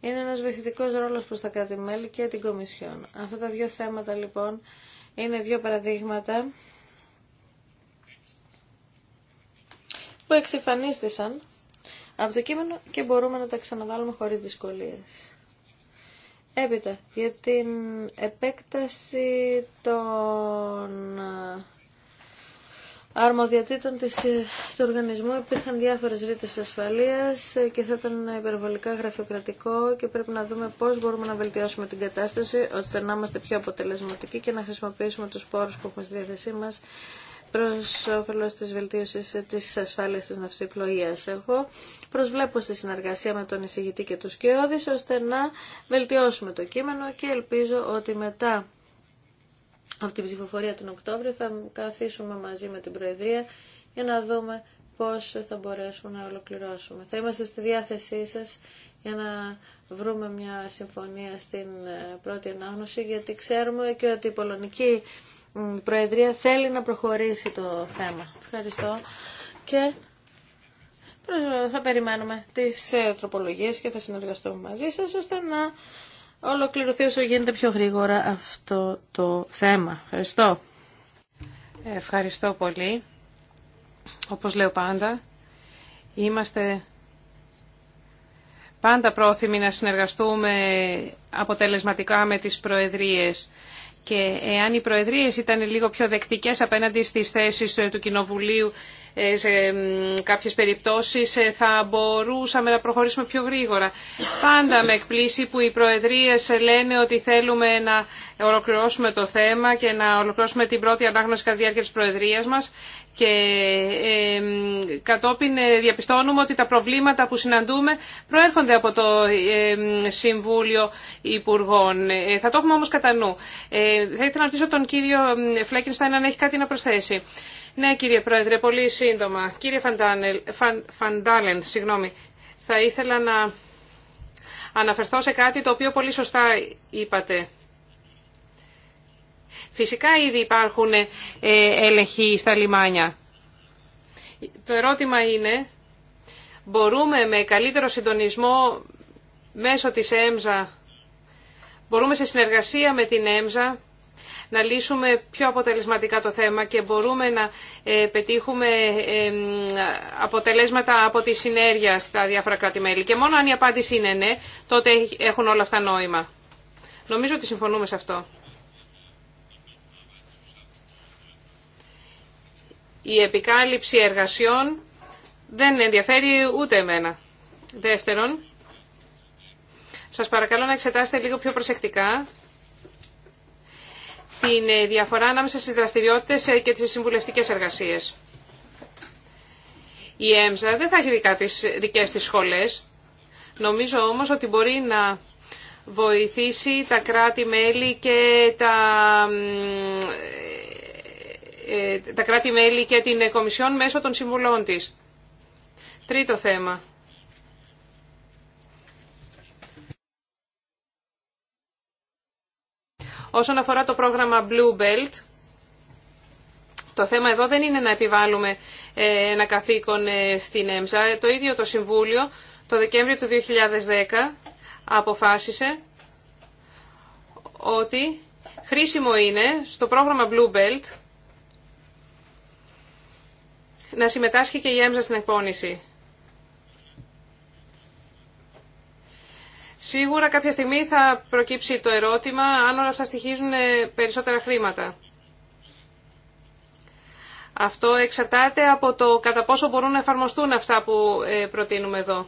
Είναι ένας βοηθητικός ρόλος προς τα κράτη-μέλη και την Κομισιόν. Αυτά τα δύο θέματα λοιπόν είναι δύο παραδείγματα που εξεφανίστησαν από το κείμενο και μπορούμε να τα ξαναβάλουμε χωρίς δυσκολίες. Έπειτα, για την επέκταση των Αρμοδιατήτων της, ε, του οργανισμού υπήρχαν διάφορες ρήτες ασφαλείας ε, και θα ήταν υπερβολικά γραφειοκρατικό και πρέπει να δούμε πώς μπορούμε να βελτιώσουμε την κατάσταση ώστε να είμαστε πιο αποτελεσματικοί και να χρησιμοποιήσουμε τους πόρους που έχουμε στη διάθεσή μας προς όφελος της βελτίωσης της ασφάλειας της ναυσιπλοείας. Εγώ προσβλέπω στη συνεργασία με τον εισηγητή και τους κοιόδης ώστε να βελτιώσουμε το κείμενο και ελπίζω ότι μετά από την ψηφοφορία τον Οκτώβριο θα καθίσουμε μαζί με την Προεδρία για να δούμε πώς θα μπορέσουμε να ολοκληρώσουμε. Θα είμαστε στη διάθεσή σας για να βρούμε μια συμφωνία στην ε, πρώτη ανάγνωση, γιατί ξέρουμε και ότι η Πολωνική Προεδρία θέλει να προχωρήσει το θέμα. Ευχαριστώ και θα περιμένουμε τις ε, τροπολογίες και θα συνεργαστούμε μαζί σας ώστε να ολοκληρωθεί όσο γίνεται πιο γρήγορα αυτό το θέμα. Ευχαριστώ. Ευχαριστώ πολύ. Όπως λέω πάντα, είμαστε πάντα πρόθυμοι να συνεργαστούμε αποτελεσματικά με τις προεδρίες και εάν οι προεδρίες ήταν λίγο πιο δεκτικές απέναντι στις θέσεις ε, του Κοινοβουλίου ε, σε κάποιες περιπτώσεις ε, θα μπορούσαμε να προχωρήσουμε πιο γρήγορα. Πάντα με εκπλήσει που οι προεδρίες λένε ότι θέλουμε να ολοκληρώσουμε το θέμα και να ολοκληρώσουμε την πρώτη ανάγνωση κατά τη διάρκεια της προεδρίας μας και κατόπιν ε, διαπιστώνουμε ότι τα προβλήματα που συναντούμε προέρχονται από το Συμβούλιο Υπουργών. Ε, θα το έχουμε όμως κατά νου. Ε, θα ήθελα να ρωτήσω τον κύριο Φλέκενστάιν αν έχει κάτι να προσθέσει. Ναι κύριε Πρόεδρε, πολύ σύντομα. Κύριε Φαντάλεν, συγγνώμη, θα ήθελα να αναφερθώ σε κάτι το οποίο πολύ σωστά είπατε. Φυσικά ήδη υπάρχουν ε, έλεγχοι στα λιμάνια. Το ερώτημα είναι, μπορούμε με καλύτερο συντονισμό μέσω της ΕΜΖΑ, μπορούμε σε συνεργασία με την ΕΜΖΑ να λύσουμε πιο αποτελεσματικά το θέμα και μπορούμε να ε, πετύχουμε αποτελέσματα από τη συνέργεια στα διάφορα κράτη-μέλη. Και μόνο αν η απάντηση είναι ναι, τότε έχουν όλα αυτά νόημα. Νομίζω ότι συμφωνούμε σε αυτό. η επικάλυψη εργασιών δεν ενδιαφέρει ούτε εμένα. Δεύτερον, σας παρακαλώ να εξετάσετε λίγο πιο προσεκτικά την διαφορά ανάμεσα στις δραστηριότητες και τις συμβουλευτικές εργασίες. Η ΕΜΖΑ δεν θα έχει δικά τις δικές της σχολές. Νομίζω όμως ότι μπορεί να βοηθήσει τα κράτη-μέλη και τα ε, τα κράτη-μέλη και την ε, Κομισιόν μέσω των συμβουλών της. Τρίτο θέμα. Όσον αφορά το πρόγραμμα Blue Belt, το θέμα εδώ δεν είναι να επιβάλλουμε ε, ένα καθήκον στην ΕΜΣΑ. Το ίδιο το Συμβούλιο το Δεκέμβριο του 2010 αποφάσισε ότι χρήσιμο είναι στο πρόγραμμα Blue Belt να συμμετάσχει και η ΕΜΖΑ στην εκπόνηση. Σίγουρα κάποια στιγμή θα προκύψει το ερώτημα αν όλα αυτά στοιχίζουν ε, περισσότερα χρήματα. Αυτό εξαρτάται από το κατά πόσο μπορούν να εφαρμοστούν αυτά που ε, προτείνουμε εδώ.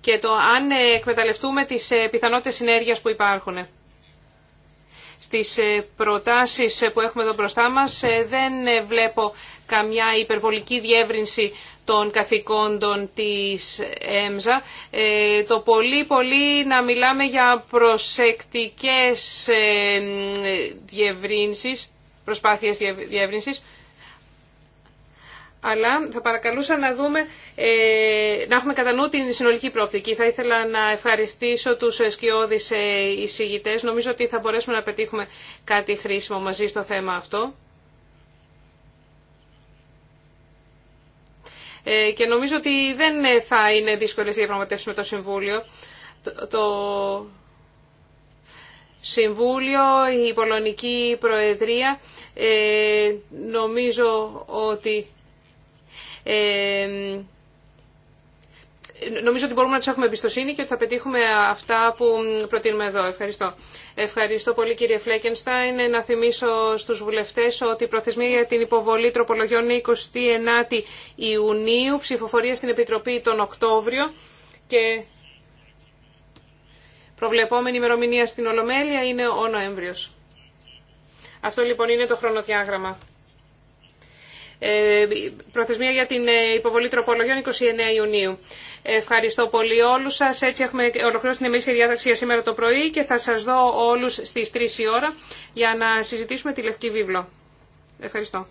Και το αν ε, εκμεταλλευτούμε τις πιθανότητες συνέργειας που υπάρχουν. Στις προτάσεις που έχουμε εδώ μπροστά μας δεν βλέπω καμιά υπερβολική διεύρυνση των καθηκόντων της ΕΜΖΑ. Ε, το πολύ πολύ να μιλάμε για προσεκτικές ε, διευρύνσεις, προσπάθειες διεύρυνσης, αλλά θα παρακαλούσα να δούμε, ε, να έχουμε κατά νου την συνολική προοπτική. Θα ήθελα να ευχαριστήσω τους σκιώδεις εισηγητές. Νομίζω ότι θα μπορέσουμε να πετύχουμε κάτι χρήσιμο μαζί στο θέμα αυτό. Ε, και νομίζω ότι δεν θα είναι δύσκολε οι διαπραγματεύσει με το Συμβούλιο. Το, Συμβούλιο, η Πολωνική Προεδρία, ε, νομίζω ότι... Ε, νομίζω ότι μπορούμε να του έχουμε εμπιστοσύνη και ότι θα πετύχουμε αυτά που προτείνουμε εδώ. Ευχαριστώ. Ευχαριστώ πολύ κύριε Φλέκενστάιν. Να θυμίσω στους βουλευτές ότι η προθεσμία για την υποβολή τροπολογιών είναι 29η Ιουνίου, ψηφοφορία στην Επιτροπή τον Οκτώβριο και προβλεπόμενη ημερομηνία στην Ολομέλεια είναι ο Νοέμβριος. Αυτό λοιπόν είναι το χρονοδιάγραμμα. Ε, προθεσμία για την ε, υποβολή τροπολογιών 29 Ιουνίου. Ευχαριστώ πολύ όλους σας. Έτσι έχουμε ολοκληρώσει την εμείς διάταξη για σήμερα το πρωί και θα σας δω όλους στις 3 η ώρα για να συζητήσουμε τη Λευκή Βίβλο. Ευχαριστώ.